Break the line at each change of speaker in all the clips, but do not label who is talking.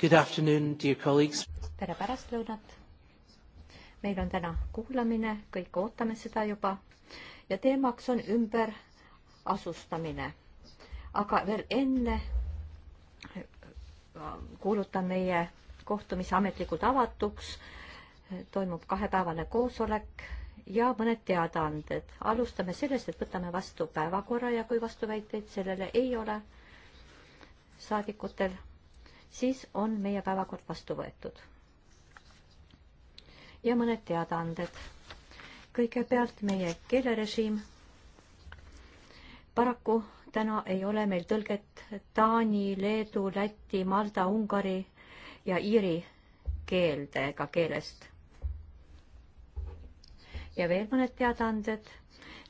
Good afternoon, dear colleagues. tere pärastlõunat. meil on täna kuulamine, kõik ootame seda juba ja teemaks on ümberasustamine. aga veel enne äh, kuulutan meie kohtumise ametlikult avatuks. toimub kahepäevane koosolek ja mõned teadaanded. alustame sellest, et võtame vastu päevakorra ja kui vastuväiteid sellele ei ole saadikutel siis on meie päevakord vastu võetud. ja mõned teadaanded. kõigepealt meie keelerežiim. paraku täna ei ole meil tõlget taani, leedu, läti, malda, ungari ja iiri keelde ega keelest. ja veel mõned teadaanded,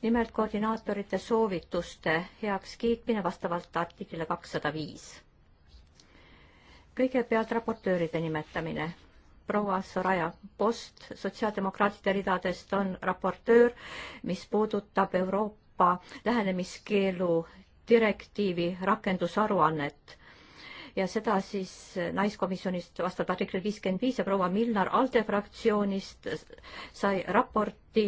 nimelt koordinaatorite soovituste heakskiitmine vastavalt artiklile kakssada viis kõigepealt raportööride nimetamine. proua Soraja Post sotsiaaldemokraatide ridadest on raportöör, mis puudutab Euroopa lähenemiskeelu direktiivi rakendusaruannet ja seda siis Naiskomisjonist vastavalt artikkel viiskümmend viis ja proua Milnar ALDE fraktsioonist sai raporti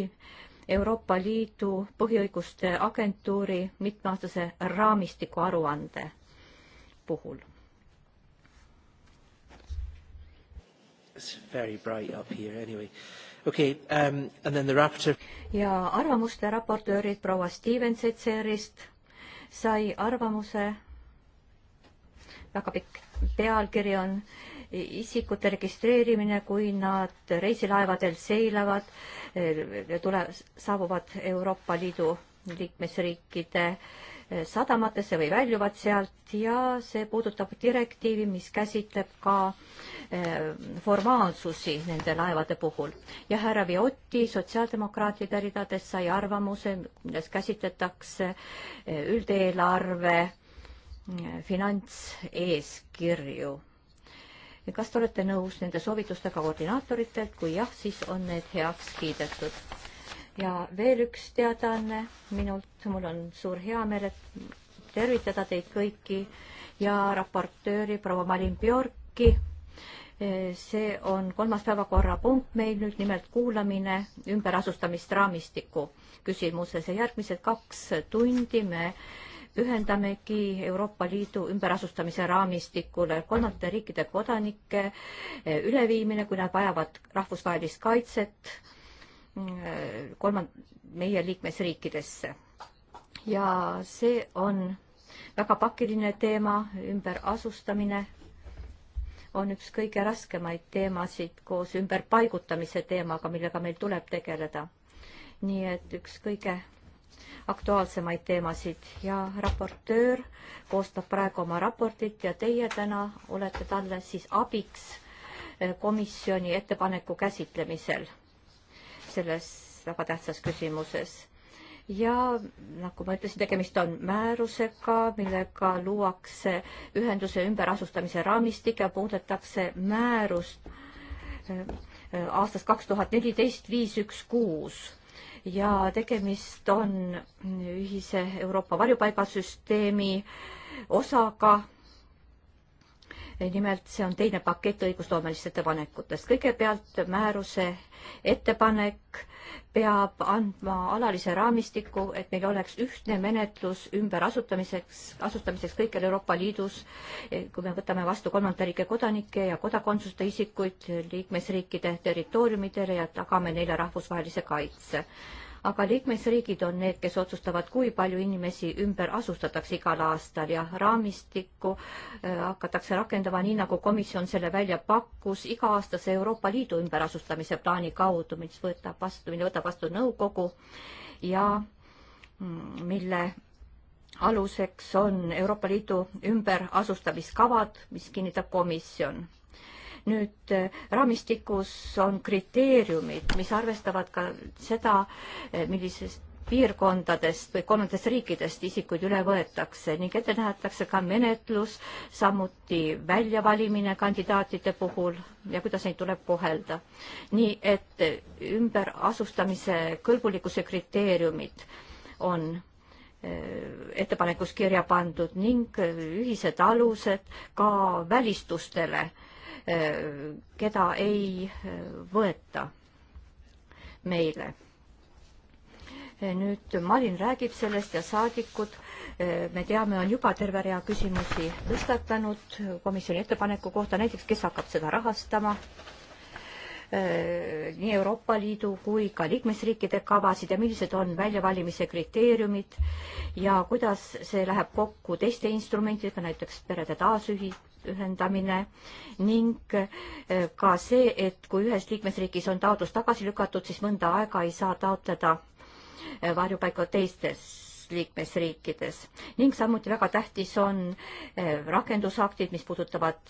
Euroopa Liidu põhiõiguste agentuuri mitmeaastase raamistiku aruande puhul It's very bright up here anyway. Okay, um, and then the rapporteur. ja arvamuste raportöörid proua Steven Setserist sai arvamuse, väga pikk pealkiri on isikute registreerimine, kui nad reisilaevadel seilavad, eh, tule, saabuvad Euroopa Liidu liikmesriikide äh, sadamatesse või väljuvad sealt ja see puudutab direktiivi, mis käsitleb ka eh, formaalsusi nende laevade puhul. ja härra Viotti sotsiaaldemokraatide ridades sai arvamuse, milles käsitletakse eh, üldeelarve eh, finantseeskirju. kas te olete nõus nende soovitustega koordinaatoritelt, kui jah, siis on need heaks kiidetud ja veel üks teadaanne minult, mul on suur heameel, et tervitada teid kõiki ja raportööri proua Malin Bjorki. see on kolmas päevakorrapunkt meil nüüd, nimelt kuulamine ümberasustamist raamistiku küsimuses ja järgmised kaks tundi me pühendamegi Euroopa Liidu ümberasustamise raamistikule kolmandate riikide kodanike üleviimine, kui nad vajavad rahvusvahelist kaitset Äh, kolmand-, meie liikmesriikidesse. ja see on väga pakiline teema, ümberasustamine on üks kõige raskemaid teemasid koos ümberpaigutamise teemaga, millega meil tuleb tegeleda. nii et üks kõige aktuaalsemaid teemasid ja raportöör koostab praegu oma raportit ja teie täna olete talle siis abiks äh, komisjoni ettepaneku käsitlemisel selles väga tähtsas küsimuses. ja nagu ma ütlesin, tegemist on määrusega, millega luuakse ühenduse ümberasustamise raamistik ja muudetakse määrust äh, aastast kaks tuhat neliteist viis üks kuus ja tegemist on ühise Euroopa varjupaigasüsteemi osaga nimelt see on teine pakett õigusloomelistest ettepanekutest. kõigepealt määruse ettepanek peab andma alalise raamistiku, et meil oleks ühtne menetlus ümberasutamiseks, asustamiseks kõikjal Euroopa Liidus, kui me võtame vastu kolmanda riigi kodanikke ja kodakondsuste isikuid liikmesriikide territooriumidele ja tagame neile rahvusvahelise kaitse aga liikmesriigid on need, kes otsustavad, kui palju inimesi ümber asustatakse igal aastal ja raamistikku äh, hakatakse rakendama nii, nagu komisjon selle välja pakkus iga-aastase Euroopa Liidu ümberasustamise plaani kaudu, mis võtab vastu, mille võtab vastu nõukogu ja mm, mille aluseks on Euroopa Liidu ümberasustamiskavad, mis kinnitab komisjon nüüd äh, raamistikus on kriteeriumid, mis arvestavad ka seda, äh, millisest piirkondadest või kolmandatest riikidest isikuid üle võetakse ning ette nähetakse ka menetlus, samuti väljavalimine kandidaatide puhul ja kuidas neid tuleb kohelda. nii et äh, ümberasustamise kõlbulikkuse kriteeriumid on ettepanekus kirja pandud ning ühised alused ka välistustele keda ei eh, võeta meile. Eh, nüüd Marin räägib sellest ja saadikud, eh, me teame, on juba terve rea küsimusi tõstatanud komisjoni ettepaneku kohta, näiteks kes hakkab seda rahastama nii Euroopa Liidu kui ka liikmesriikide kavasid ja millised on väljavalimise kriteeriumid ja kuidas see läheb kokku teiste instrumentidega, näiteks perede taasühi-, ühendamine ning eh, ka see, et kui ühes liikmesriigis on taotlus tagasi lükatud, siis mõnda aega ei saa taotleda eh, varjupaika teistes liikmesriikides ning samuti väga tähtis on eh, rakendusaktid, mis puudutavad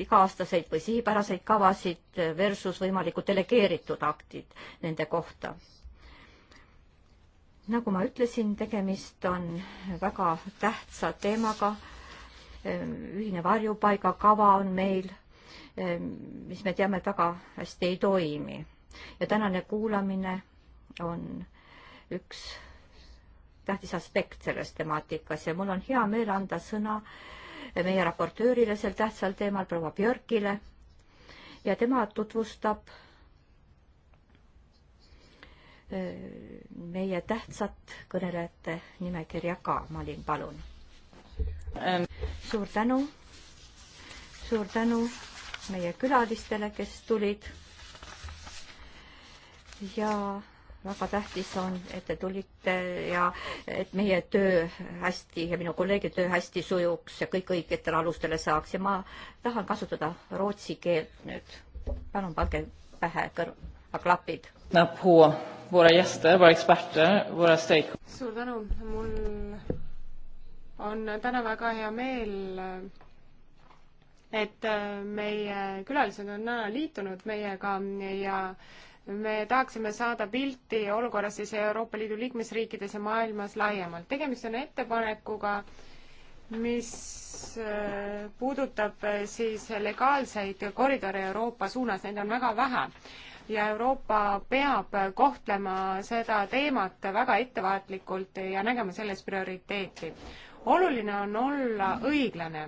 iga-aastaseid või sihipäraseid kavasid versus võimalikud delegeeritud aktid nende kohta nagu ma ütlesin, tegemist on väga tähtsa teemaga ühine varjupaigakava on meil, mis me teame, et väga hästi ei toimi. ja tänane kuulamine on üks tähtis aspekt selles temaatikas ja mul on hea meel anda sõna meie raportöörile sel tähtsal teemal, proua Björkile. ja tema tutvustab meie tähtsat kõnelejate nimekirja ka, Malin, palun suur tänu, suur tänu meie külalistele, kes tulid. ja väga tähtis on, et te tulite ja et meie töö hästi ja minu kolleegi töö hästi sujuks ja kõik õigetele alustele saaks ja ma tahan kasutada rootsi keelt nüüd. palun pange pähe kõrvaklapid.
suur tänu, mul on täna väga hea meel, et äh, meie külalised on täna liitunud meiega ja me tahaksime saada pilti olukorrast siis Euroopa Liidu liikmesriikides ja maailmas laiemalt. tegemist on ettepanekuga, mis äh, puudutab äh, siis legaalseid koridore Euroopa suunas, neid on väga vähe ja Euroopa peab kohtlema seda teemat väga ettevaatlikult ja nägema selles prioriteeti oluline on olla õiglane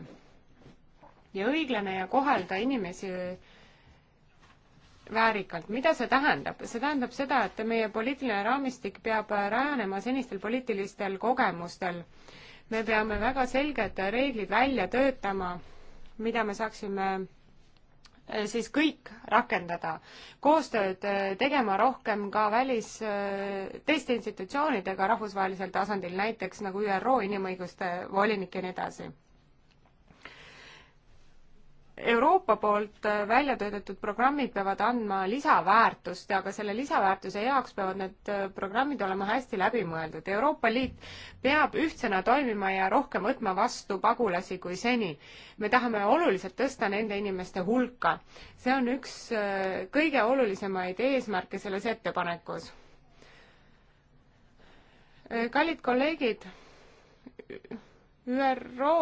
ja õiglane ja kohelda inimesi väärikalt. mida see tähendab? see tähendab seda, et meie poliitiline raamistik peab rajanema senistel poliitilistel kogemustel. me peame väga selged reeglid välja töötama, mida me saaksime Äh, siis kõik rakendada, koostööd äh, tegema rohkem ka välis, äh, teiste institutsioonidega rahvusvahelisel tasandil, näiteks nagu ÜRO inimõiguste volinik ja nii edasi Euroopa poolt äh, välja töötatud programmid peavad andma lisaväärtust, aga selle lisaväärtuse jaoks peavad need äh, programmid olema hästi läbimõeldud. Euroopa Liit peab ühtsena toimima ja rohkem võtma vastu pagulasi kui seni. me tahame oluliselt tõsta nende inimeste hulka. see on üks äh, kõige olulisemaid eesmärke selles ettepanekus. kallid kolleegid, ÜRO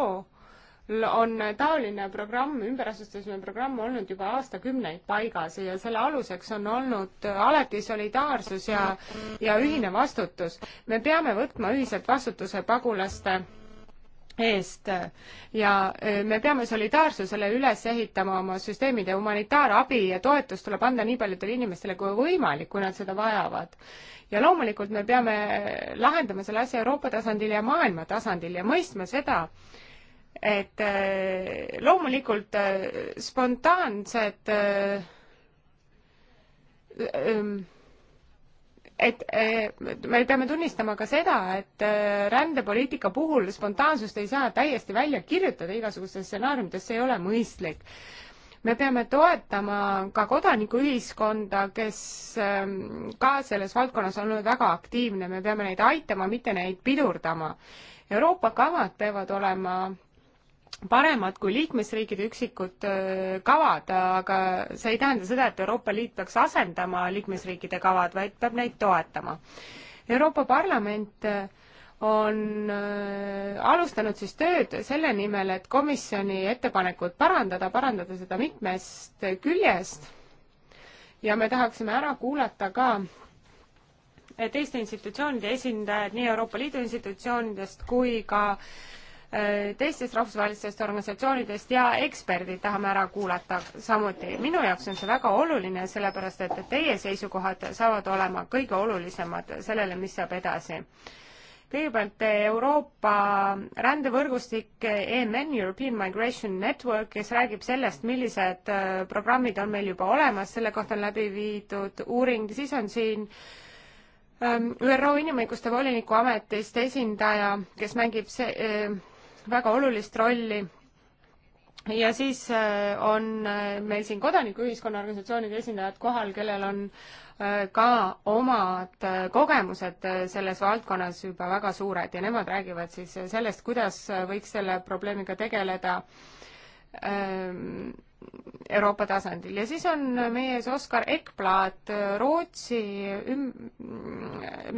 on taoline programm, ümberasustamise programm olnud juba aastakümneid paigas ja selle aluseks on olnud alati solidaarsus ja, ja ühine vastutus. me peame võtma ühiselt vastutuse pagulaste eest ja e, me peame solidaarsusele üles ehitama oma süsteemid ja humanitaarabi ja toetus tuleb anda nii paljudele inimestele kui võimalik, kui nad seda vajavad. ja loomulikult me peame lahendama selle asja Euroopa tasandil ja maailma tasandil ja mõistma seda, et äh, loomulikult äh, spontaansed äh, ähm, et me peame tunnistama ka seda, et rändepoliitika puhul spontaansust ei saa täiesti välja kirjutada igasugustes stsenaariumides, see ei ole mõistlik. me peame toetama ka kodanikuühiskonda, kes ähm, ka selles valdkonnas on olnud väga aktiivne, me peame neid aitama, mitte neid pidurdama. Euroopa kavad peavad olema paremad kui liikmesriikide üksikud äh, kavad, aga see ei tähenda seda, et Euroopa Liit peaks asendama liikmesriikide kavad, vaid peab neid toetama. Euroopa Parlament äh, on äh, alustanud siis tööd selle nimel, et komisjoni ettepanekut parandada, parandada seda mitmest küljest ja me tahaksime ära kuulata ka teiste institutsioonide esindajad nii Euroopa Liidu institutsioonidest kui ka äh, teistest rahvusvahelistest organisatsioonidest ja eksperdid tahame ära kuulata samuti. minu jaoks on see väga oluline, sellepärast et teie seisukohad saavad olema kõige olulisemad sellele, mis saab edasi. kõigepealt Euroopa rändevõrgustik EMN, European Migration Network, kes räägib sellest, millised äh, programmid on meil juba olemas, selle kohta on läbi viidud uuring, siis on siin ähm, ÜRO Inimõiguste Voliniku Ametist esindaja, kes mängib see, äh, väga olulist rolli ja siis äh, on äh, meil siin kodanikuühiskonna organisatsioonide esindajad kohal, kellel on äh, ka omad kogemused selles valdkonnas juba väga suured ja nemad räägivad siis sellest, kuidas võiks selle probleemiga tegeleda ähm, Euroopa tasandil ja siis on meie ees Oskar Ekblad Rootsi üm-,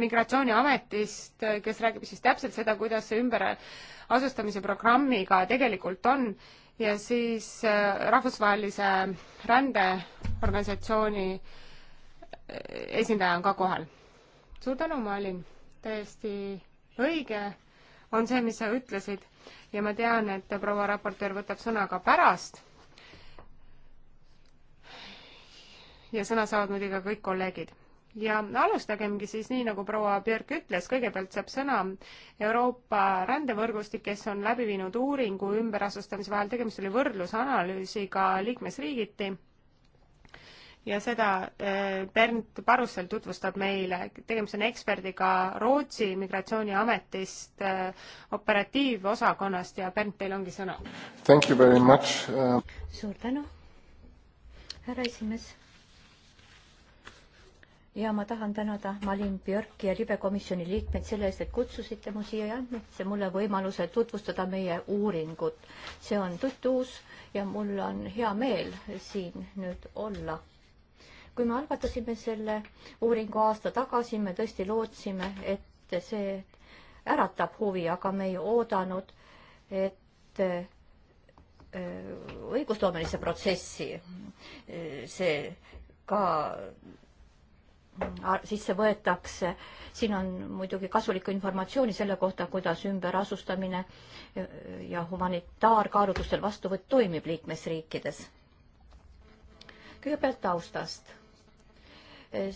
migratsiooniametist, kes räägib siis täpselt seda, kuidas see ümberasustamise programmiga tegelikult on ja siis äh, rahvusvahelise rändeorganisatsiooni äh, esindaja on ka kohal. suur tänu, Malin, täiesti õige on see, mis sa ütlesid ja ma tean, et proua raportöör võtab sõna ka pärast ja sõna saavad muidugi ka kõik kolleegid. ja alustagemgi siis nii, nagu proua Björk ütles, kõigepealt saab sõna Euroopa rändevõrgustik, kes on läbi viinud uuringu ümberasustamise vahel, tegemist oli võrdlusanalüüsiga liikmesriigiti ja seda eh, Bernt Parussel tutvustab meile. tegemist on eksperdiga Rootsi migratsiooniametist eh, operatiivosakonnast ja Bernt, teil ongi sõna.
Uh...
suur tänu, härra esimees
ja ma tahan tänada Malin Björki ja libekomisjoni liikmeid selle eest, et kutsusite mu siia ja andsite mulle võimaluse tutvustada meie uuringut. see on tuttuus ja mul on hea meel siin nüüd olla. kui me algatasime selle uuringu aasta tagasi, me tõesti lootsime, et see äratab huvi, aga me ei oodanud, et äh, õigusloomelisse protsessi äh, see ka sisse võetakse. siin on muidugi kasulikku informatsiooni selle kohta, kuidas ümberasustamine ja humanitaarkaalutlustel vastuvõtt toimib liikmesriikides. kõigepealt taustast.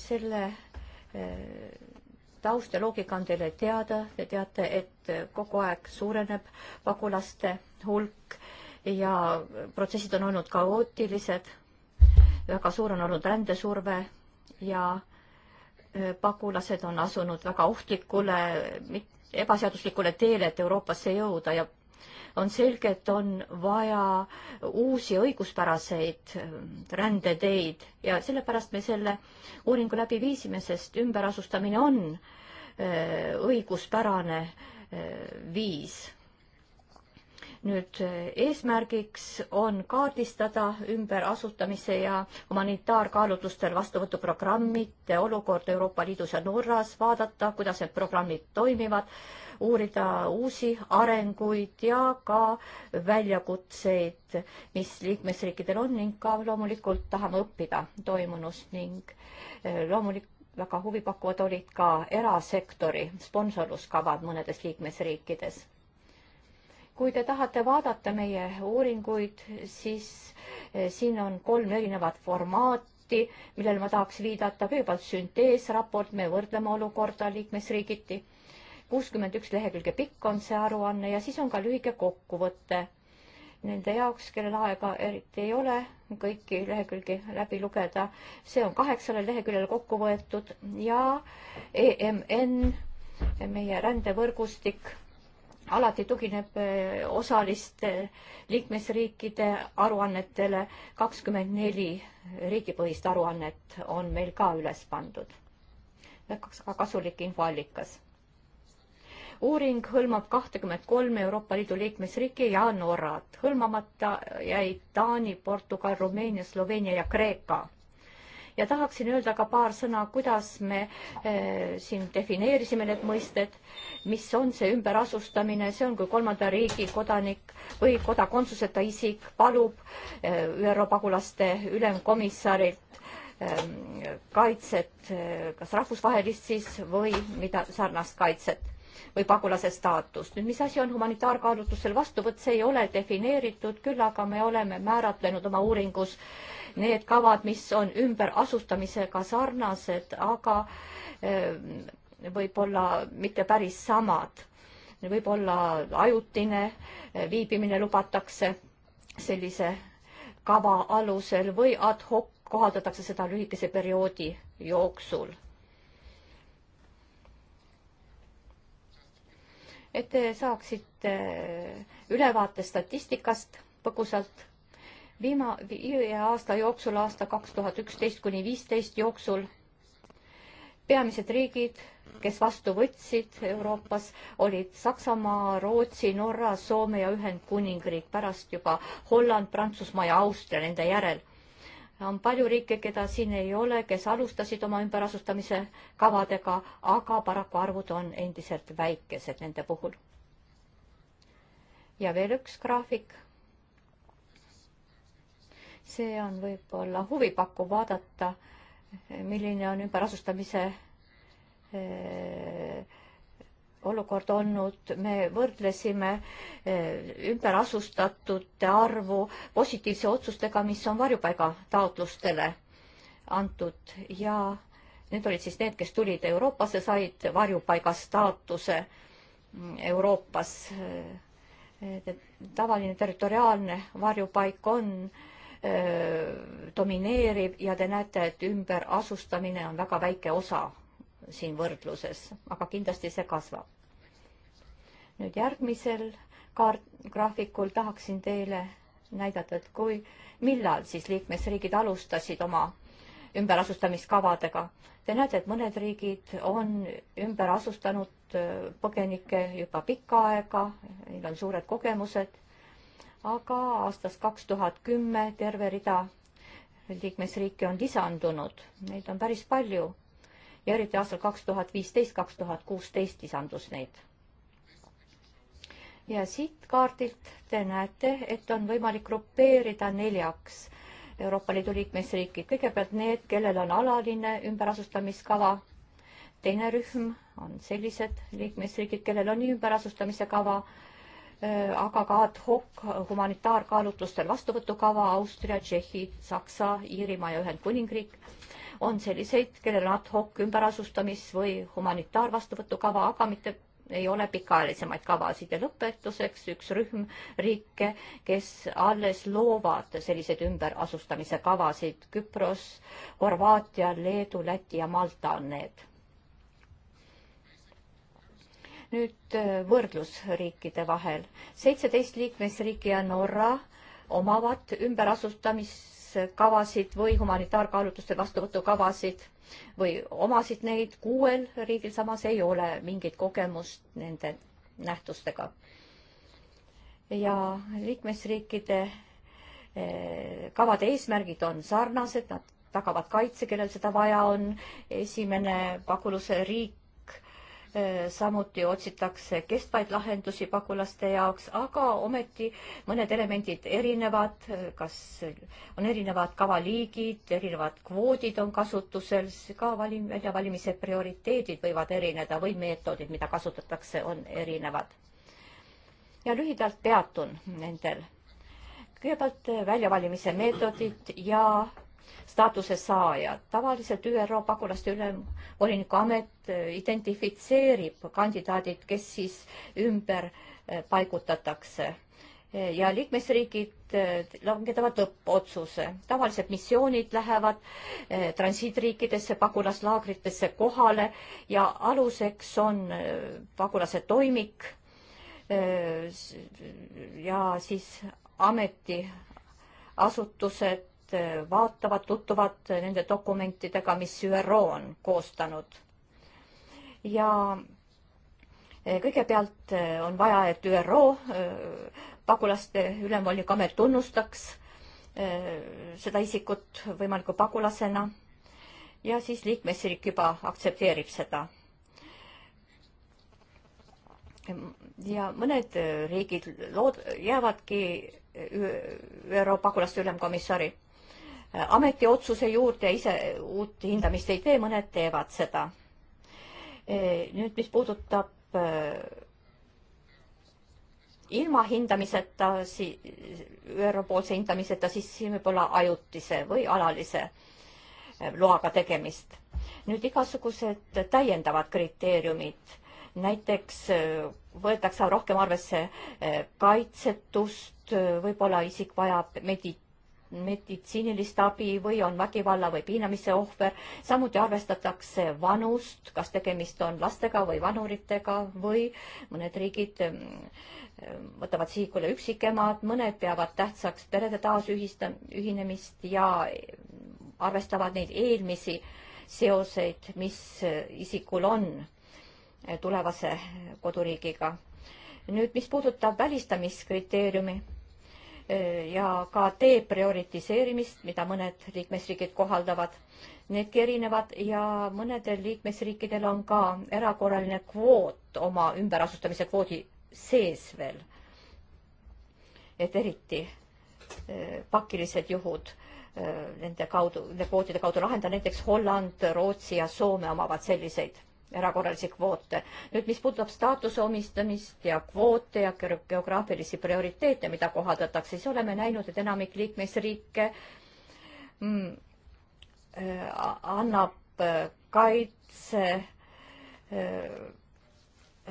selle eh, taust ja loogika on teile teada, te teate, et kogu aeg suureneb pagulaste hulk ja protsessid on olnud kaootilised, väga suur on olnud rändesurve ja pagulased on asunud väga ohtlikule, ebaseaduslikule teele, et Euroopasse jõuda ja on selge, et on vaja uusi õiguspäraseid äh, rändeteid ja sellepärast me selle uuringu läbi viisime, sest ümberasustamine on äh, õiguspärane äh, viis nüüd eesmärgiks on kaardistada ümberasutamise ja humanitaarkaalutlustel vastuvõtuprogrammide olukord Euroopa Liidus ja Norras, vaadata, kuidas need programmid toimivad, uurida uusi arenguid ja ka väljakutseid, mis liikmesriikidel on ning ka loomulikult tahame õppida toimunust ning eh, loomulikult väga huvipakkuvad olid ka erasektori sponsorluskavad mõnedes liikmesriikides kui te tahate vaadata meie uuringuid, siis eh, siin on kolm erinevat formaati, millele ma tahaks viidata. kõigepealt sünteesraport, me võrdleme olukorda liikmesriigiti. kuuskümmend üks lehekülge pikk on see aruanne ja siis on ka lühike kokkuvõte. Nende jaoks, kellel aega eriti ei ole kõiki lehekülgi läbi lugeda, see on kaheksale leheküljele kokku võetud ja EMN, meie rändevõrgustik alati tugineb eh, osaliste liikmesriikide aruannetele. kakskümmend neli riigipõhist aruannet on meil ka üles pandud. väga kasulik infoallikas. uuring hõlmab kahtekümmet kolme Euroopa Liidu liikmesriiki ja Norrat. hõlmamata jäid Taani, Portugal, Rumeenia, Sloveenia ja Kreeka ja tahaksin öelda ka paar sõna, kuidas me eh, siin defineerisime need mõisted, mis on see ümberasustamine, see on, kui kolmanda riigi kodanik või kodakondsuseta isik palub eh, ÜRO pagulaste ülemkomissarilt eh, kaitset, eh, kas rahvusvahelist siis või mida sarnast kaitset või pagulase staatust. nüüd, mis asi on humanitaarkaalutlusel vastuvõtt, see ei ole defineeritud, küll aga me oleme määratlenud oma uuringus äh, need kavad, mis on ümberasustamisega sarnased, aga eh, võib-olla mitte päris samad. võib-olla ajutine eh, viibimine lubatakse sellise kava alusel või ad hoc kohaldatakse seda lühikese perioodi jooksul. et te saaksite ülevaate statistikast põgusalt viima-, viie aasta jooksul, aasta kaks tuhat üksteist kuni viisteist jooksul peamised riigid, kes vastu võtsid Euroopas, olid Saksamaa, Rootsi, Norra, Soome ja Ühendkuningriik, pärast juba Holland, Prantsusmaa ja Austria nende järel. on palju riike, keda siin ei ole, kes alustasid oma ümberasustamise kavadega, aga paraku arvud on endiselt väikesed nende puhul. ja veel üks graafik see on võib-olla huvipakkuv vaadata, milline on ümberasustamise eh, olukord olnud, me võrdlesime eh, ümberasustatute arvu positiivse otsustega, mis on varjupaigataotlustele antud ja need olid siis need, kes tulid Euroopasse, said varjupaiga staatuse mm, Euroopas. Eh, tavaline territoriaalne varjupaik on äh, domineeriv ja te näete, et ümberasustamine on väga väike osa siin võrdluses, aga kindlasti see kasvab. nüüd järgmisel kaart, graafikul tahaksin teile näidata, et kui, millal siis liikmesriigid alustasid oma ümberasustamiskavadega. Te näete, et mõned riigid on ümber asustanud põgenikke juba pikka aega, neil on suured kogemused aga aastast kaks tuhat kümme terve rida liikmesriike on lisandunud, neid on päris palju. ja eriti aastal kaks tuhat viisteist, kaks tuhat kuusteist lisandus neid. ja siit kaardilt te näete, et on võimalik grupeerida neljaks Euroopa Liidu liikmesriiki. kõigepealt need, kellel on alaline ümberasustamiskava, teine rühm on sellised liikmesriigid, kellel on nii ümberasustamise kava Äh, aga ka ad hoc humanitaarkaalutlustel vastuvõtukava Austria, Tšehhi, Saksa, Iirimaa ja Ühendkuningriik on selliseid, kellel on ad hoc ümberasustamis või humanitaarvastuvõtukava, aga mitte ei ole pikaajalisemaid kavasid ja lõpetuseks üks rühm riike, kes alles loovad selliseid ümberasustamise kavasid. Küpros, Horvaatia, Leedu, Läti ja Malta on need nüüd äh, võrdlus riikide vahel. seitseteist liikmesriiki ja Norra omavad ümberasustamiskavasid või humanitaarkaalutlustel vastuvõtukavasid või omasid neid, kuuel riigil samas ei ole mingit kogemust nende nähtustega. ja liikmesriikide äh, kavade eesmärgid on sarnased, nad tagavad kaitse, kellel seda vaja on. esimene pagulase riik samuti otsitakse kestvaid lahendusi pagulaste jaoks, aga ometi mõned elemendid erinevad, kas on erinevad kavaliigid, erinevad kvoodid on kasutusel, ka valim-, väljavalimise prioriteedid võivad erineda või meetodid, mida kasutatakse, on erinevad. ja lühidalt peatun nendel. kõigepealt väljavalimise meetodid ja staatuse saajad. tavaliselt ÜRO pagulaste ülemvoliniku amet e, identifitseerib kandidaadid, kes siis ümber e, paigutatakse e, ja liikmesriigid langetavad lõppotsuse. tavaliselt missioonid lähevad transiitriikidesse, pagulaslaagritesse kohale ja aluseks on pagulase toimik. ja siis ametiasutused Äh, vaatavad, tutvuvad äh, nende dokumentidega, mis ÜRO on koostanud. ja äh, kõigepealt on vaja, et ÜRO pagulaste ülemvolinik amet tunnustaks seda isikut võimaliku pagulasena ja siis liikmesriik juba aktsepteerib seda. ja mõned riigid lood-, jäävadki ÜRO pagulaste ülemkomissari ametiotsuse juurde, ise uut hindamist ei tee, mõned teevad seda. E, nüüd, mis puudutab e, ilma hindamiseta, ÜRO poolse hindamiseta, siis siin võib olla ajutise või alalise e, loaga tegemist. nüüd igasugused täiendavad kriteeriumid, näiteks võetakse rohkem arvesse kaitsetust, võib-olla isik vajab medi-, meditsiinilist abi või on vägivalla või piinamise ohver. samuti arvestatakse vanust, kas tegemist on lastega või vanuritega või mõned riigid mm, võtavad sihikule üksikemad, mõned peavad tähtsaks perede taasühista-, ühinemist ja arvestavad neid eelmisi seoseid, mis isikul on tulevase koduriigiga. nüüd, mis puudutab välistamiskriteeriumi Äh, ja ka deprioritiseerimist, mida mõned liikmesriigid kohaldavad. Needki erinevad ja mõnedel liikmesriikidel on ka erakorraline kvoot oma ümberasustamise kvoodi sees veel. et eriti äh, pakilised juhud äh, nende kaudu, nende kvootide kaudu lahendada, näiteks Holland, Rootsi ja Soome omavad selliseid erakorralisi kvoote. nüüd, mis puudutab staatuse omistamist ja kvoote ja geograafilisi prioriteete, mida kohaldatakse, siis oleme näinud, et enamik liikmesriike mm, äh, annab äh, kaitse äh,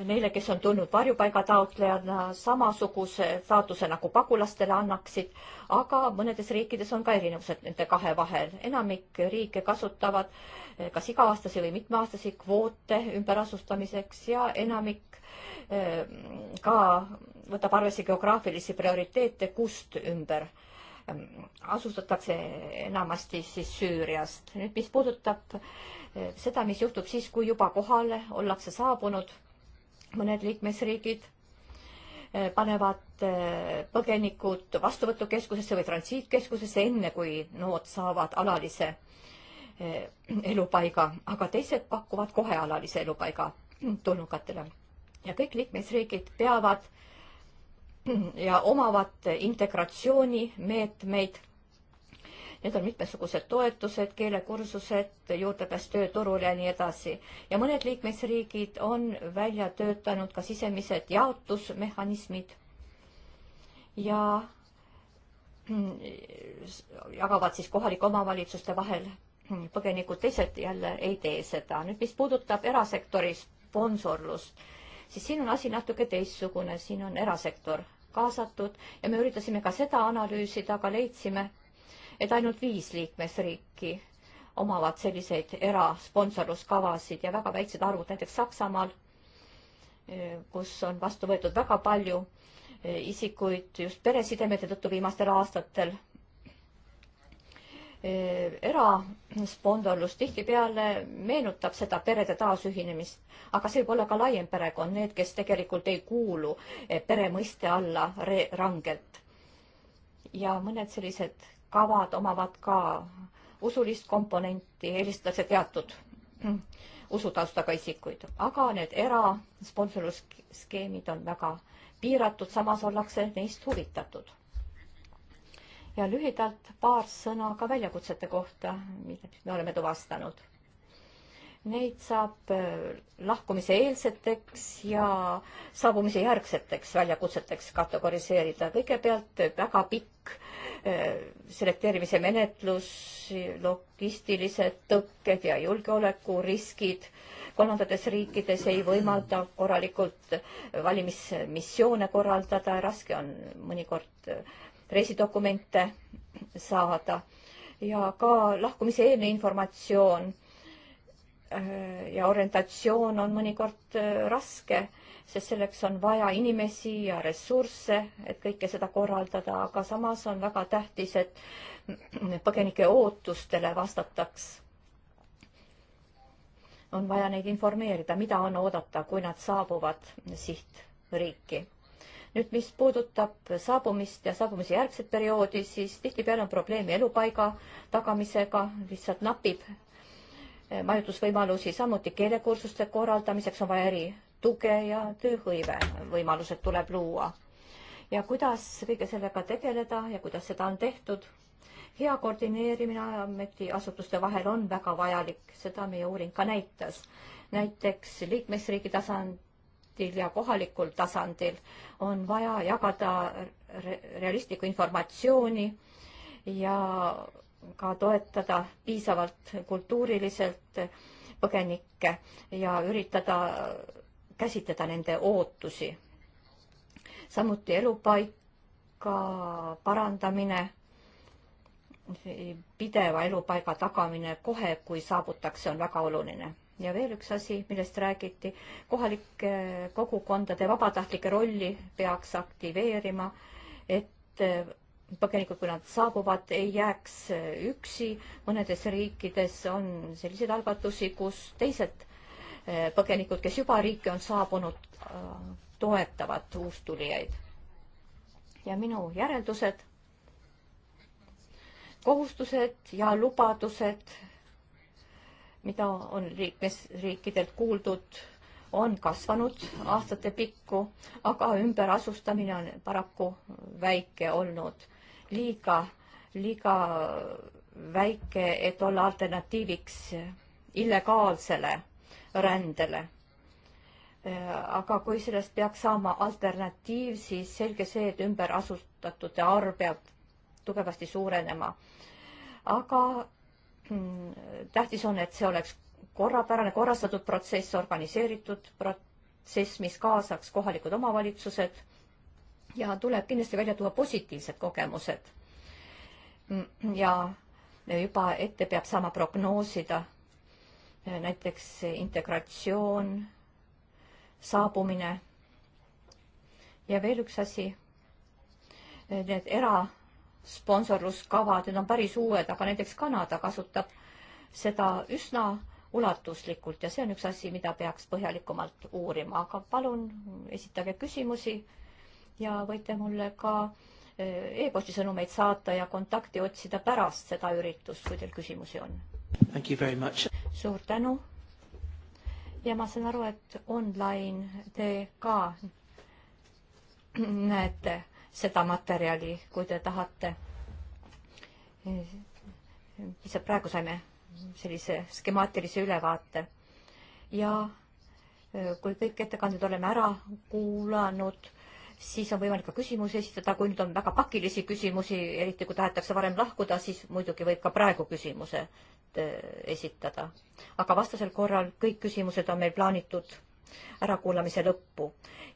neile, kes on tulnud varjupaiga taotlejana, samasuguse staatuse nagu pagulastele annaksid, aga mõnedes riikides on ka erinevused nende kahe vahel. enamik riike kasutavad eh, kas iga-aastasi või mitmeaastasi kvoote ümberasustamiseks ja enamik eh, ka võtab arvesse geograafilisi prioriteete, kust ümber eh, asustatakse enamasti siis Süüriast. nüüd, mis puudutab seda, mis juhtub siis, kui juba kohale ollakse saabunud mõned liikmesriigid eh, panevad eh, põgenikud vastuvõtukeskusesse või transiitkeskusesse, enne kui nood saavad alalise eh, elupaiga, aga teised pakuvad kohe alalise elupaiga tulnukatele. ja kõik liikmesriigid peavad ja omavad integratsioonimeetmeid Need on mitmesugused toetused, keelekursused, juurdepääs tööturule ja nii edasi. ja mõned liikmesriigid on välja töötanud ka sisemised jaotusmehhanismid ja mm, jagavad siis kohalike omavalitsuste vahel mm, põgenikud, teised jälle ei tee seda. nüüd, mis puudutab erasektori sponsorlust, siis siin on asi natuke teistsugune, siin on erasektor kaasatud ja me üritasime ka seda analüüsida, aga leidsime, et ainult viis liikmesriiki omavad selliseid erasponsorluskavasid ja väga väiksed arvud, näiteks Saksamaal, kus on vastu võetud väga palju eh, isikuid just peresidemete tõttu viimastel aastatel. Eh, erasponsorlus tihtipeale meenutab seda perede taasühinemist, aga see võib olla ka laiem perekond, need, kes tegelikult ei kuulu eh, pere mõiste alla rangelt. ja mõned sellised kavad omavad ka usulist komponenti, eelistatakse teatud usutaustaga isikuid, aga need erasponsorusskeemid on väga piiratud, samas ollakse neist huvitatud. ja lühidalt paar sõna ka väljakutsete kohta, mida me oleme tuvastanud Neid saab äh, lahkumise eelseteks ja saabumise järgseteks väljakutseteks kategoriseerida. kõigepealt väga pikk äh, selekteerimise menetlus, logistilised tõkked ja julgeolekuriskid kolmandates riikides ei võimalda korralikult valimismissioone korraldada, raske on mõnikord äh, reisidokumente saada ja ka lahkumise eelne informatsioon Äh, ja orientatsioon on mõnikord äh, raske, sest selleks on vaja inimesi ja ressursse, et kõike seda korraldada, aga samas on väga tähtis, et põgenike ootustele vastataks. on vaja neid informeerida, mida on oodata, kui nad saabuvad sihtriiki. nüüd, mis puudutab saabumist ja saabumise järgset perioodi, siis tihtipeale on probleemi elupaiga tagamisega, lihtsalt napib majutusvõimalusi, samuti keelekursuste korraldamiseks on vaja eri tuge ja tööhõive võimalused tuleb luua. ja kuidas kõige sellega tegeleda ja kuidas seda on tehtud? hea koordineerimine ametiasutuste vahel on väga vajalik, seda meie uuring ka näitas. näiteks liikmesriigi tasandil ja kohalikul tasandil on vaja jagada re realistlikku informatsiooni ja ka toetada piisavalt kultuuriliselt põgenikke ja üritada käsitleda nende ootusi. samuti elupaika parandamine, pideva elupaiga tagamine kohe, kui saabutakse, on väga oluline. ja veel üks asi, millest räägiti, kohalike kogukondade vabatahtlike rolli peaks aktiveerima, et põgenikud, kui nad saabuvad, ei jääks üksi. mõnedes riikides on selliseid algatusi, kus teised eh, põgenikud, kes juba riiki on saabunud, eh, toetavad uustulijaid. ja minu järeldused, kohustused ja lubadused, mida on liikmesriikidelt kuuldud, on kasvanud aastate pikku, aga ümberasustamine on paraku väike olnud liiga, liiga väike, et olla alternatiiviks illegaalsele rändele. aga kui sellest peaks saama alternatiiv, siis selge see, et ümberasustatute arv peab tugevasti suurenema. aga mm, tähtis on, et see oleks korrapärane, korrastatud protsess, organiseeritud protsess, mis kaasaks kohalikud omavalitsused ja tuleb kindlasti välja tuua positiivsed kogemused. ja juba ette peab saama prognoosida näiteks integratsioon, saabumine ja veel üks asi, need erasponsorluskavad, need on päris uued, aga näiteks Kanada kasutab seda üsna ulatuslikult ja see on üks asi, mida peaks põhjalikumalt uurima, aga palun esitage küsimusi ja võite mulle ka eh, e-posti sõnumeid saata ja kontakti otsida pärast seda üritust, kui teil küsimusi on. suur tänu. ja ma saan aru, et online te ka näete seda materjali, kui te tahate. lihtsalt praegu saime sellise skemaatilise ülevaate ja eh, kui kõik ettekanded oleme ära kuulanud siis on võimalik ka küsimusi esitada, kui nüüd on väga pakilisi küsimusi, eriti kui tahetakse varem lahkuda, siis muidugi võib ka praegu küsimuse äh, esitada. aga vastasel korral kõik küsimused on meil plaanitud ärakuulamise lõppu.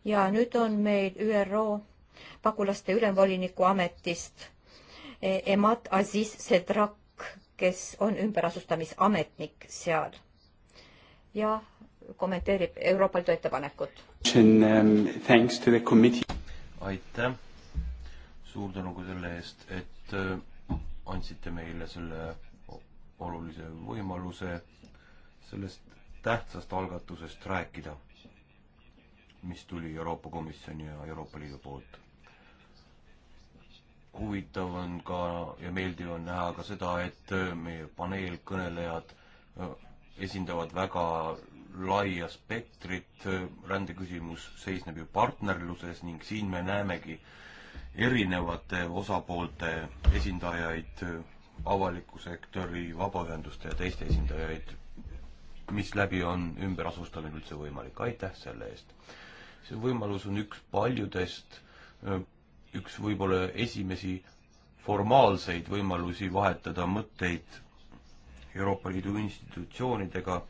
ja nüüd on meil ÜRO pagulaste ülemvoliniku ametist e, Emad Aziz Sedrak, kes on ümberasustamisametnik seal ja kommenteerib Euroopa Liidu ettepanekut
aitäh, suur tänu ka selle eest, et äh, andsite meile selle olulise võimaluse sellest tähtsast algatusest rääkida, mis tuli Euroopa Komisjoni ja Euroopa Liidu poolt. huvitav on ka ja meeldiv on näha ka seda, et äh, meie paneelkõnelejad äh, esindavad väga laia spektrit, rändeküsimus seisneb ju partnerluses ning siin me näemegi erinevate osapoolte esindajaid, avaliku sektori, vabaühenduste ja teiste esindajaid, misläbi on ümberasustamine üldse võimalik, aitäh selle eest. see võimalus on üks paljudest, üks võib-olla esimesi formaalseid võimalusi vahetada mõtteid Euroopa Liidu institutsioonidega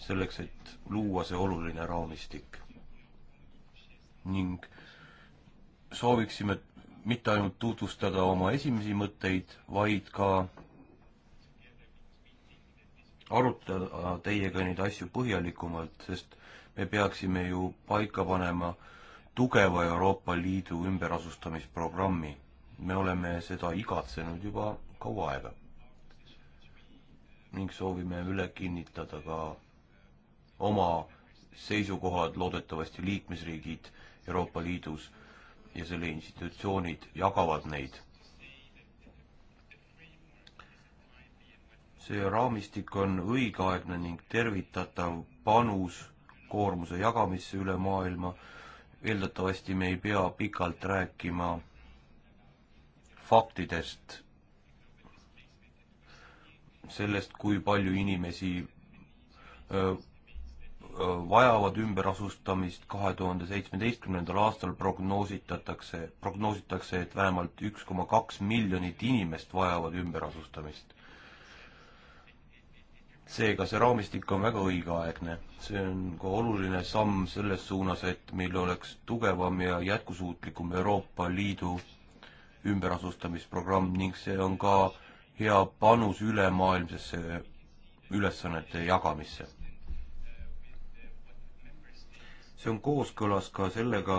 selleks, et luua see oluline raamistik. ning sooviksime mitte ainult tutvustada oma esimesi mõtteid, vaid ka arutada teiega neid asju põhjalikumalt, sest me peaksime ju paika panema tugeva Euroopa Liidu ümberasustamisprogrammi. me oleme seda igatsenud juba kaua aega. ning soovime üle kinnitada ka oma seisukohad, loodetavasti liikmesriigid Euroopa Liidus ja selle institutsioonid jagavad neid. see raamistik on õigeaegne ning tervitatav panus koormuse jagamisse üle maailma. eeldatavasti me ei pea pikalt rääkima faktidest, sellest, kui palju inimesi öö, vajavad ümberasustamist, kahe tuhande seitsmeteistkümnendal aastal prognoositatakse, prognoositakse, et vähemalt üks koma kaks miljonit inimest vajavad ümberasustamist. seega see raamistik on väga õigeaegne, see on ka oluline samm selles suunas, et meil oleks tugevam ja jätkusuutlikum Euroopa Liidu ümberasustamisprogramm ning see on ka hea panus ülemaailmsesse ülesannete jagamisse see on kooskõlas ka sellega,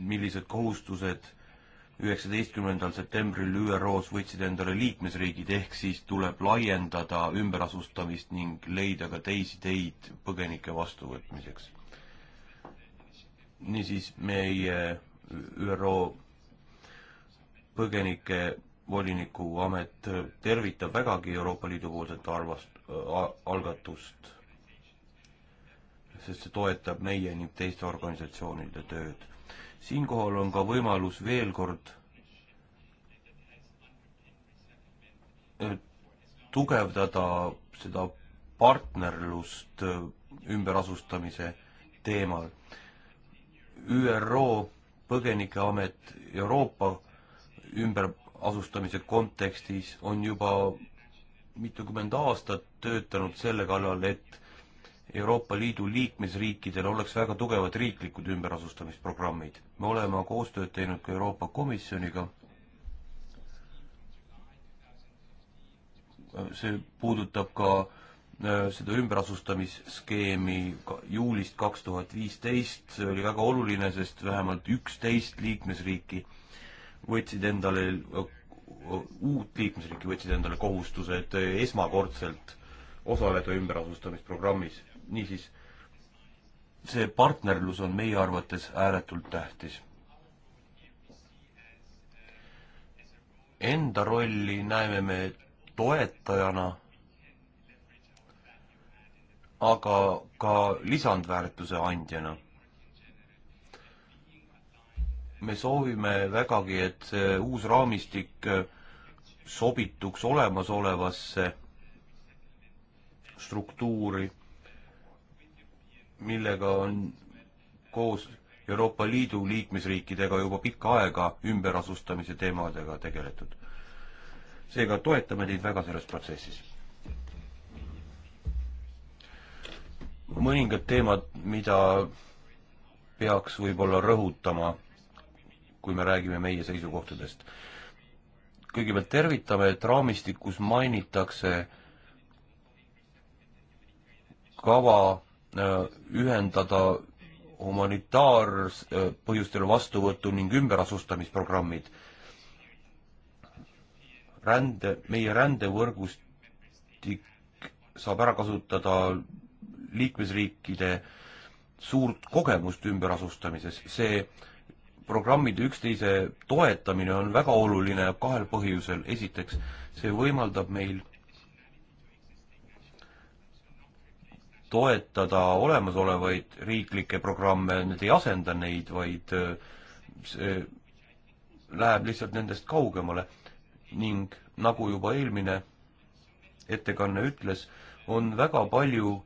millised kohustused üheksateistkümnendal septembril ÜRO-s võtsid endale liikmesriigid, ehk siis tuleb laiendada ümberasustamist ning leida ka teisi teid põgenike vastuvõtmiseks. niisiis, meie ÜRO põgenike voliniku amet tervitab vägagi Euroopa Liidu poolset arvast, algatust sest see toetab meie ning teiste organisatsioonide tööd. siinkohal on ka võimalus veel kord äh, tugevdada seda partnerlust äh, ümberasustamise teemal. ÜRO põgenikeamet Euroopa ümberasustamise kontekstis on juba mitukümmend aastat töötanud selle kallal, et Euroopa Liidu liikmesriikidel oleks väga tugevad riiklikud ümberasustamisprogrammid. me oleme koostööd teinud ka Euroopa Komisjoniga. see puudutab ka äh, seda ümberasustamisskeemi juulist kaks tuhat viisteist, see oli väga oluline, sest vähemalt üksteist liikmesriiki võtsid endale, äh, uut liikmesriiki võtsid endale kohustused äh, esmakordselt osaleda ümberasustamisprogrammis niisiis, see partnerlus on meie arvates ääretult tähtis. Enda rolli näeme me toetajana, aga ka lisandväärtuse andjana me soovime vägagi, et see uus raamistik sobituks olemasolevasse struktuuri millega on koos Euroopa Liidu liikmesriikidega juba pikka aega ümberasustamise teemadega tegeletud. seega toetame teid väga selles protsessis. mõningad teemad, mida peaks võib-olla rõhutama, kui me räägime meie seisukohtadest. kõigepealt tervitame, et raamistikus mainitakse kava Äh, ühendada humanitaarpõhjustele vastuvõtu ning ümberasustamisprogrammid. rände, meie rändevõrgustik saab ära kasutada liikmesriikide suurt kogemust ümberasustamises, see programmide üksteise toetamine on väga oluline kahel põhjusel, esiteks see võimaldab meil toetada olemasolevaid riiklikke programme, need ei asenda neid, vaid äh, see läheb lihtsalt nendest kaugemale. ning nagu juba eelmine ettekanne ütles, on väga palju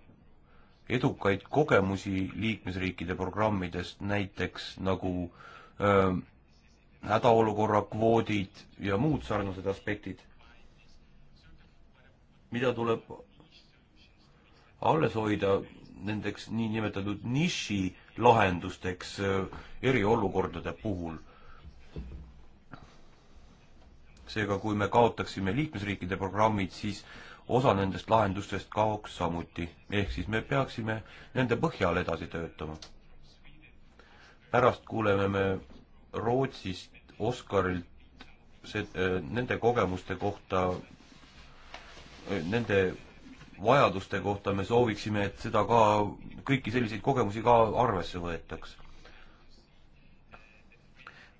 edukaid kogemusi liikmesriikide programmidest, näiteks nagu öö, ähm, hädaolukorra kvoodid ja muud sarnased aspektid, mida tuleb alles hoida nendeks niinimetatud niši lahendusteks äh, eriolukordade puhul. seega, kui me kaotaksime liikmesriikide programmid, siis osa nendest lahendustest kaoks samuti, ehk siis me peaksime nende põhjal edasi töötama. pärast kuuleme me Rootsist Oscarilt see, äh, nende kogemuste kohta, äh, nende vajaduste kohta me sooviksime, et seda ka, kõiki selliseid kogemusi ka arvesse võetaks.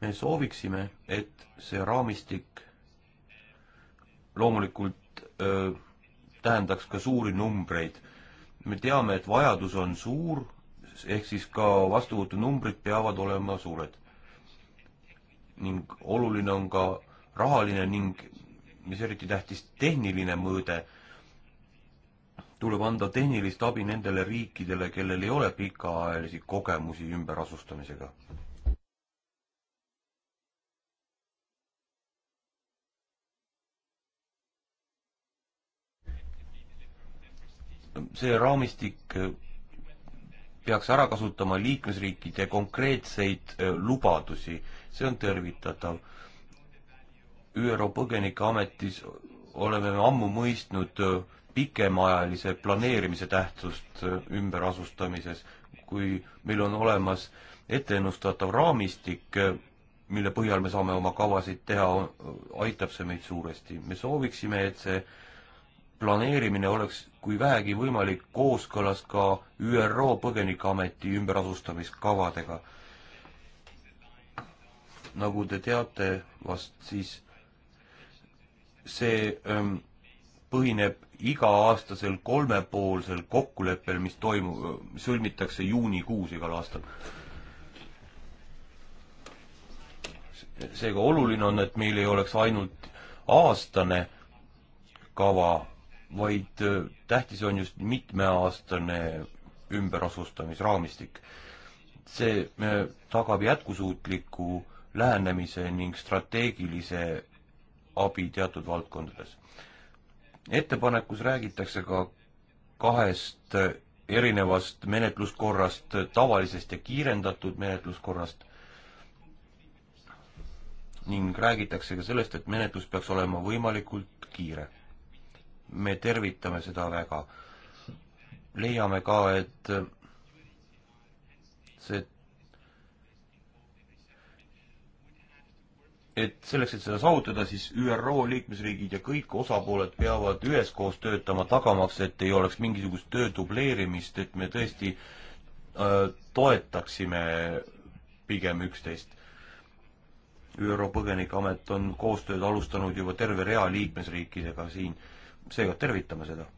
me sooviksime, et see raamistik loomulikult öö, tähendaks ka suuri numbreid. me teame, et vajadus on suur, ehk siis ka vastuvõtunumbrid peavad olema suured. ning oluline on ka rahaline ning mis eriti tähtis, tehniline mõõde tuleb anda tehnilist abi nendele riikidele, kellel ei ole pikaajalisi kogemusi ümberasustamisega. see raamistik peaks ära kasutama liikmesriikide konkreetseid äh, lubadusi, see on tervitatav. ÜRO põgenikeametis oleme ammu mõistnud äh, pikemaajalise planeerimise tähtsust ümberasustamises, kui meil on olemas etteennustatav raamistik, mille põhjal me saame oma kavasid teha, aitab see meid suuresti. me sooviksime, et see planeerimine oleks, kui vähegi võimalik, kooskõlas ka ÜRO Põgenikeameti ümberasustamiskavadega. nagu te teate vast, siis see öö, ähm, põhineb iga-aastasel kolmepoolsel kokkuleppel, mis toimu-, mis sõlmitakse juunikuus igal aastal. seega oluline on, et meil ei oleks ainult aastane kava, vaid äh, tähtis on just mitmeaastane ümberasustamisraamistik. see äh, tagab jätkusuutliku lähenemise ning strateegilise abi teatud valdkondades ettepanekus räägitakse ka kahest erinevast menetluskorrast, tavalisest ja kiirendatud menetluskorrast ning räägitakse ka sellest, et menetlus peaks olema võimalikult kiire. me tervitame seda väga. leiame ka, et see et selleks, et seda saavutada, siis ÜRO liikmesriigid ja kõik osapooled peavad üheskoos töötama, tagamaks, et ei oleks mingisugust töö dubleerimist, et me tõesti äh, toetaksime pigem üksteist. ÜRO põgenikeamet on koostööd alustanud juba terve rea liikmesriikidega siin, seega tervitame seda.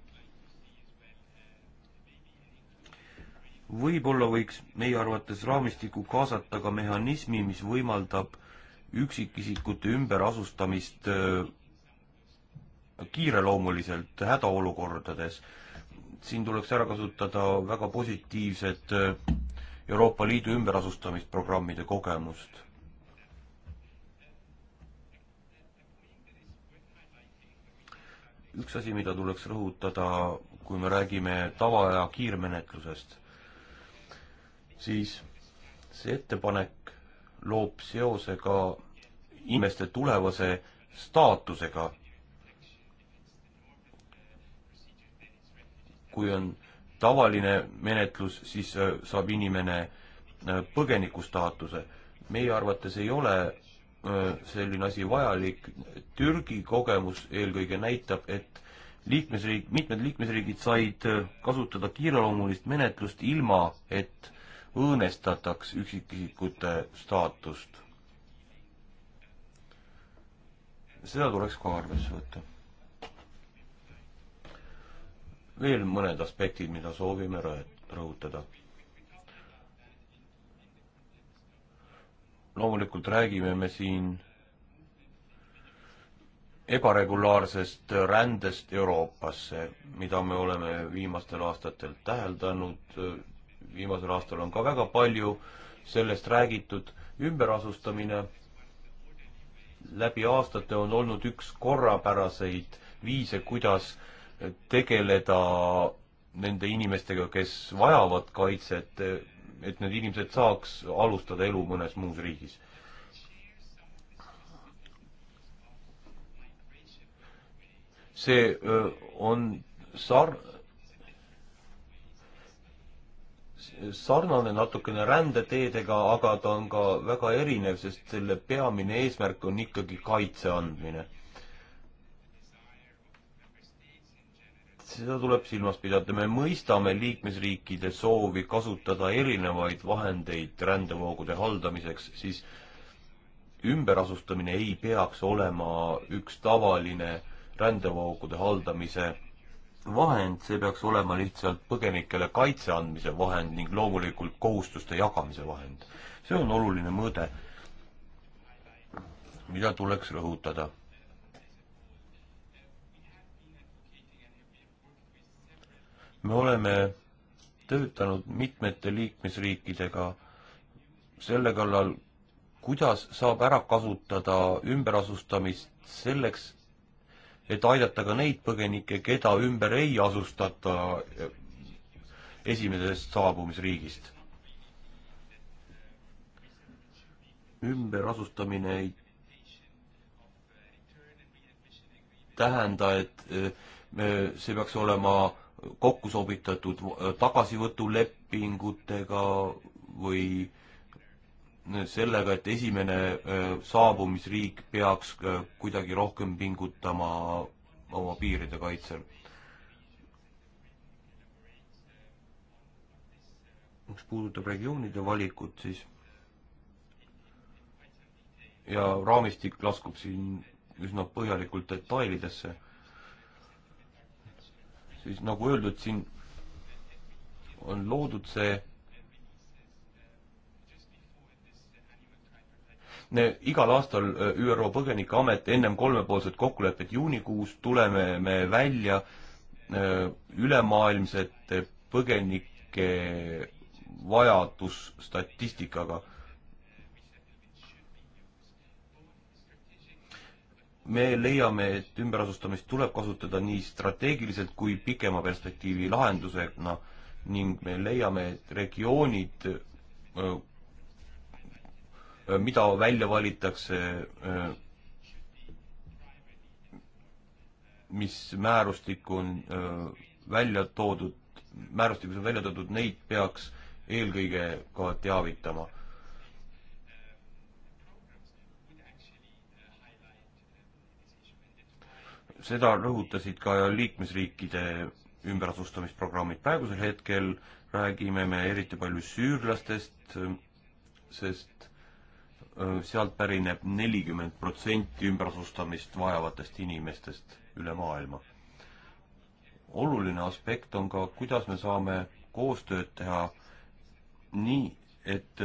võib-olla võiks meie arvates raamistikku kaasata ka mehhanismi, mis võimaldab üksikisikute ümberasustamist äh, kiireloomuliselt hädaolukordades. siin tuleks ära kasutada väga positiivset äh, Euroopa Liidu ümberasustamisprogrammide kogemust. üks asi, mida tuleks rõhutada, kui me räägime tavaaja kiirmenetlusest, siis see ettepanek loob seose ka inimeste tulevase staatusega. kui on tavaline menetlus, siis äh, saab inimene äh, põgeniku staatuse. meie arvates ei ole äh, selline asi vajalik. Türgi kogemus eelkõige näitab, et liikmesriik, mitmed liikmesriigid said kasutada kiireloomulist menetlust ilma, et õõnestataks üksikisikute staatust. seda tuleks ka arvesse võtta. veel mõned aspektid, mida soovime rõhutada. loomulikult räägime me siin ebaregulaarsest rändest Euroopasse, mida me oleme viimastel aastatel täheldanud, viimasel aastal on ka väga palju sellest räägitud, ümberasustamine läbi aastate on olnud üks korrapäraseid viise, kuidas tegeleda nende inimestega, kes vajavad kaitset, et need inimesed saaks alustada elu mõnes muus riigis. see on sar-, sarnane natukene rändeteedega, aga ta on ka väga erinev, sest selle peamine eesmärk on ikkagi kaitse andmine. seda tuleb silmas pidada, me mõistame liikmesriikide soovi kasutada erinevaid vahendeid rändevoogude haldamiseks, siis ümberasustamine ei peaks olema üks tavaline rändevoogude haldamise vahend, see peaks olema lihtsalt põgenikele kaitse andmise vahend ning loomulikult kohustuste jagamise vahend. see on oluline mõõde, mida tuleks rõhutada. me oleme töötanud mitmete liikmesriikidega selle kallal, kuidas saab ära kasutada ümberasustamist selleks, et aidata ka neid põgenikke, keda ümber ei asustata esimesest saabumisriigist. ümberasustamine ei tähenda, et eh, see peaks olema kokku sobitatud tagasivõtulepingutega või äh, sellega, et esimene äh, saabumisriik peaks äh, kuidagi rohkem pingutama oma piiride kaitsel. mis puudutab regioonide valikut, siis ja raamistik laskub siin üsna põhjalikult detailidesse, siis nagu öeldud, siin on loodud see igal aastal äh, ÜRO Põgenikeamet ennem kolmepoolset kokkulepet juunikuus tuleme me välja äh, ülemaailmsete põgenike vajadusstatistikaga. me leiame, et ümberasustamist tuleb kasutada nii strateegiliselt kui pikema perspektiivi lahendusena ning me leiame, et regioonid äh, Äh, mida välja valitakse, äh, mis määrustik on äh, välja toodud, määrustikus on välja toodud, neid peaks eelkõige ka teavitama. seda rõhutasid ka liikmesriikide ümberasustamisprogrammid. praegusel hetkel räägime me eriti palju süürlastest, sest sealt pärineb nelikümmend protsenti ümberasustamist vajavatest inimestest üle maailma. oluline aspekt on ka, kuidas me saame koostööd teha nii, et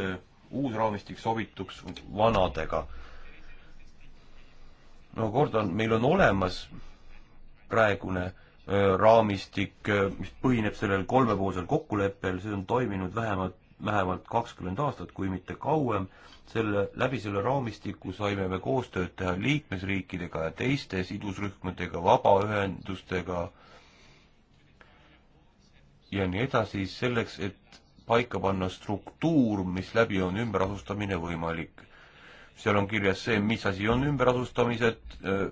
uus raamistik sobituks vanadega. no kordan, meil on olemas praegune raamistik, mis põhineb sellel kolmepoolsel kokkuleppel, see on toiminud vähemalt vähemalt kakskümmend aastat, kui mitte kauem. selle, läbi selle raamistiku saime me koostööd teha liikmesriikidega ja teiste sidusrühmadega, vabaühendustega ja nii edasi, selleks, et paika panna struktuur, mis läbi on ümberasustamine võimalik. seal on kirjas see, mis asi on ümberasustamised, äh,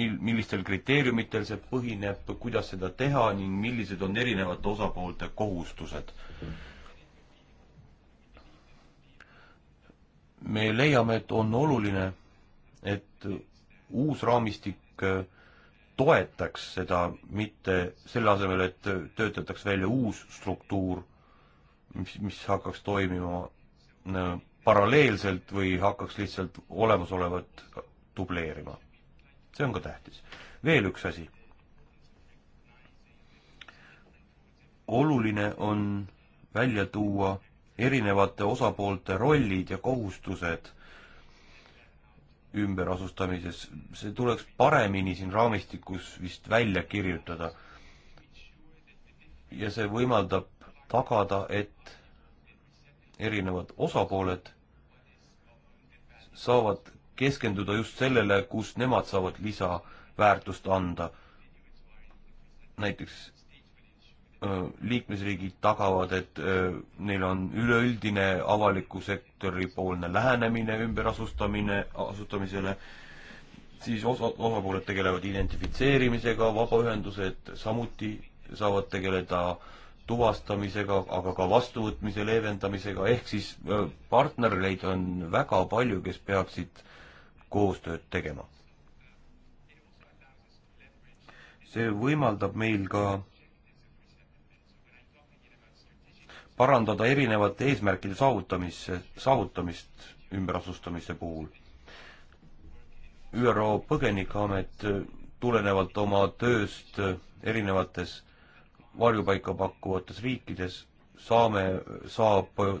mil-, millistel kriteeriumitel see põhineb, kuidas seda teha ning millised on erinevate osapoolte kohustused mm. -hmm me leiame, et on oluline, et uus raamistik äh, toetaks seda, mitte selle asemel, et töötataks välja uus struktuur, mis, mis hakkaks toimima äh, paralleelselt või hakkaks lihtsalt olemasolevat dubleerima. see on ka tähtis. veel üks asi. oluline on välja tuua erinevate osapoolte rollid ja kohustused ümberasustamises, see tuleks paremini siin raamistikus vist välja kirjutada. ja see võimaldab tagada, et erinevad osapooled saavad keskenduda just sellele, kus nemad saavad lisaväärtust anda. näiteks liikmesriigid tagavad, et neil on üleüldine avaliku sektori poolne lähenemine ümberasustamine, asustamisele, siis osa, osapooled tegelevad identifitseerimisega, vabaühendused samuti saavad tegeleda tuvastamisega, aga ka vastuvõtmise leevendamisega, ehk siis partnereid on väga palju, kes peaksid koostööd tegema. see võimaldab meil ka parandada erinevate eesmärkide saavutamisse, saavutamist ümberasustamise puhul. ÜRO Põgenikeamet äh, tulenevalt oma tööst äh, erinevates varjupaika pakkuvates riikides saame, saab äh,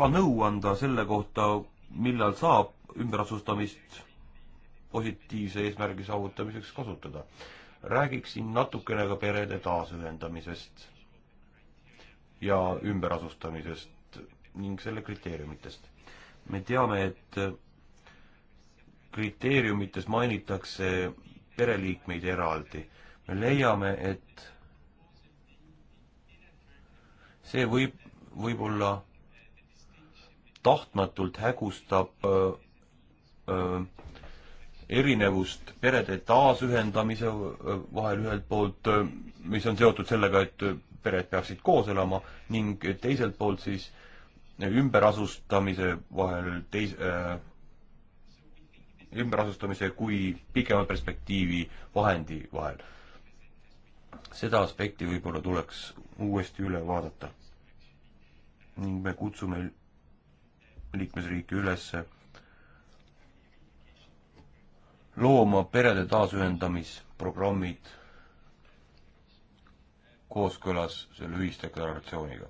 ka nõu anda selle kohta, millal saab ümberasustamist positiivse eesmärgi saavutamiseks kasutada. räägiksin natukene ka perede taasühendamisest ja ümberasustamisest ning selle kriteeriumitest. me teame, et kriteeriumites mainitakse pereliikmeid eraldi. me leiame, et see võib, võib-olla tahtmatult hägustab öö, äh, öö, äh, erinevust perede taasühendamise vahel ühelt poolt, äh, mis on seotud sellega, et pered peaksid koos elama ning teiselt poolt siis ümberasustamise vahel teis- äh,, ümberasustamise kui pikema perspektiivi vahendi vahel. seda aspekti võib-olla tuleks uuesti üle vaadata. ning me kutsume liikmesriike üles looma perede taasühendamisprogrammid kooskõlas selle ühisdeklaratsiooniga.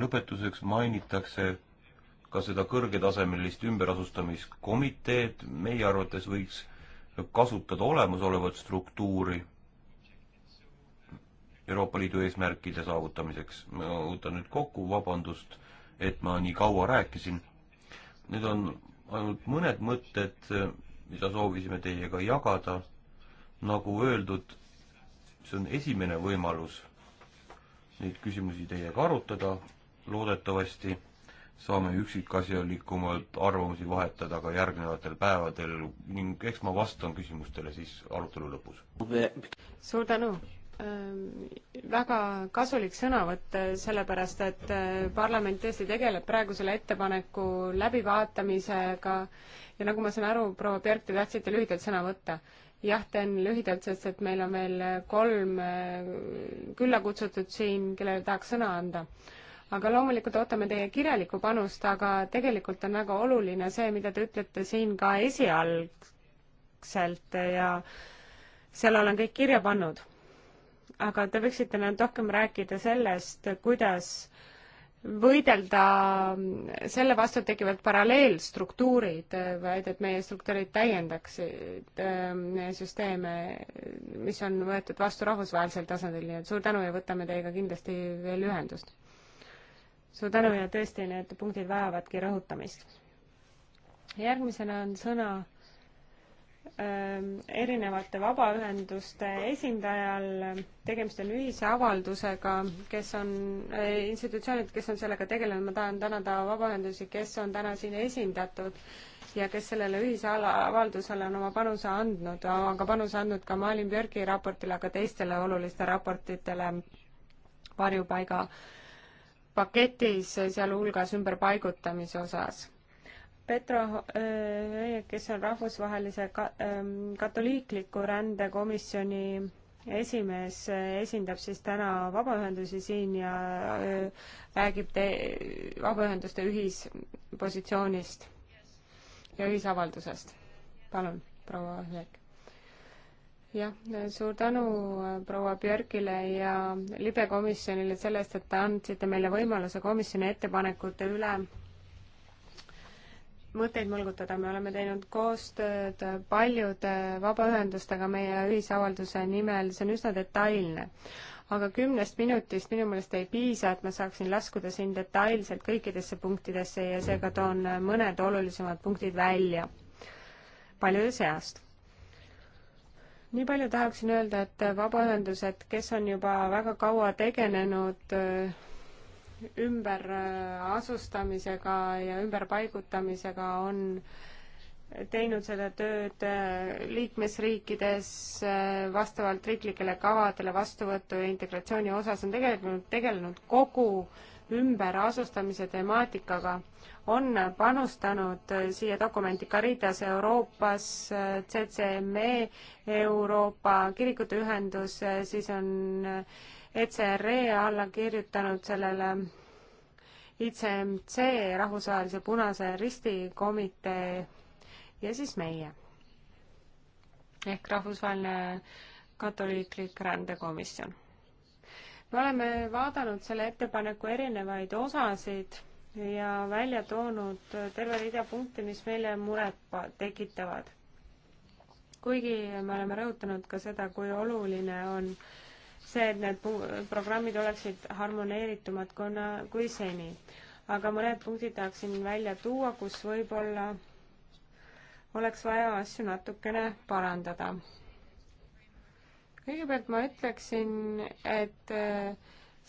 lõpetuseks mainitakse ka seda kõrgetasemelist ümberasustamiskomiteed, meie arvates võiks kasutada olemasolevat struktuuri Euroopa Liidu eesmärkide saavutamiseks. ma võtan nüüd kokku, vabandust, et ma nii kaua rääkisin. Need on ainult mõned mõtted, mida soovisime teiega jagada. nagu öeldud, see on esimene võimalus neid küsimusi teiega arutada, loodetavasti saame üksikasjalikumalt arvamusi vahetada ka järgnevatel päevadel ning eks ma vastan küsimustele siis arutelu lõpus.
suur tänu! Ehm, väga kasulik sõnavõtt, sellepärast et eh, parlament tõesti tegeleb praegu selle ettepaneku läbivaatamisega ja nagu ma saan aru, proua Björk, te tahtsite lühidalt sõna võtta jah, teen lühidalt, sest et meil on veel kolm äh, külla kutsutud siin, kellele tahaks sõna anda. aga loomulikult ootame teie kirjalikku panust, aga tegelikult on väga oluline see, mida te ütlete siin ka esialgselt ja seal olen kõik kirja pannud. aga te võiksite nüüd rohkem rääkida sellest, kuidas äh, võidelda selle vastu tekivad paralleelstruktuurid, vaid et meie struktuurid täiendaksid ähm, süsteeme, mis on võetud vastu rahvusvahelisel tasandil, nii et suur tänu ja võtame teiega kindlasti veel ühendust. suur tänu ja tõesti, need punktid vajavadki rõhutamist. järgmisena on sõna Ähm, erinevate vabaühenduste esindajal, tegemist on ühise avaldusega, kes on, äh, institutsioonid, kes on sellega tegelenud, ma tahan tänada vabaühendusi, kes on täna siin esindatud ja kes sellele ühise ala, avaldusele on oma panuse andnud, aga panuse andnud ka Malin Björgi raportile, aga teistele oluliste raportitele varjupaiga paketis, sealhulgas ümberpaigutamise osas Petro, äh, kes on rahvusvahelise ka-, ähm, katoliikliku rändekomisjoni esimees, esindab siis täna vabaühendusi siin ja äh, räägib te-, vabaühenduste ühispositsioonist ja ühisavaldusest. palun, proua Jõek. jah, suur tänu proua Björkile ja libekomisjonile selle eest, et te andsite meile võimaluse komisjoni ettepanekute üle mõtteid mõlgutada, me oleme teinud koostööd paljude vabaühendustega meie ühisavalduse nimel, see on üsna detailne. aga kümnest minutist minu meelest ei piisa, et ma saaksin laskuda siin detailselt kõikidesse punktidesse ja seega toon mõned olulisemad punktid välja paljude seast nii palju tahaksin öelda, et vabaühendused, kes on juba väga kaua tegelenud äh, ümberasustamisega äh, ja ümberpaigutamisega on teinud seda tööd äh, liikmesriikides äh, vastavalt riiklikele kavadele vastuvõtu ja integratsiooni osas on tegelikult tegelenud kogu ümberasustamise temaatikaga, on panustanud siia dokumenti Caritas Euroopas, CCME Euroopa Kirikute Ühendus, siis on ECRE alla kirjutanud sellele ICMC, Rahvusvahelise Punase Risti Komitee ja siis meie ehk Rahvusvaheline Katoliiklik Rändekomisjon. me oleme vaadanud selle ettepaneku erinevaid osasid ja välja toonud terve rida punkte, mis meile muret tekitavad. kuigi me oleme rõhutanud ka seda, kui oluline on äh, see, et need programmid oleksid harmoneeritumad kuna, kui seni. aga mõned punktid tahaksin välja tuua, kus võib-olla oleks vaja asju natukene parandada. kõigepealt ma ütleksin, et äh,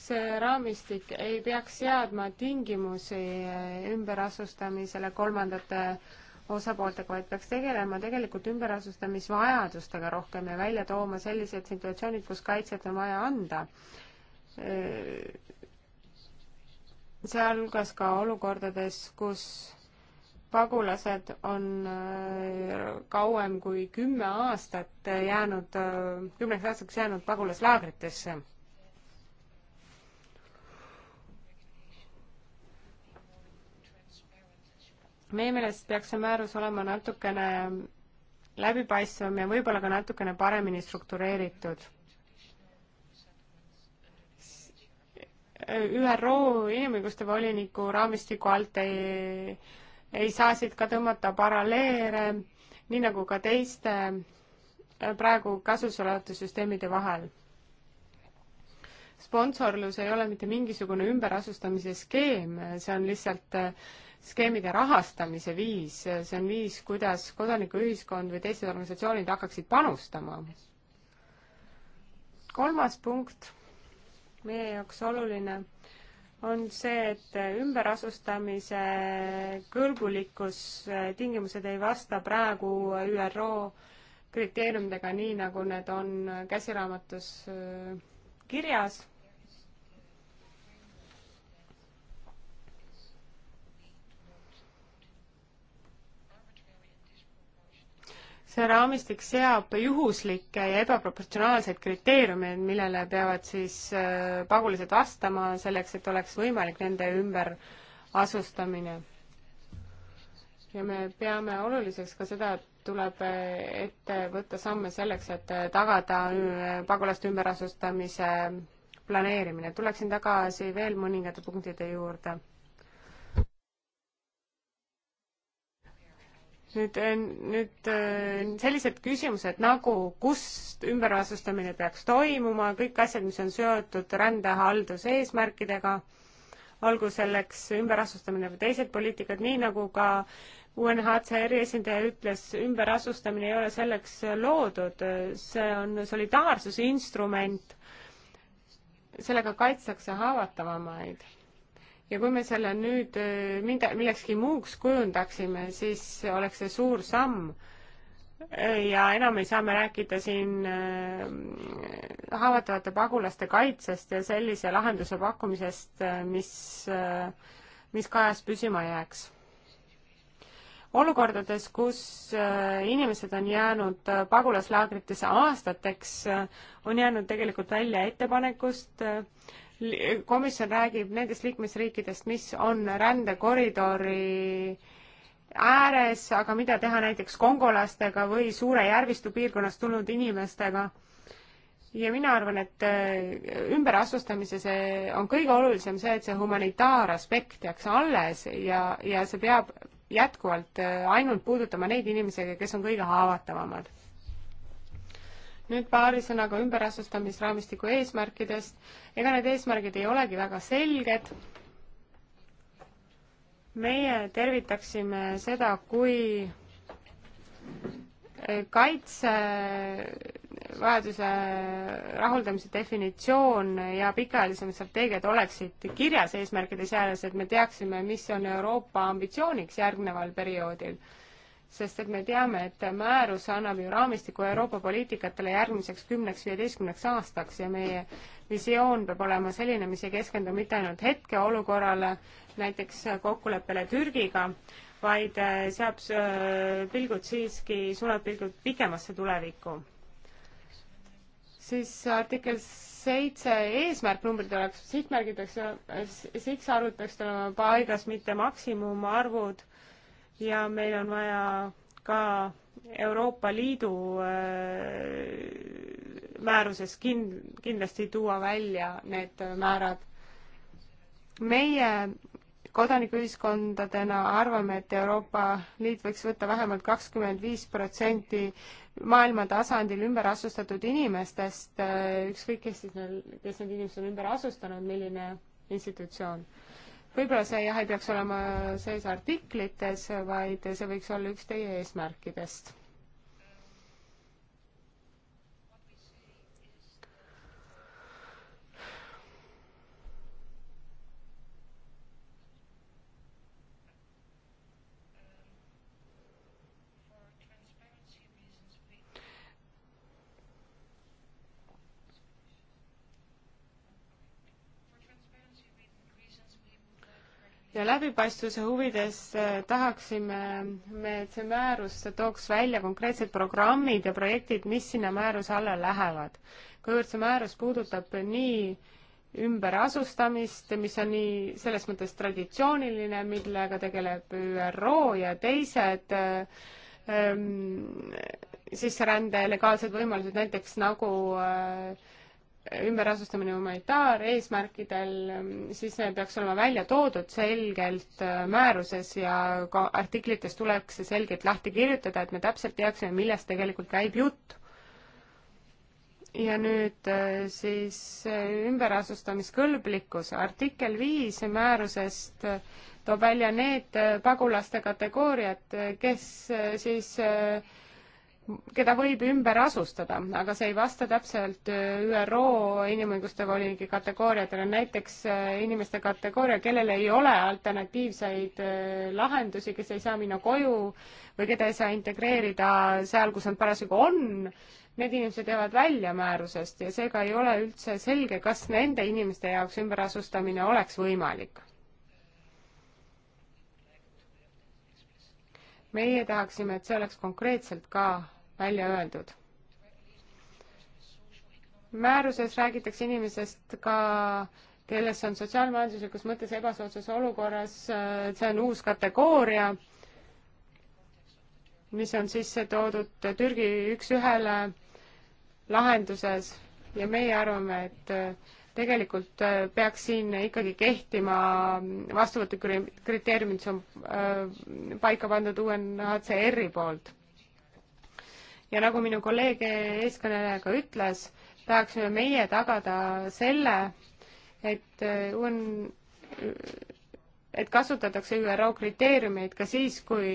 see raamistik ei peaks seadma tingimusi äh, ümberasustamisele kolmandate äh, osapooltega, vaid peaks tegelema tegelikult ümberasustamisvajadustega rohkem ja välja tooma sellised situatsioonid, kus kaitset on vaja anda. sealhulgas ka olukordades, kus pagulased on äh, kauem kui kümme aastat jäänud, äh, kümneks aastaks jäänud pagulaslaagritesse meie meelest peaks see määrus olema natukene läbipaistvam ja võib-olla ka natukene paremini struktureeritud. ÜRO inimõiguste voliniku raamistiku alt ei, ei saa siit ka tõmmata paralleele, nii nagu ka teiste äh, praegu kasutusel olevate süsteemide vahel. sponsorlus ei ole mitte mingisugune ümberasustamise skeem, see on lihtsalt äh, skeemide rahastamise viis, see on viis, kuidas kodanikuühiskond või teised organisatsioonid hakkaksid panustama. kolmas punkt, meie jaoks oluline, on see, et ümberasustamise kõlbulikkustingimused eh, ei vasta praegu ÜRO kriteeriumidega, nii nagu need on käsiraamatus eh, kirjas see raamistik seab juhuslikke ja ebaproportsionaalseid kriteeriumeid, millele peavad siis äh, pagulased vastama selleks, et oleks võimalik nende ümberasustamine. ja me peame oluliseks ka seda, et tuleb äh, ette võtta samme selleks, et äh, tagada pagulaste ümberasustamise planeerimine. tuleksin tagasi veel mõningate punktide juurde nüüd, eh, nüüd eh, sellised küsimused nagu, kust ümberasustamine peaks toimuma, kõik asjad, mis on seotud rändehalduse eesmärkidega, olgu selleks ümberasustamine või teised poliitikad, nii nagu ka UNHCR-i esindaja ütles, ümberasustamine ei ole selleks loodud, see on solidaarsuse instrument, sellega kaitstakse haavatavamaid ja kui me selle nüüd äh, mida, millekski muuks kujundaksime, siis oleks see suur samm. Äh, ja enam ei saa me rääkida siin äh, haavatavate pagulaste kaitsest ja sellise lahenduse pakkumisest, mis, mis kajas püsima jääks olukordades, kus inimesed on jäänud pagulaslaagritesse aastateks, on jäänud tegelikult välja ettepanekust komisjon räägib nendest liikmesriikidest, mis on rändekoridori ääres, aga mida teha näiteks kongolastega või suure järvistu piirkonnast tulnud inimestega. ja mina arvan, et äh, ümberasustamise see on kõige olulisem see, et see humanitaaraspekt jääks alles ja, ja see peab jätkuvalt äh, ainult puudutama neid inimesi, kes on kõige haavatavamad nüüd paari sõnaga ümberasustamisraamistiku eesmärkidest. ega need eesmärgid ei olegi väga selged. meie tervitaksime seda, kui eh, kaitsevajaduse eh, rahuldamise definitsioon ja pikaajalisemad strateegiad oleksid kirjas eesmärkide seas, et me teaksime, mis on Euroopa ambitsiooniks järgneval perioodil sest et me teame, et määrus annab ju raamistiku Euroopa poliitikatele järgmiseks kümneks-viieteistkümneks aastaks ja meie visioon peab olema selline, mis ei keskendu mitte ainult hetkeolukorrale, näiteks kokkuleppele Türgiga, vaid äh, seab äh, pilgud siiski, sulab pilgud pikemasse tulevikku. siis artikkel seitse eesmärknumbrid oleks, sihtmärgid peaks, sihtsa arvud peaksid olema paigas, mitte maksimumarvud ja meil on vaja ka Euroopa Liidu äh, määruses kin-, kindlasti tuua välja need määrad. meie kodanikuühiskondadena arvame, et Euroopa Liit võiks võtta vähemalt kakskümmend viis protsenti maailma tasandil ümber asustatud inimestest, äh, ükskõik kes siis neil, kes need inimesed on ümber asustanud, milline institutsioon võib-olla see jah ei peaks olema sees artiklites, vaid see võiks olla üks teie eesmärkidest ja läbipaistvuse huvides äh, tahaksime me, et see määrus tooks välja konkreetsed programmid ja projektid, mis sinna määruse alla lähevad. kuivõrd see määrus puudutab nii ümberasustamist, mis on nii selles mõttes traditsiooniline, millega tegeleb ÜRO ja teised äh, ähm, sisserände legaalsed võimalused, näiteks nagu äh, ümberasustamine humanitaareesmärkidel, siis see peaks olema välja toodud selgelt äh, määruses ja ka artiklites tuleks see selgelt lahti kirjutada, et me täpselt teaksime, millest tegelikult käib jutt. ja nüüd äh, siis äh, ümberasustamiskõlblikkus, artikkel viis määrusest toob välja need pagulaste kategooriad, kes siis äh, keda võib ümber asustada, aga see ei vasta täpselt äh, ÜRO inimõiguste volinike kategooriatele, näiteks äh, inimeste kategooria, kellel ei ole alternatiivseid äh, lahendusi, kes ei saa minna koju või keda ei saa integreerida seal, kus nad parasjagu on, need inimesed jäävad välja määrusest ja seega ei ole üldse selge, kas nende inimeste jaoks ümberasustamine oleks võimalik meie tahaksime, et see oleks konkreetselt ka välja öeldud. määruses räägitakse inimesest ka, kellest on sotsiaalmajanduslikus mõttes ebasoodsas olukorras, see on uus kategooria, mis on sisse toodud Türgi üks-ühele lahenduses ja meie arvame, et tegelikult äh, peaks siin ikkagi kehtima vastuvõtukriteeriumid, mis on äh, paika pandud UNHCR-i poolt. ja nagu minu kolleeg eeskõneleja ka ütles, tahaksime meie tagada selle, et äh, UN, et kasutatakse ÜRO kriteeriumeid ka siis, kui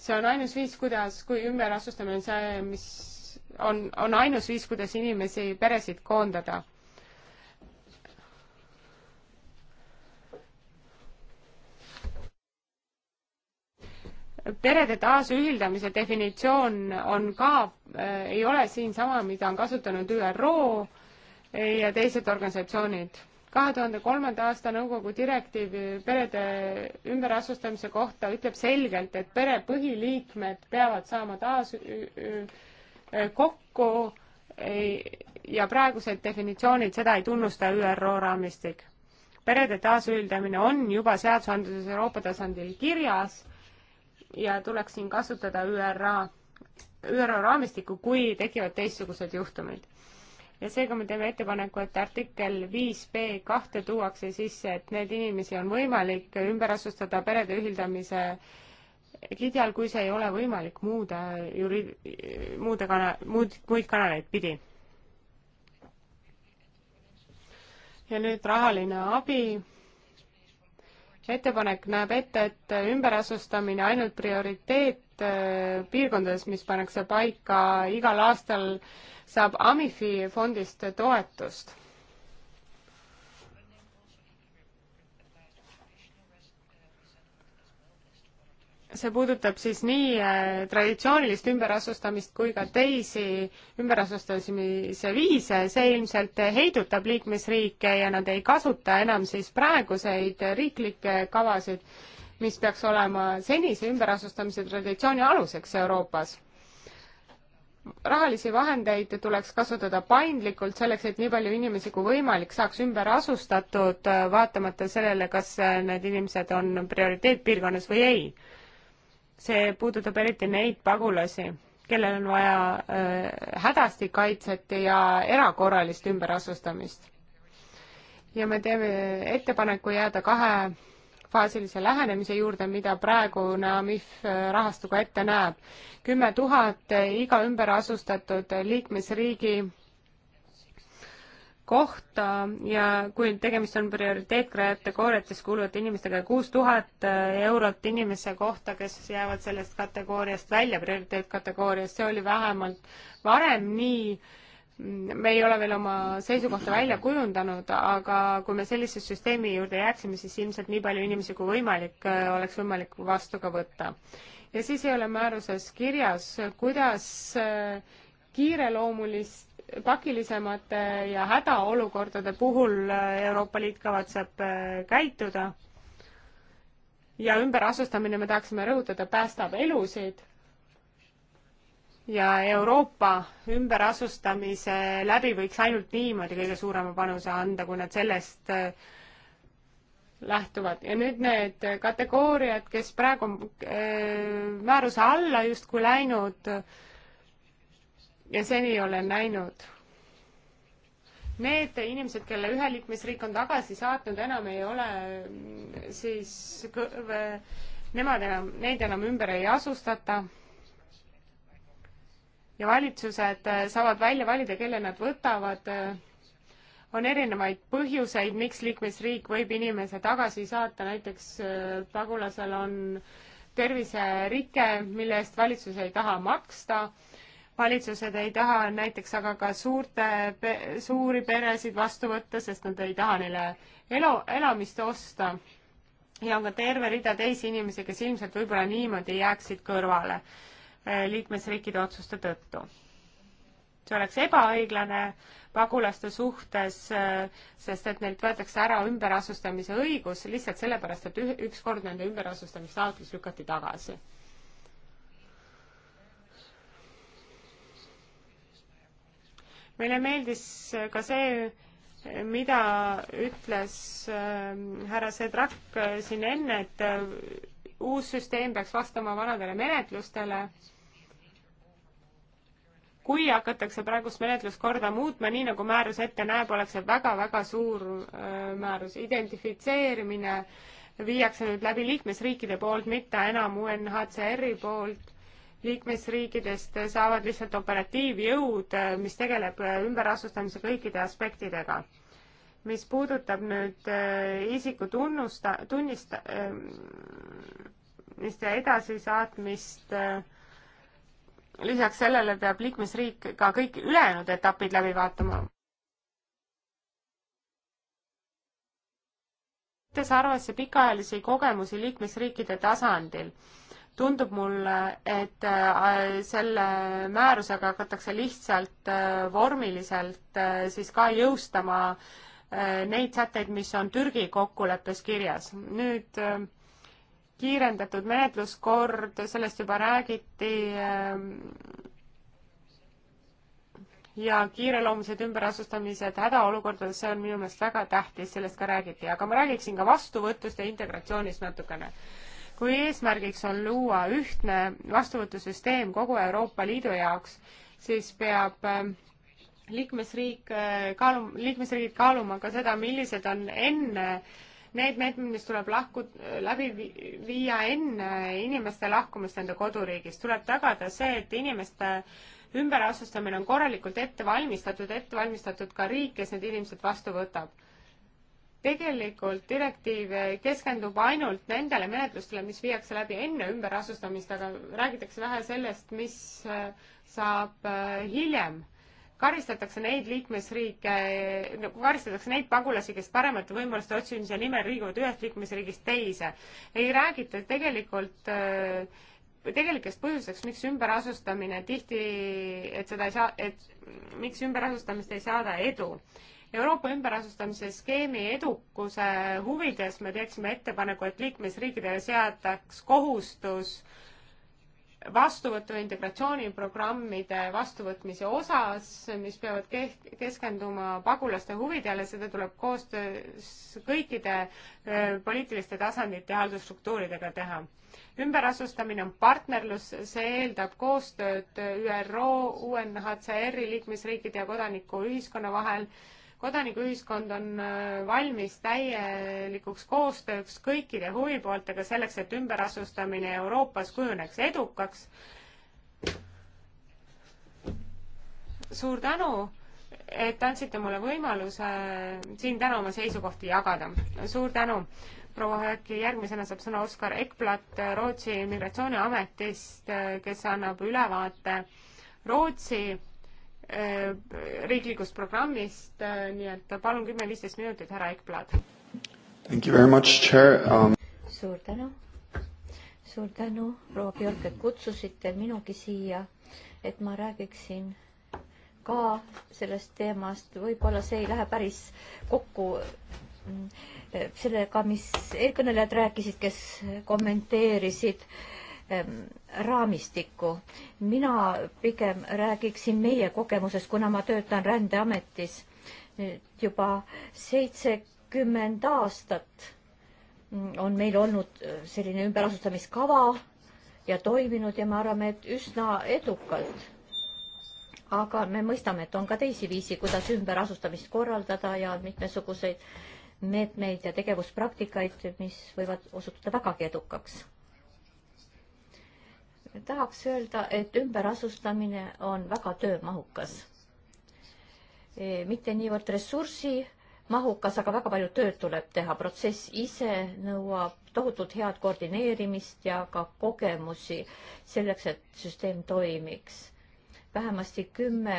see on ainus viis, kuidas, kui ümberasustamine on see, mis on, on ainus viis, kuidas inimesi, peresid koondada. perede taasühildamise definitsioon on ka, äh, ei ole siin sama, mida on kasutanud ÜRO äh, ja teised organisatsioonid kahe tuhande kolmanda aasta nõukogu direktiiv perede ümberasustamise kohta ütleb selgelt, et pere põhiliikmed peavad saama taas Äh, kokku ja praegused definitsioonid seda ei tunnusta ÜRO raamistik. perede taasühildamine on juba seadusandluses Euroopa tasandil kirjas ja tuleks siin kasutada ÜRA, ÜRO raamistikku, kui tekivad teistsugused juhtumid. ja seega me teeme ettepaneku, et artikkel viis B kahte tuuakse sisse, et neid inimesi on võimalik ümber asustada perede ühildamise äh, et lidial, kui see ei ole võimalik muude juri-, muude kana-, muud, muid kanaleid pidi. ja nüüd rahaline abi. ettepanek näeb ette, et ümberasustamine ainult prioriteet äh, piirkondades, mis pannakse paika igal aastal, saab AMIFi fondist toetust see puudutab siis nii äh, traditsioonilist ümberasustamist kui ka teisi ümberasustamise viise, see ilmselt heidutab liikmesriike ja nad ei kasuta enam siis praeguseid riiklikke kavasid, mis peaks olema senise ümberasustamise traditsiooni aluseks Euroopas. rahalisi vahendeid tuleks kasutada paindlikult selleks, et nii palju inimesi kui võimalik saaks ümber asustatud, vaatamata sellele, kas need inimesed on prioriteetpiirkonnas või ei see puudutab eriti neid pagulasi, kellel on vaja äh, hädasti kaitset ja erakorralist ümberasustamist. ja me teeme ettepaneku jääda kahefaasilise lähenemise juurde, mida praegune AMIF äh, rahastuga ette näeb. kümme tuhat iga ümberasustatud liikmesriigi kohta ja kui tegemist on prioriteetkategooriates kuuluvate inimestega, kuus tuhat äh, eurot inimese kohta, kes jäävad sellest kategooriast välja, prioriteetkategooriast, see oli vähemalt varem nii, me ei ole veel oma seisukohta välja kujundanud, aga kui me sellise süsteemi juurde jääksime, siis ilmselt nii palju inimesi kui võimalik äh, oleks võimalik vastu ka võtta. ja siis ei ole määruses kirjas, kuidas äh, kiireloomulist pakilisemate ja hädaolukordade puhul äh, Euroopa Liit kavatseb äh, käituda. ja ümberasustamine, me tahaksime rõhutada, päästab elusid ja Euroopa ümberasustamise läbi võiks ainult niimoodi kõige suurema panuse anda, kui nad sellest äh, lähtuvad. ja nüüd need kategooriad, kes praegu on määruse alla justkui läinud äh, ja seni olen näinud. Need inimesed, kelle ühe liikmesriik on tagasi saatnud, enam ei ole mm, siis, nemad enam, neid enam ümber ei asustata. ja valitsused äh, saavad välja valida, kelle nad võtavad. on erinevaid põhjuseid, miks liikmesriik võib inimese tagasi saata, näiteks äh, pagulasel on terviserike, mille eest valitsus ei taha maksta valitsused ei taha näiteks aga ka suurte, suuri peresid vastu võtta, sest nad ei taha neile elu, elamist osta. ja on ka terve rida teisi inimesi, kes ilmselt võib-olla niimoodi jääksid kõrvale eh, liikmesriikide otsuste tõttu. see oleks ebaõiglane pagulaste suhtes, eh, sest et neilt võetakse ära ümberasustamise õigus lihtsalt sellepärast, et üh-, ükskord nende ümberasustamistaotlus lükati tagasi meile meeldis äh, ka see, äh, mida ütles ähm, härra Sedrak äh, siin enne, et uus süsteem peaks vastama vanadele menetlustele. kui hakatakse praegust menetluskorda muutma, nii nagu määrus ette näeb, oleks see väga-väga suur määrus. identifitseerimine viiakse nüüd läbi liikmesriikide poolt, mitte enam UNHCR-i poolt liikmesriikidest saavad lihtsalt operatiivjõud, mis tegeleb ümberasustamise kõikide aspektidega. mis puudutab nüüd äh, isiku tunnusta, tunnista-, ja äh, edasisaatmist, äh, lisaks sellele peab liikmesriik ka kõik ülejäänud etapid läbi vaatama. võttes arvesse pikaajalisi kogemusi liikmesriikide tasandil tundub mulle, et äh, selle määrusega hakatakse lihtsalt äh, vormiliselt äh, siis ka jõustama neid sätteid, mis on Türgi kokkuleppes kirjas. nüüd kiirendatud menetluskord, sellest juba räägiti, ja kiireloomulised ümberasustamised hädaolukordades, see on minu meelest väga tähtis, sellest ka räägiti, aga ma räägiksin ka vastuvõtust ja integratsioonist natukene kui eesmärgiks on luua ühtne vastuvõtusüsteem kogu Euroopa Liidu jaoks, siis peab äh, liikmesriik äh, kaalum-, liikmesriigid kaaluma ka seda, millised on enne need meetmed, mis tuleb lahku, läbi viia enne inimeste lahkumist enda koduriigist, tuleb tagada see, et inimeste ümberasustamine on korralikult ette valmistatud, ette valmistatud ka riik, kes need inimesed vastu võtab tegelikult direktiiv keskendub ainult nendele menetlustele, mis viiakse läbi enne ümberasustamist, aga räägitakse vähe sellest, mis saab äh, hiljem. karistatakse neid liikmesriike, nagu karistatakse neid pagulasi, kes paremate võimaluste otsimise nimel liiguvad ühest liikmesriigist teise. ei räägita tegelikult äh, tegelikest põhjuseks, miks ümberasustamine tihti, et seda ei saa, et miks ümberasustamist ei saada edu Euroopa ümberasustamise skeemi edukuse huvides me teeksime ettepaneku, et liikmesriikidele seataks kohustus vastuvõtu integratsiooniprogrammide vastuvõtmise osas, mis peavad keht-, keskenduma pagulaste huvidele, seda tuleb koostöös kõikide poliitiliste tasandite ja haldusstruktuuridega teha. ümberasustamine on partnerlus, see eeldab koostööd ÜRO, UNHCR-i liikmesriikide ja kodanikuühiskonna vahel kodanikuühiskond on äh, valmis täielikuks koostööks kõikide huvipooltega selleks, et ümberasustamine Euroopas kujuneks edukaks. suur tänu, et andsite mulle võimaluse siin täna oma seisukohti jagada. suur tänu, proua Hööki, järgmisena saab sõna Oskar Ekblat Rootsi migratsiooniametist, äh, kes annab ülevaate Rootsi Äh, riiklikust programmist, äh, nii et palun kümme-viisteist minutit, härra Ekblad. Thank you very much, chair um.... suur tänu,
suur tänu, proua Björk, et kutsusite minugi siia, et ma räägiksin ka sellest teemast, võib-olla see ei lähe päris kokku mm, sellega, mis eelkõnelejad rääkisid, kes kommenteerisid äh, raamistikku. mina pigem räägiksin meie kogemusest, kuna ma töötan Rändeametis nüüd juba seitsekümmend aastat on meil olnud selline ümberasustamiskava ja toiminud ja me arvame, et üsna edukalt. aga me mõistame, et on ka teisi viisi, kuidas ümberasustamist korraldada ja mitmesuguseid meetmeid ja tegevuspraktikaid, mis võivad osutuda vägagi edukaks tahaks öelda, et ümberasustamine on väga töömahukas. E, mitte niivõrd ressursimahukas, aga väga palju tööd tuleb teha, protsess ise nõuab tohutult head koordineerimist ja ka kogemusi selleks, et süsteem toimiks vähemasti kümme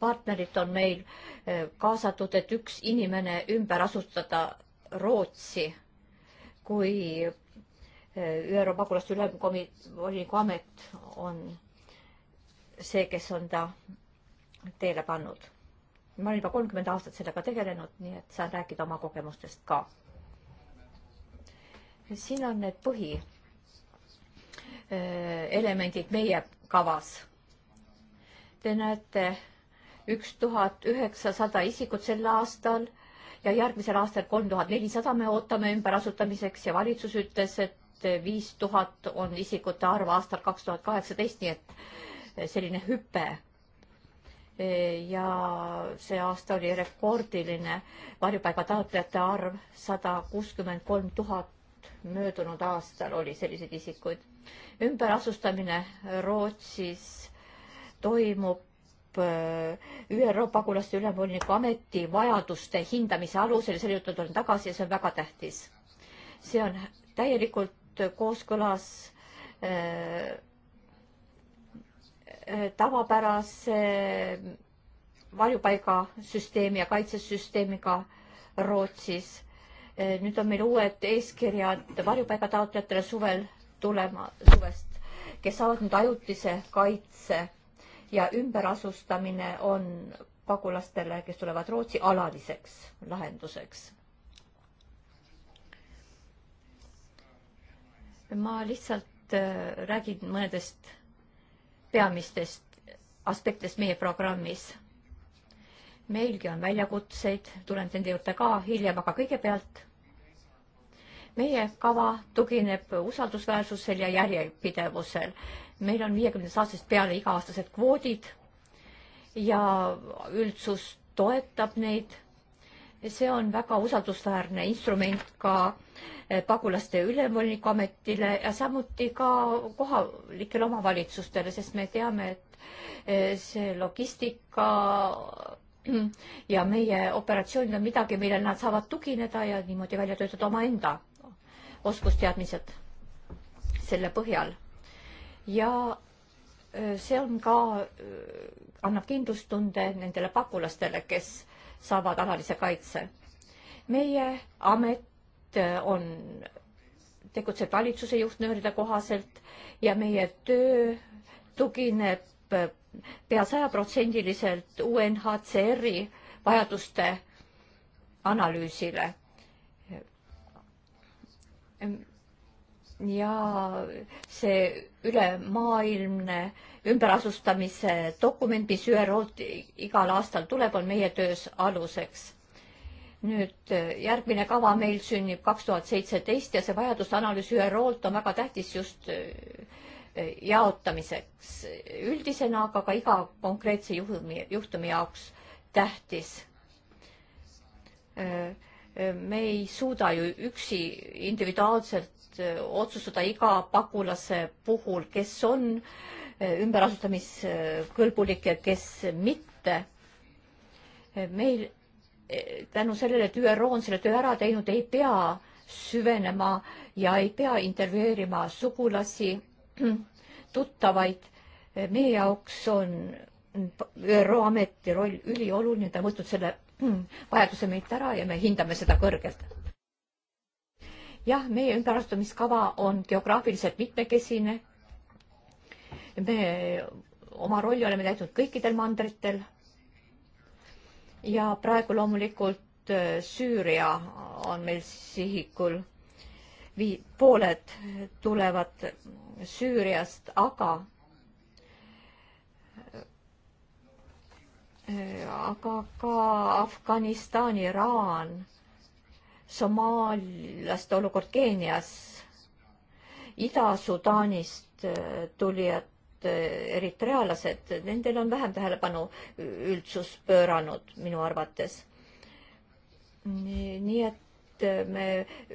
partnerit on meil e, kaasatud, et üks inimene ümber asustada Rootsi, kui ÜRO pagulaste ülemvoliniku amet on see, kes on ta teele pannud. ma olen juba kolmkümmend aastat sellega tegelenud, nii et saan rääkida oma kogemustest ka. siin on need põhielemendid äh, meie kavas. Te näete üks tuhat üheksasada isikut sel aastal ja järgmisel aastal kolm tuhat nelisada me ootame ümberasutamiseks ja valitsus ütles, et et viis tuhat on isikute arv aastal kaks tuhat kaheksateist, nii et eh, selline hüpe. Eh, ja see aasta oli rekordiline varjupaiga taotlejate arv, sada kuuskümmend kolm tuhat möödunud aastal oli selliseid isikuid. ümberasustamine Rootsis toimub eh, ÜRO pagulaste ülemvoliniku ameti vajaduste hindamise alusel, selle juurde tulen tagasi ja see on väga tähtis. see on täielikult nüüd kooskõlas eh, tavapärase varjupaigasüsteemi ja kaitsesüsteemiga Rootsis. Eh, nüüd on meil uued eeskirjad varjupaigataotlejatele suvel tulema, suvest, kes saavad nüüd ajutise kaitse ja ümberasustamine on pagulastele, kes tulevad Rootsi, alaliseks lahenduseks ma lihtsalt äh, räägin mõnedest peamistest aspektist meie programmis. meilgi on väljakutseid, tulen nende juurde ka hiljem, aga kõigepealt meie kava tugineb usaldusväärsusel ja järjepidevusel. meil on viiekümnendast aastast peale iga-aastased kvoodid ja üldsus toetab neid see on väga usaldusväärne instrument ka eh, pagulaste ülemvoliniku ametile ja samuti ka kohalikele omavalitsustele, sest me teame, et eh, see logistika ja meie operatsioonid on midagi, millele nad saavad tugineda ja niimoodi välja töötada omaenda oskusteadmised selle põhjal. ja eh, see on ka, annab kindlustunde nendele pagulastele, kes saavad alalise kaitse. meie amet äh, on, tegutseb valitsuse juhtnööride kohaselt ja meie töö tugineb äh, pea sajaprotsendiliselt UNHCR-i vajaduste analüüsile. Ehm, ja see ülemaailmne ümberasustamise dokument, mis ÜRO-lt igal aastal tuleb, on meie töös aluseks. nüüd äh, järgmine kava meil sünnib kaks tuhat seitseteist ja see vajadusanalüüs ÜRO-lt on väga tähtis just äh, äh, jaotamiseks üldisena, aga ka iga konkreetse juhtumi, juhtumi jaoks tähtis me ei suuda ju üksi individuaalselt Äh, otsustada iga pagulase puhul, kes on äh, ümberasustamiskõlbulik ja kes mitte. Äh, meil tänu sellele, et ÜRO on selle töö ära teinud, ei pea süvenema ja ei pea intervjueerima sugulasi, tuttavaid. meie jaoks on ÜRO ameti roll ülioluline, ta on võtnud selle vajaduse meilt ära ja me hindame seda kõrgelt jah, meie ümberasustamiskava on geograafiliselt mitmekesine. me oma rolli oleme täitnud kõikidel mandritel. ja praegu loomulikult äh, Süüria on meil sihikul. Vii-, pooled tulevad Süüriast, aga äh, aga ka Afganistan, Iraan somaallaste olukord Keenias, Ida-Sudaanist äh, tulijad, äh, eritrealased, nendel on vähem tähelepanu üldsus pööranud minu arvates. nii et äh, me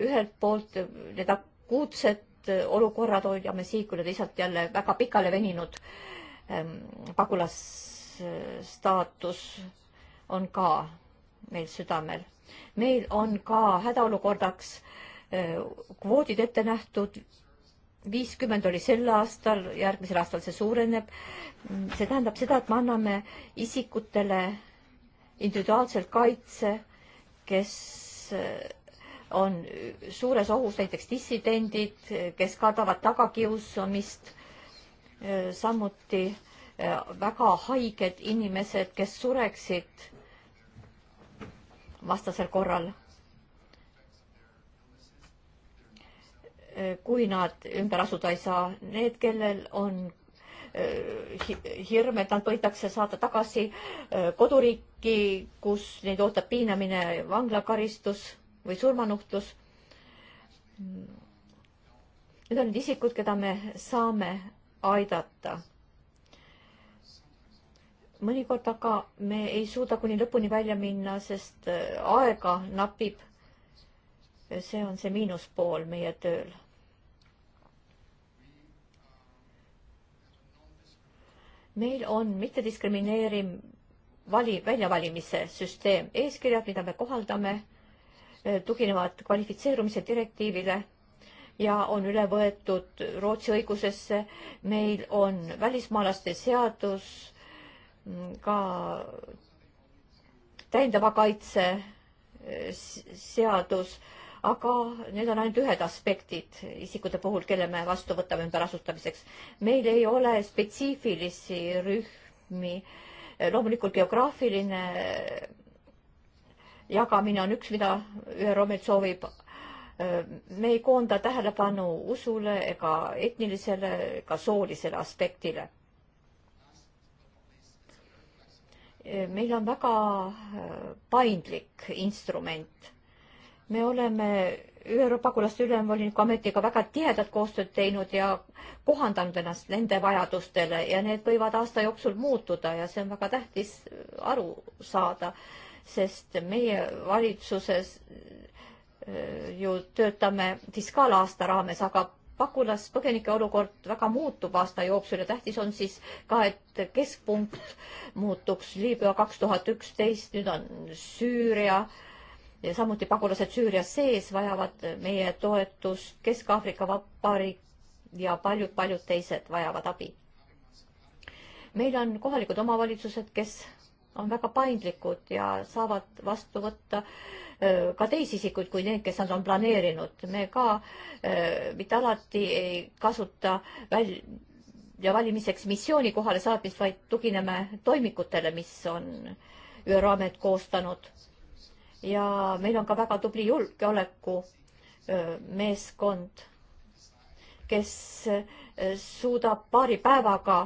ühelt poolt need akuutsed olukorrad hoiame siikul ja teisalt jälle väga pikale veninud ähm, pagulasstaatus on ka meil südamel meil on ka hädaolukordaks eh, kvoodid ette nähtud, viiskümmend oli sel aastal, järgmisel aastal see suureneb. see tähendab seda, et me anname isikutele individuaalselt kaitse, kes eh, on suures ohus, näiteks dissidendid, kes kardavad tagakiusamist, eh, samuti väga haiged inimesed, kes sureksid vastasel korral. kui nad ümber asuda ei saa, need, kellel on eh, hirm, et nad võidakse saada tagasi eh, koduriiki, kus neid ootab piinamine, vanglakaristus või surmanuhtlus. Need on need isikud, keda me saame aidata mõnikord aga me ei suuda kuni lõpuni välja minna, sest äh, aega napib. see on see miinuspool meie tööl. meil on mittediskrimineeriv vali, väljavalimise süsteem, eeskirjad, mida me kohaldame, äh, tuginevad kvalifitseerumise direktiivile ja on üle võetud Rootsi õigusesse. meil on välismaalaste seadus ka täiendava kaitse eh, seadus, aga need on ainult ühed aspektid isikute puhul, kelle me vastu võtame ümberasustamiseks. meil ei ole spetsiifilisi rühmi, eh, loomulikult geograafiline eh, jagamine on üks, mida ÜRO meilt soovib. me ei koonda tähelepanu usule ega etnilisele ega soolisele aspektile meil on väga äh, paindlik instrument. me oleme ÜRO pagulaste ülemvoliniku ametiga väga tihedat koostööd teinud ja kohandanud ennast nende vajadustele ja need võivad aasta jooksul muutuda ja see on väga tähtis äh, aru saada, sest meie valitsuses äh, ju töötame fiskaalaasta raames, aga pagulaspõgenike olukord väga muutub aasta jooksul ja tähtis on siis ka, et keskpunkt muutuks Liibüa kaks tuhat üksteist, nüüd on Süüria ja samuti pagulased Süüria sees vajavad meie toetust, Kesk-Aafrika Vabariik ja paljud-paljud teised vajavad abi. meil on kohalikud omavalitsused, kes on väga paindlikud ja saavad vastu võtta ka teisi isikuid kui need, kes nad on planeerinud. me ka mitte alati ei kasuta väl- ja valimiseks missiooni kohale saatmist, vaid tugineme toimikutele, mis on ÜRO amet koostanud. ja meil on ka väga tubli julgeoleku meeskond kes eh, suudab paari päevaga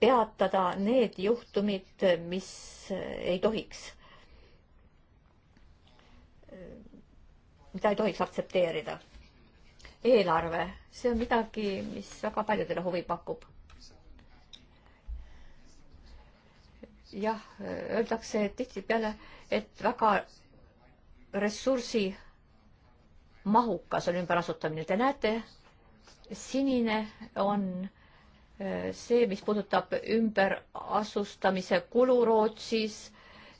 peatada need juhtumid, mis eh, ei tohiks, eh, mida ei tohiks aktsepteerida. eelarve, see on midagi, mis väga paljudele huvi pakub. jah, öeldakse tihtipeale, et väga ressursimahukas on ümberasutamine, te näete sinine on äh, see, mis puudutab ümberasustamise kulu Rootsis.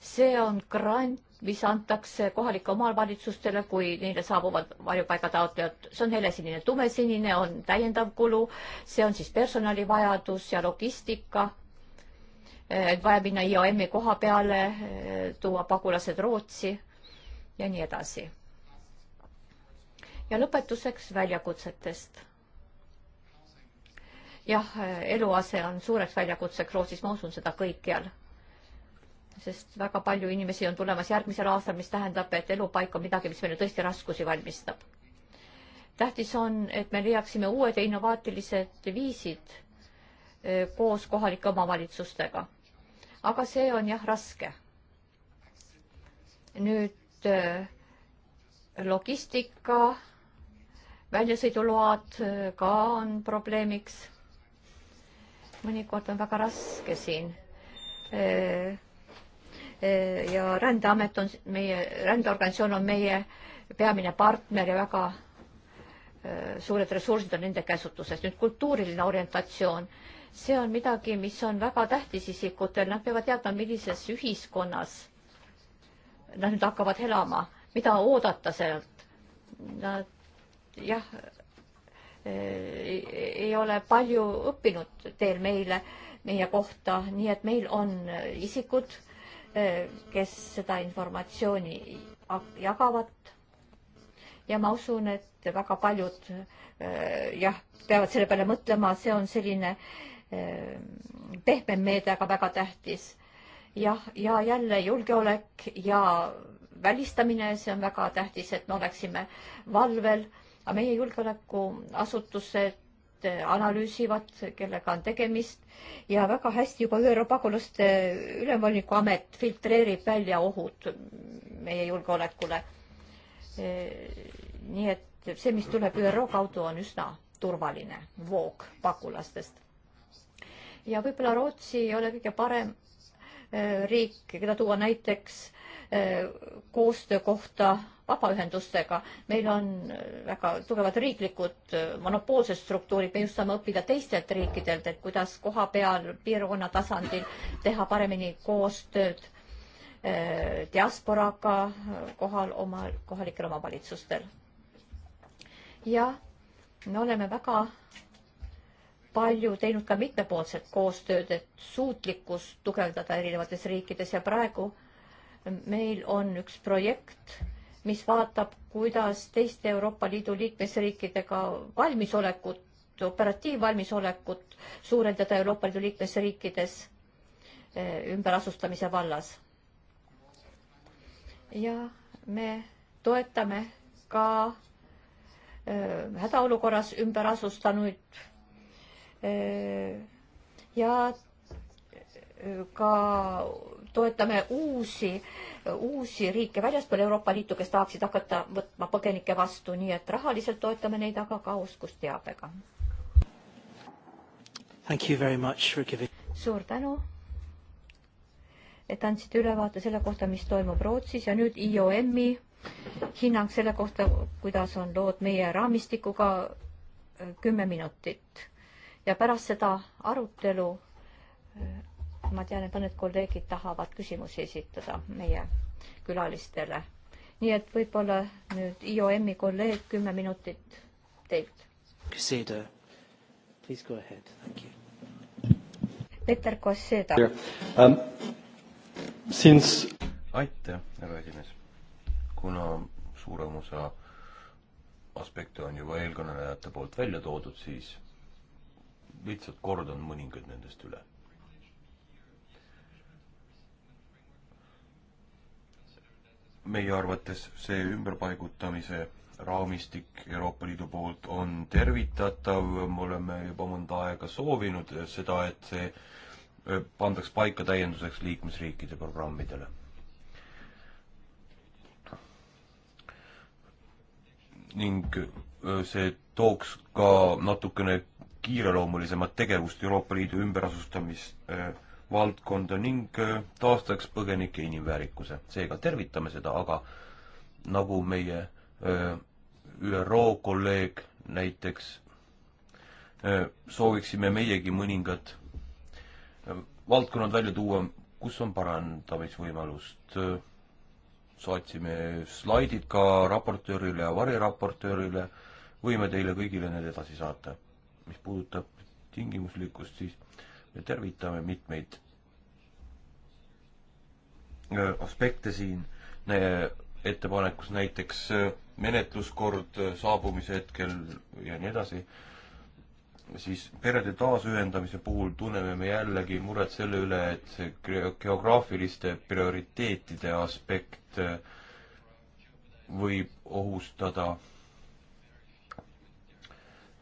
see on grant, mis antakse kohalike omavalitsustele, kui neile saabuvad varjupaigataotlejad. see on helesinine, tumesinine on täiendav kulu, see on siis personalivajadus ja logistika. Äh, et vaja minna IOM-i koha peale, äh, tuua pagulased Rootsi ja nii edasi. ja lõpetuseks väljakutsetest jah, eluase on suureks väljakutseks Rootsis, ma usun seda kõikjal. sest väga palju inimesi on tulemas järgmisel aastal, mis tähendab, et elupaik on midagi, mis meile tõesti raskusi valmistab. tähtis on, et me leiaksime uued ja innovaatilised viisid eh, koos kohalike omavalitsustega. aga see on jah, raske. nüüd eh, logistika väljasõiduload eh, ka on probleemiks mõnikord on väga raske siin. ja rändeamet on meie, rändeorganisatsioon on meie peamine partner ja väga suured ressursid on nende käsutuses. nüüd kultuuriline orientatsioon, see on midagi, mis on väga tähtis isikutel, nad peavad teadma, millises ühiskonnas nad nüüd hakkavad elama, mida oodata sealt. Nad jah, Äh, ei ole palju õppinud teel meile, meie kohta, nii et meil on isikud, äh, kes seda informatsiooni jagavad. ja ma usun, et väga paljud äh, jah, peavad selle peale mõtlema, see on selline pehmem meede, aga väga tähtis. jah, ja jälle julgeolek ja välistamine, see on väga tähtis, et me oleksime valvel aga meie julgeolekuasutused eh, analüüsivad, kellega on tegemist ja väga hästi juba ÜRO pagulaste ülemvoliniku amet filtreerib välja ohud meie julgeolekule. Eh, nii et see, mis tuleb ÜRO kaudu, on üsna turvaline voog pagulastest. ja võib-olla Rootsi ei ole kõige parem eh, riik, keda tuua näiteks Äh, koostöö kohta vabaühendustega. meil on äh, väga tugevad riiklikud äh, monopoolsed struktuurid, me just saame õppida teistelt riikidelt, et kuidas koha peal piirkonna tasandil teha paremini koostööd diasporaga kohal oma, kohalikel omavalitsustel. ja me oleme väga palju teinud ka mitmepoolset koostööd, et suutlikkust tugevdada erinevates riikides ja praegu äh, meil on üks projekt, mis vaatab, kuidas teiste Euroopa Liidu liikmesriikidega valmisolekut, operatiivvalmisolekut suurendada Euroopa Liidu liikmesriikides eh, ümberasustamise vallas. ja me toetame ka eh, hädaolukorras ümberasustanuid eh, ja ka toetame uusi, uusi riike väljaspool Euroopa Liitu, kes tahaksid hakata võtma põgenikke vastu, nii et rahaliselt toetame neid, aga ka oskusteabega. Giving... suur tänu, et andsite ülevaate selle kohta, mis toimub Rootsis ja nüüd IOM-i hinnang selle kohta, kuidas on lood meie raamistikuga, kümme minutit ja pärast seda arutelu ma tean, et mõned kolleegid tahavad küsimusi esitada meie külalistele. nii et võib-olla nüüd IOM-i kolleeg kümme minutit teilt. Caseda, please go ahead, thank you. Peeter Caseda yeah..
Um, since aitäh, härra esimees. kuna suurem osa aspekte on juba eelkõnelejate poolt välja toodud, siis lihtsalt kordan mõningad nendest üle meie arvates see ümberpaigutamise raamistik Euroopa Liidu poolt on tervitatav, me oleme juba mõnda aega soovinud seda, et see äh, pandaks paika täienduseks liikmesriikide programmidele. ning äh, see tooks ka natukene kiireloomulisemat tegevust Euroopa Liidu ümberasustamist äh, valdkonda ning äh, taastaks põgenike inimväärikuse. seega tervitame seda, aga nagu meie äh, ÜRO kolleeg näiteks, äh, sooviksime meiegi mõningad valdkonnad välja tuua, kus on parandamisvõimalust. saatsime slaidid ka raportöörile ja variraportöörile, võime teile kõigile need edasi saata. mis puudutab tingimuslikkust, siis me tervitame mitmeid äh, aspekte siin äh, ettepanekus, näiteks äh, menetluskord saabumise hetkel ja nii edasi, siis perede taasühendamise puhul tunneme me jällegi muret selle üle, et see geograafiliste prioriteetide aspekt võib ohustada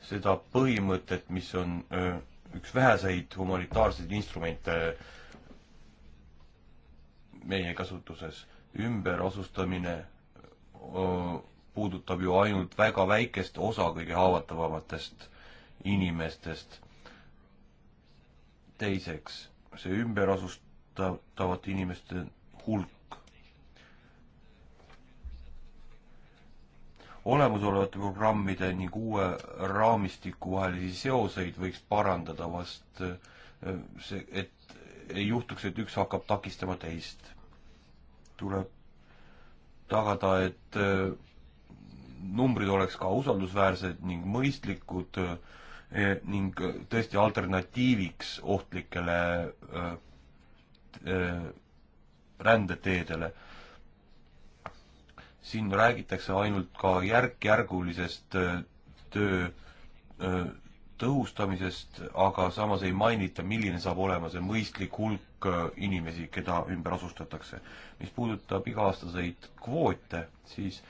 seda põhimõtet, mis on öö, üks väheseid humanitaarseid instrumente meie kasutuses. ümberasustamine puudutab ju ainult väga väikest osa kõige haavatavamatest inimestest. teiseks, see ümberasustatavate inimeste hulk olemasolevate programmide ning uue raamistiku vahelisi seoseid võiks parandada vast äh, see, et ei juhtuks, et üks hakkab takistama teist. tuleb tagada, et äh, numbrid oleks ka usaldusväärsed ning mõistlikud äh, eh, ning tõesti alternatiiviks ohtlikele rändeteedele siin räägitakse ainult ka järk-järgulisest äh, töö äh, tõhustamisest, aga samas ei mainita, milline saab olema see mõistlik hulk äh, inimesi, keda ümber asustatakse. mis puudutab iga-aastaseid kvoote, siis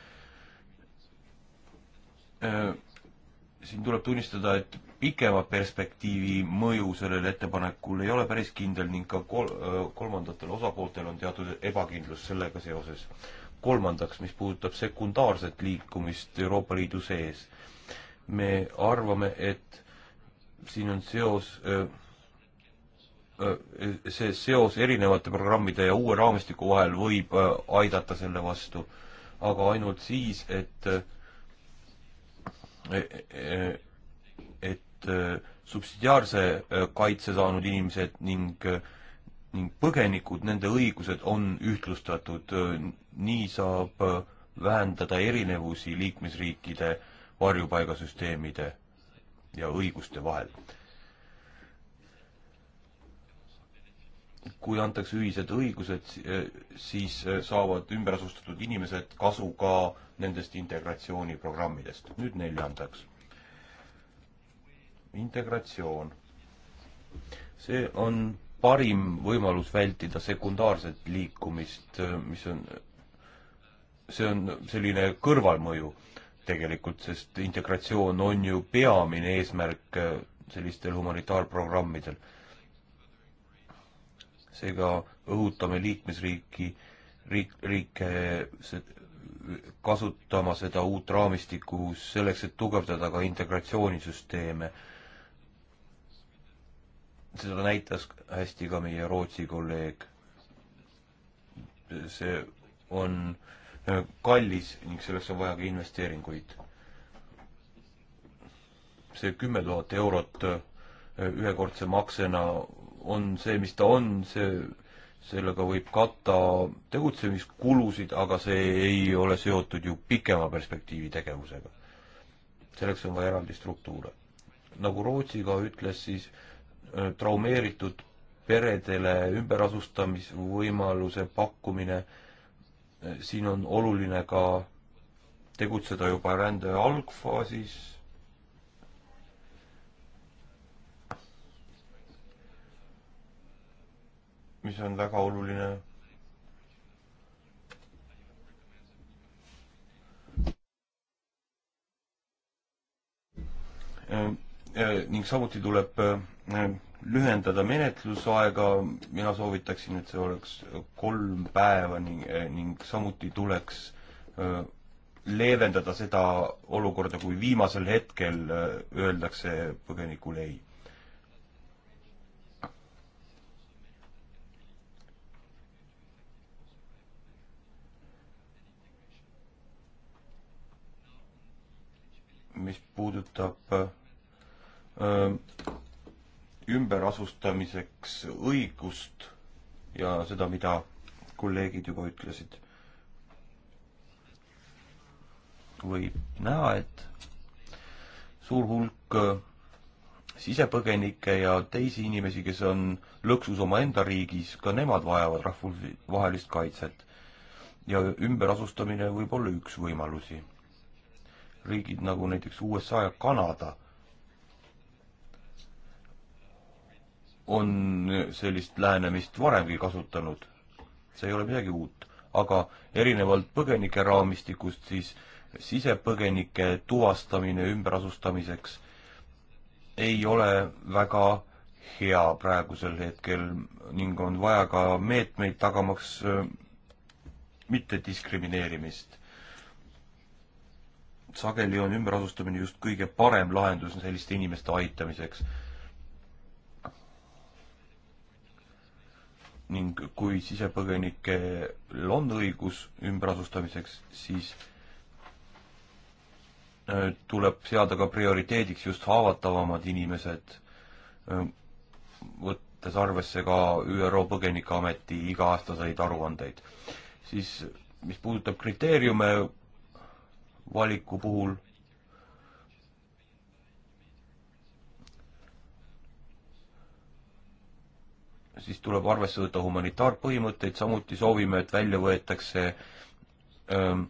äh, siin tuleb tunnistada, et pikema perspektiivi mõju sellel ettepanekul ei ole päris kindel ning ka kol-, kolmandatel osapooltel on teatud ebakindlus sellega seoses kolmandaks, mis puudutab sekundaarset liikumist Euroopa Liidu sees. me arvame, et siin on seos öö, see seos erinevate programmide ja uue raamistiku vahel võib aidata selle vastu, aga ainult siis, et et subsidiaarse kaitse saanud inimesed ning ning põgenikud, nende õigused on ühtlustatud, äh, nii saab äh, vähendada erinevusi liikmesriikide varjupaigasüsteemide ja õiguste vahel. kui antakse ühised õigused, äh, siis saavad ümberasustatud inimesed kasu ka nendest integratsiooniprogrammidest. nüüd neljandaks. integratsioon. see on parim võimalus vältida sekundaarset liikumist, mis on, see on selline kõrvalmõju tegelikult, sest integratsioon on ju peamine eesmärk äh, sellistel humanitaarprogrammidel. seega õhutame liikmesriiki, riik, riike kasutama seda uut raamistikku selleks, et tugevdada ka integratsioonisüsteeme seda näitas hästi ka meie Rootsi kolleeg. see on äh, kallis ning selleks on vaja ka investeeringuid. see kümme tuhat eurot äh, ühekordse maksena on see, mis ta on, see, sellega võib katta tegutsemiskulusid, aga see ei ole seotud ju pikema perspektiivi tegevusega. selleks on vaja eraldi struktuure. nagu Rootsi ka ütles, siis äh, Äh, traumeeritud peredele ümberasustamisvõimaluse pakkumine, äh, siin on oluline ka tegutseda juba rände algfaasis, mis on väga oluline äh, ning samuti tuleb lühendada menetlusaega, mina soovitaksin, et see oleks kolm päeva ning, ning samuti tuleks äh, leevendada seda olukorda, kui viimasel hetkel äh, öeldakse põgenikule ei. mis puudutab öö, äh, ümberasustamiseks õigust ja seda, mida kolleegid juba ütlesid. võib näha, et suur hulk sisepõgenikke ja teisi inimesi, kes on lõksus omaenda riigis, ka nemad vajavad rahvusvahelist kaitset. ja ümberasustamine võib olla üks võimalusi. riigid nagu näiteks USA ja Kanada on sellist lähenemist varemgi kasutanud. see ei ole midagi uut, aga erinevalt põgenike raamistikust, siis sisepõgenike tuvastamine ümberasustamiseks ei ole väga hea praegusel hetkel ning on vaja ka meetmeid tagamaks äh, mittediskrimineerimist. sageli on ümberasustamine just kõige parem lahendus selliste inimeste aitamiseks ning kui sisepõgenikel on õigus ümberasustamiseks, siis äh, tuleb seada ka prioriteediks just haavatavamad inimesed, äh, võttes arvesse ka ÜRO Põgenikeameti iga-aastaseid aruandeid. siis mis puudutab kriteeriume valiku puhul, siis tuleb arvesse võtta humanitaarpõhimõtteid, samuti soovime, et välja võetakse ähm,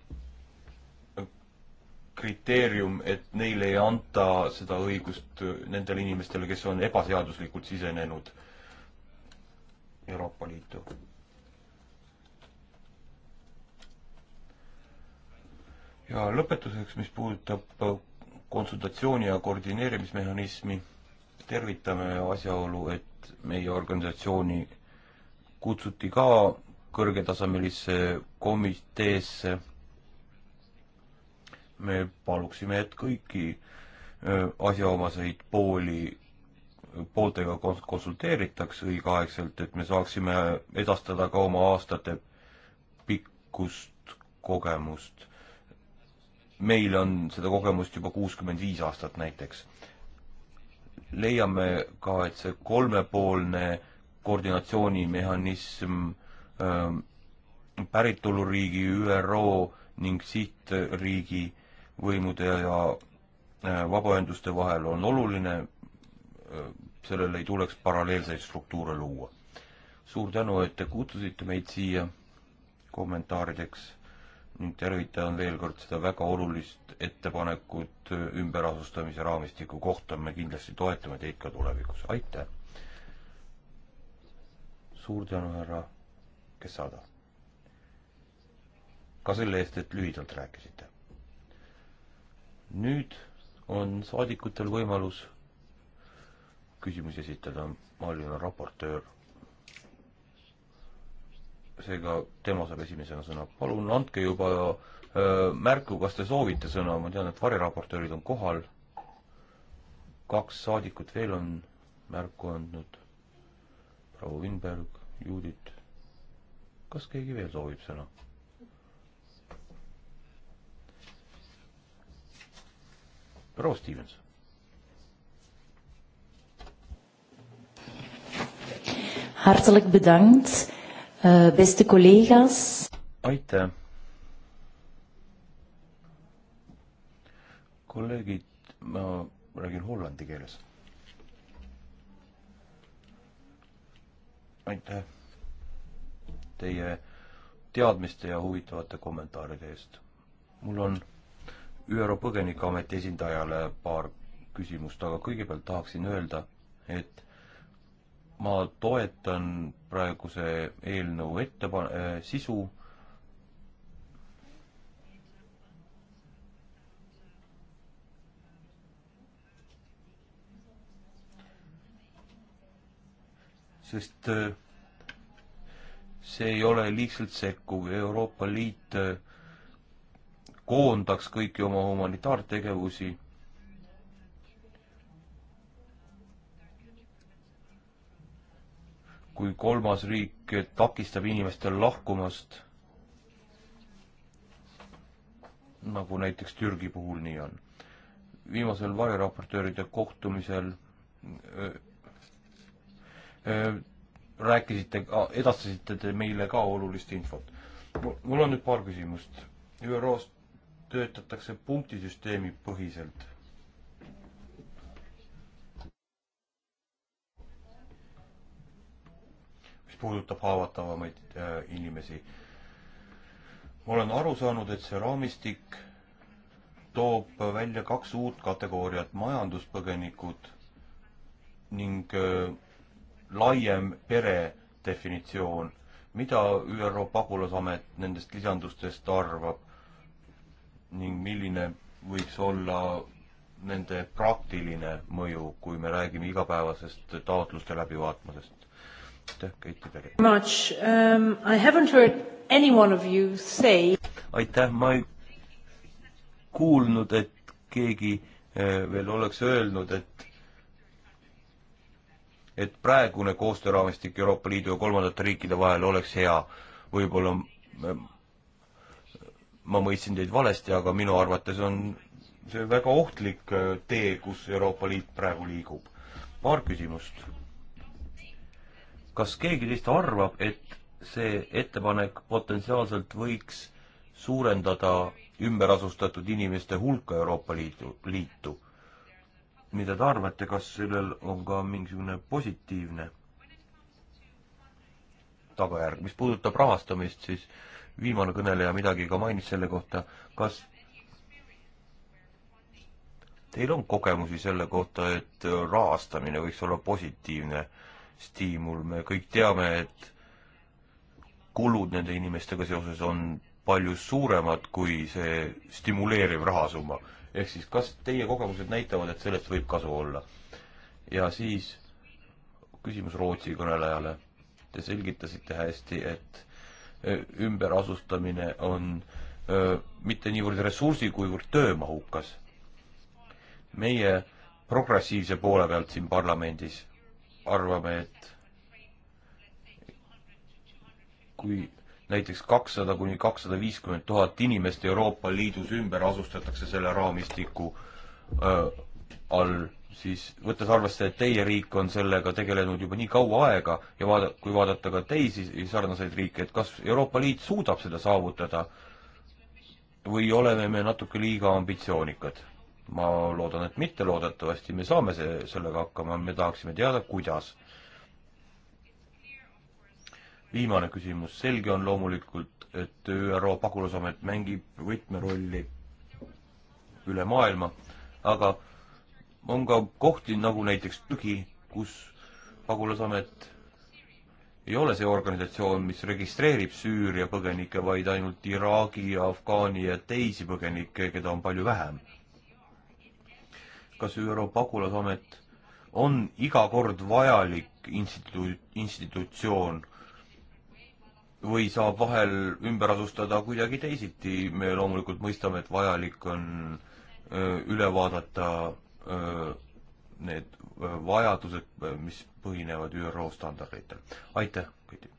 kriteerium, et neile ei anta seda õigust äh, nendele inimestele, kes on ebaseaduslikult sisenenud Euroopa Liitu. ja lõpetuseks, mis puudutab äh, konsultatsiooni ja koordineerimismehhanismi tervitame asjaolu, et meie organisatsiooni kutsuti ka kõrgetasemelisse komiteesse. me paluksime, et kõiki asjaomaseid pooli, pooltega konsulteeritaks õigeaegselt, et me saaksime edastada ka oma aastate pikkust kogemust. meil on seda kogemust juba kuuskümmend viis aastat näiteks leiame ka, et see kolmepoolne koordinatsioonimehhanism ähm, päritoluriigi, ÜRO ning sihtriigi võimude ja äh, vabaühenduste vahel on oluline, äh, sellele ei tuleks paralleelseid struktuure luua. suur tänu, et te kutsusite meid siia kommentaarideks tervitan veel kord seda väga olulist ettepanekut ümberasustamise raamistiku kohta, me kindlasti toetame teid ka tulevikus, aitäh! suur tänu, härra Kessada! ka selle eest, et lühidalt rääkisite. nüüd on saadikutel võimalus küsimusi esitada, ma olin raportöör seega tema saab esimesena sõna. palun andke juba öö, märku, kas te soovite sõna, ma tean, et variraportöörid on kohal. kaks saadikut veel on märku andnud. proua Vinberg, Juudit. kas keegi veel soovib sõna? proua Stevens
Hartelijk bedankt. Äh, beste kollegas.
aitäh. kolleegid, ma räägin hollandi keeles. aitäh teie teadmiste ja huvitavate kommentaaride eest. mul on ÜRO Põgenikeameti esindajale paar küsimust, aga kõigepealt tahaksin öelda, et ma toetan praeguse eelnõu ettepa- äh,, sisu. sest äh, see ei ole liigselt sekkuv, Euroopa Liit äh, koondaks kõiki oma humanitaartegevusi kui kolmas riik takistab inimestel lahkumast, nagu näiteks Türgi puhul nii on. viimasel variraportööride kohtumisel öö, öö, rääkisite, edastasite te meile ka olulist infot. mul on nüüd paar küsimust. ÜRO-s töötatakse punktisüsteemi põhiselt mis puudutab haavatavamaid äh, inimesi. ma olen aru saanud, et see raamistik toob välja kaks uut kategooriat, majanduspõgenikud ning äh, laiem pere definitsioon. mida ÜRO pagulasamet nendest lisandustest arvab ning milline võiks olla nende praktiline mõju, kui me räägime igapäevasest taotluste läbivaatmisest? aitäh kõikidele. Much
um,, I haven't heard any one of you say.
aitäh, ma ei kuulnud, et keegi eh, veel oleks öelnud, et et praegune koostööraamistik Euroopa Liidu ja kolmandate riikide vahel oleks hea. võib-olla eh, ma mõistsin teid valesti, aga minu arvates on see väga ohtlik eh, tee, kus Euroopa Liit praegu liigub. paar küsimust kas keegi teist arvab, et see ettepanek potentsiaalselt võiks suurendada ümberasustatud inimeste hulka Euroopa Liidu, liitu? mida te arvate, kas sellel on ka mingisugune positiivne tagajärg? mis puudutab rahastamist, siis viimane kõneleja midagi ka mainis selle kohta, kas teil on kogemusi selle kohta, et rahastamine võiks olla positiivne äh, stiimul, me kõik teame, et kulud nende inimestega seoses on palju suuremad kui see stimuleeriv rahasumma. ehk siis kas teie kogemused näitavad, et sellest võib kasu olla? ja siis küsimus Rootsi kõnelejale. Te selgitasite hästi, et e, ümberasustamine on öö, e, mitte niivõrd ressursi, kuivõrd töömahukas. meie progressiivse poole pealt siin parlamendis arvame, et kui näiteks kakssada kuni kakssada viiskümmend tuhat inimest Euroopa Liidus ümber asustatakse selle raamistiku öö, all, siis võttes arvesse, et teie riik on sellega tegelenud juba nii kaua aega ja vaada-, kui vaadata ka teisi sarnaseid riike, et kas Euroopa Liit suudab seda saavutada või oleme me natuke liiga ambitsioonikad? ma loodan, et mitte, loodetavasti me saame see, sellega hakkama, me tahaksime teada, kuidas. viimane küsimus, selge on loomulikult, et ÜRO pagulasamet mängib võtmerolli üle maailma, aga on ka kohti, nagu näiteks Türgi, kus pagulasamet ei ole see organisatsioon, mis registreerib Süüria põgenikke, vaid ainult Iraagi, Afgaani ja teisi põgenikke, keda on palju vähem kas ÜRO pagulasamet on iga kord vajalik instituut, institutsioon või saab vahel ümber asustada kuidagi teisiti, me loomulikult mõistame, et vajalik on öö, üle vaadata öö, need vajadused, mis põhinevad ÜRO standarditel. aitäh, Kati!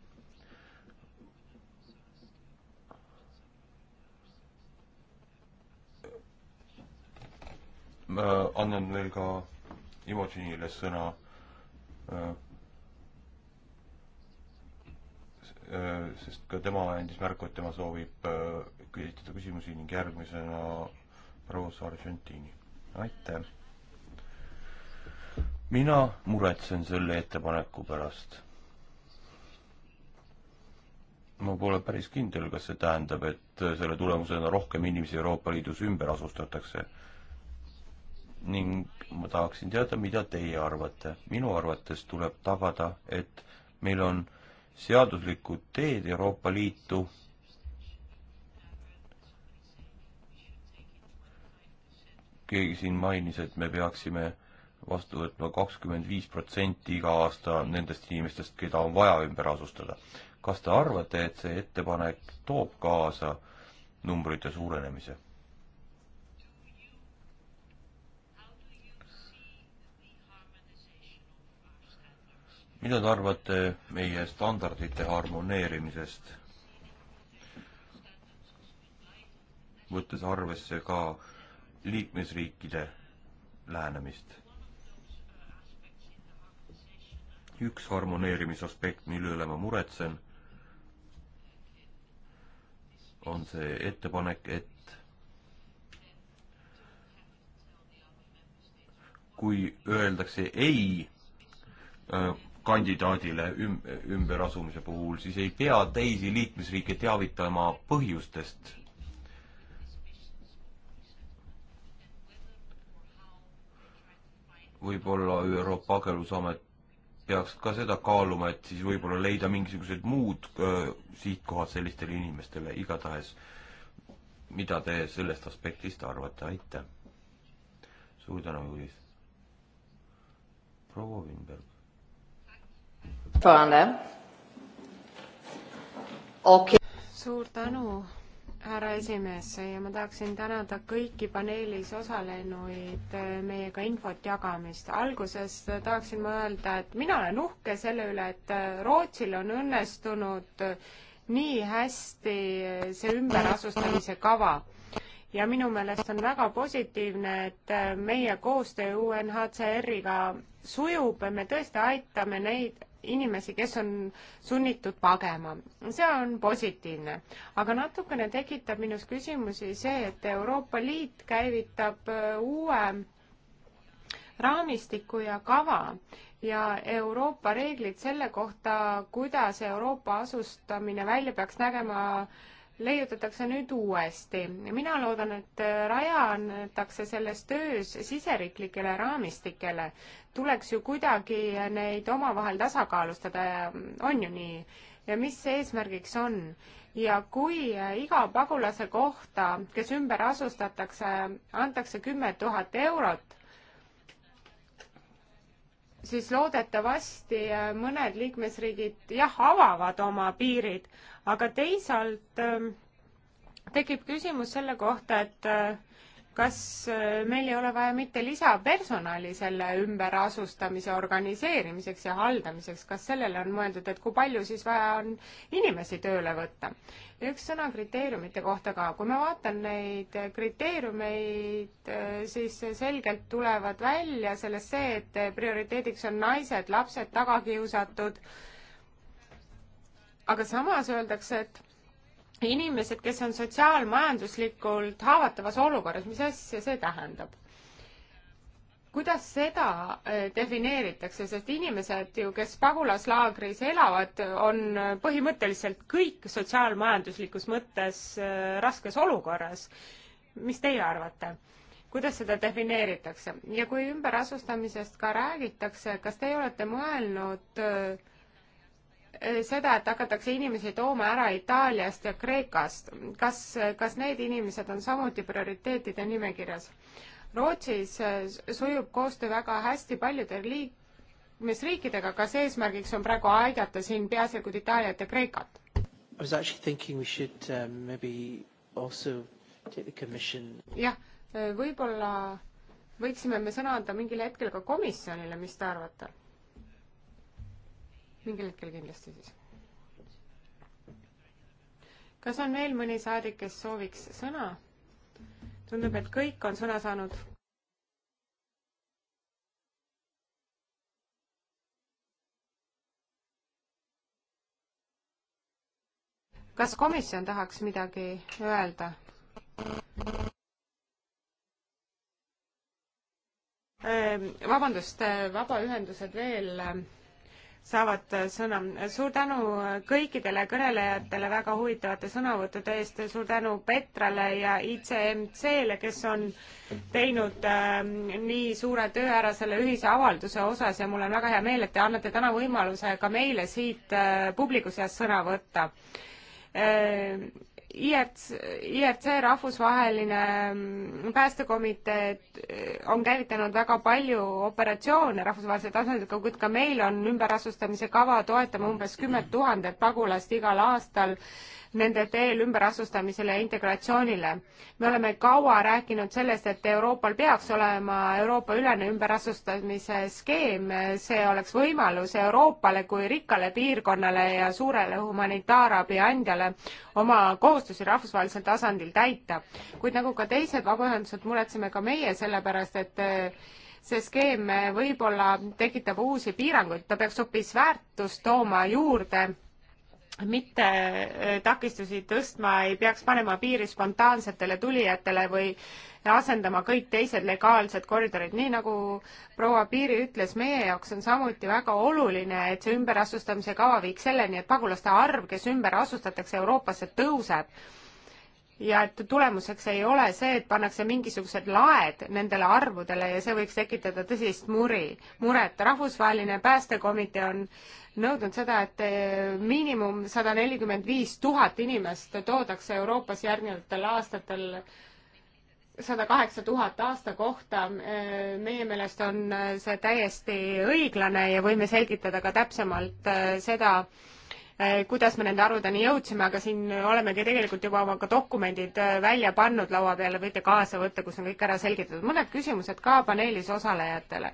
ma äh, annan veel ka Imogenile sõna äh, äh, sest ka tema andis märku, et tema soovib esitada küsimusi ning järgmisena proua Sargentini. aitäh! mina muretsen selle ettepaneku pärast. ma pole päris kindel, kas see tähendab, et selle tulemusena rohkem inimesi Euroopa Liidus ümber asustatakse ning ma tahaksin teada, mida teie arvate. minu arvates tuleb tagada, et meil on seaduslikud teed Euroopa Liitu keegi siin mainis, et me peaksime vastu võtma kakskümmend viis protsenti iga aasta nendest inimestest, keda on vaja ümber asustada. kas te arvate, et see ettepanek toob kaasa numbrite suurenemise? mida te arvate meie standardite harmoneerimisest? võttes arvesse ka liikmesriikide lähenemist. üks harmoneerimisaspekt, mille üle ma muretsen, on see ettepanek, et kui öeldakse ei äh, kandidaadile üm-, ümberasumise puhul, siis ei pea teisi liikmesriike teavitama põhjustest. võib-olla ÜRO pagelusamet peaks ka seda kaaluma, et siis võib-olla leida mingisugused muud öö, sihtkohad sellistele inimestele, igatahes mida te sellest aspektist arvate, aitäh! suur tänu, Julis! proua Vinberg
Okay.
suur tänu, härra esimees ja ma tahaksin tänada kõiki paneelis osalenuid äh, meiega infot jagamist. alguses tahaksin ma öelda, et mina olen uhke selle üle, et äh, Rootsil on õnnestunud äh, nii hästi see ümberasustamise kava ja minu meelest on väga positiivne, et meie koostöö UNHCR-iga sujub, me tõesti aitame neid inimesi, kes on sunnitud pagema. see on positiivne. aga natukene tekitab minus küsimusi see, et Euroopa Liit käivitab äh, uue raamistiku ja kava ja Euroopa reeglid selle kohta, kuidas Euroopa asustamine välja peaks nägema äh, leiutatakse nüüd uuesti. mina loodan, et rajatakse selles töös siseriiklikele raamistikele. tuleks ju kuidagi neid omavahel tasakaalustada ja on ju nii? ja mis eesmärgiks on? ja kui iga pagulase kohta, kes ümber asustatakse, antakse kümme tuhat eurot, siis loodetavasti äh, mõned liikmesriigid jah, avavad oma piirid, aga teisalt ähm, tekib küsimus selle kohta, et äh, kas äh, meil ei ole vaja mitte lisapersonali selle ümberasustamise organiseerimiseks ja haldamiseks, kas sellele on mõeldud, et kui palju siis vaja on inimesi tööle võtta? ja üks sõna kriteeriumite kohta ka, kui ma vaatan neid kriteeriumeid, äh, siis selgelt tulevad välja sellest see, et prioriteediks on naised, lapsed, tagakiusatud, aga samas öeldakse, et inimesed, kes on sotsiaalmajanduslikult haavatavas olukorras, mis asja see tähendab? kuidas seda eh, defineeritakse, sest inimesed ju, kes pagulaslaagris elavad, on põhimõtteliselt kõik sotsiaalmajanduslikus mõttes eh, raskes olukorras. mis teie arvate? kuidas seda defineeritakse ja kui ümberasustamisest ka räägitakse, kas teie olete mõelnud äh, Äh, seda, et hakatakse inimesi tooma ära Itaaliast ja Kreekast. kas, kas need inimesed on samuti prioriteetide nimekirjas? Rootsis äh, sujub koostöö väga hästi paljude liikmesriikidega, kas eesmärgiks on praegu aidata siin peaasjalikult Itaaliat ja Kreekat?
I was
actually thinking we should um, maybe also take the commission.
jah, äh, võib-olla võiksime me sõna anda mingil hetkel ka komisjonile, mis te arvate? mingil hetkel kindlasti siis. kas on veel mõni saadik, kes sooviks sõna? tundub, et kõik on sõna saanud. kas komisjon tahaks midagi öelda? Ehm, vabandust, vabaühendused veel ehm, saavad sõna. suur tänu kõikidele kõnelejatele väga huvitavate sõnavõttude eest, suur tänu Petrale ja ICMC-le, kes on teinud äh, nii suure töö ära selle ühise avalduse osas ja mul on väga hea meel, et te annate täna võimaluse ka meile siit äh, publiku seas sõna võtta äh, IRC, IRC rahvusvaheline mm, päästekomitee eh, on käivitanud väga palju operatsioone rahvusvahelisel tasandil, kuid ka meil on ümberasustamise kava, toetame umbes kümmet tuhandet pagulast igal aastal nende teel ümberasustamisele ja integratsioonile. me oleme kaua rääkinud sellest, et Euroopal peaks olema Euroopa-ülene ümberasustamise skeem, see oleks võimalus Euroopale kui rikkale piirkonnale ja suurele humanitaarabi andjale oma kohustusi rahvusvahelisel tasandil täita. kuid nagu ka teised vabaühendused, muretseme ka meie selle pärast, et eh, see skeem võib-olla tekitab uusi piiranguid, ta peaks hoopis väärtust tooma juurde mitte äh, takistusi tõstma ei peaks panema piiri spontaansetele tulijatele või asendama kõik teised legaalsed koridorid, nii nagu proua Piiri ütles, meie jaoks on samuti väga oluline, et see ümberasustamise kava viiks selleni, et pagulaste arv, kes ümber asustatakse Euroopasse, tõuseb. ja et tulemuseks ei ole see, et pannakse mingisugused laed nendele arvudele ja see võiks tekitada tõsist muri, muret. rahvusvaheline päästekomitee on äh, nõudnud seda, et eh, miinimum sada nelikümmend viis tuhat inimest toodakse Euroopas järgnevatel aastatel sada kaheksa tuhat aasta kohta. Eh, meie meelest on eh, see täiesti õiglane ja võime selgitada ka täpsemalt seda, kuidas me nende arvudeni jõudsime, aga siin olemegi tegelikult juba oma ka dokumendid välja pannud laua peale, võite kaasa võtta, kus on kõik ära selgitatud. mõned küsimused ka paneelis osalejatele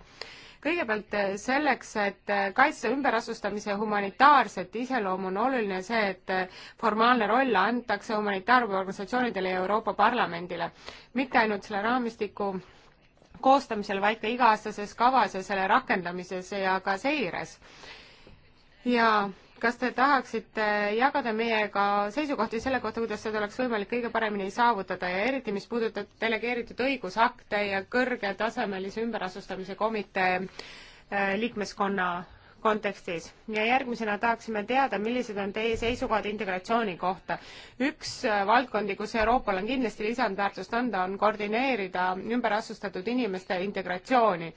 kõigepealt eh, selleks, et eh, kaitsta ümberasustamise humanitaarset iseloomu, on oluline see, et eh, formaalne roll antakse humanitaarorganisatsioonidele ja Euroopa Parlamendile, mitte ainult selle raamistiku koostamisel, vaid ka iga-aastases kavas ja selle rakendamises ja ka seires. ja kas te tahaksite jagada meiega seisukohti selle kohta, kuidas seda oleks võimalik kõige paremini saavutada ja eriti, mis puudutab delegeeritud õigusakte ja kõrgetasemelise ümberasustamise komitee äh, liikmeskonna kontekstis ja järgmisena tahaksime teada, millised on teie seisukohad integratsiooni kohta. üks äh, valdkondi, kus Euroopal on kindlasti lisandväärtust anda, on koordineerida ümberasustatud inimeste integratsiooni.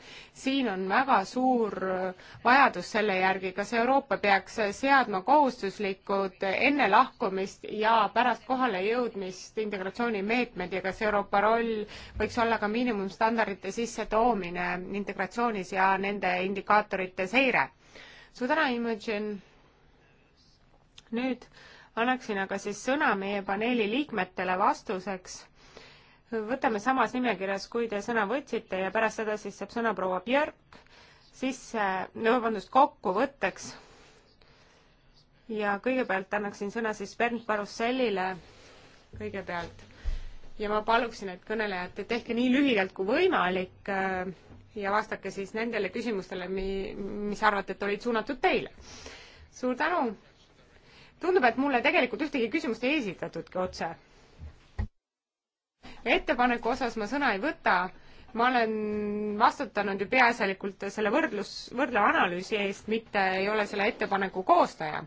siin on väga suur äh, vajadus selle järgi, kas Euroopa peaks äh, seadma kohustuslikud enne lahkumist ja pärast kohalejõudmist integratsioonimeetmed ja kas Euroopa roll võiks olla ka miinimumstandardite sissetoomine integratsioonis ja nende indikaatorite seire? suur tänu, Imogen. nüüd annaksin aga siis sõna meie paneeli liikmetele vastuseks. võtame samas nimekirjas, kui te sõna võtsite ja pärast seda siis saab sõna proua Björk, siis no vabandust, kokkuvõtteks. ja kõigepealt annaksin sõna siis Bernd Barussellile kõigepealt ja ma paluksin, et kõnelejad, tehke nii lühidalt kui võimalik äh, ja vastake siis nendele küsimustele, mi-, mis arvate, et olid suunatud teile. suur tänu! tundub, et mulle tegelikult ühtegi küsimust ei esitatudki otse. ettepaneku osas ma sõna ei võta, ma olen vastutanud ju peaasjalikult selle võrdlus, võrdleva analüüsi eest, mitte ei ole selle ettepaneku koostaja.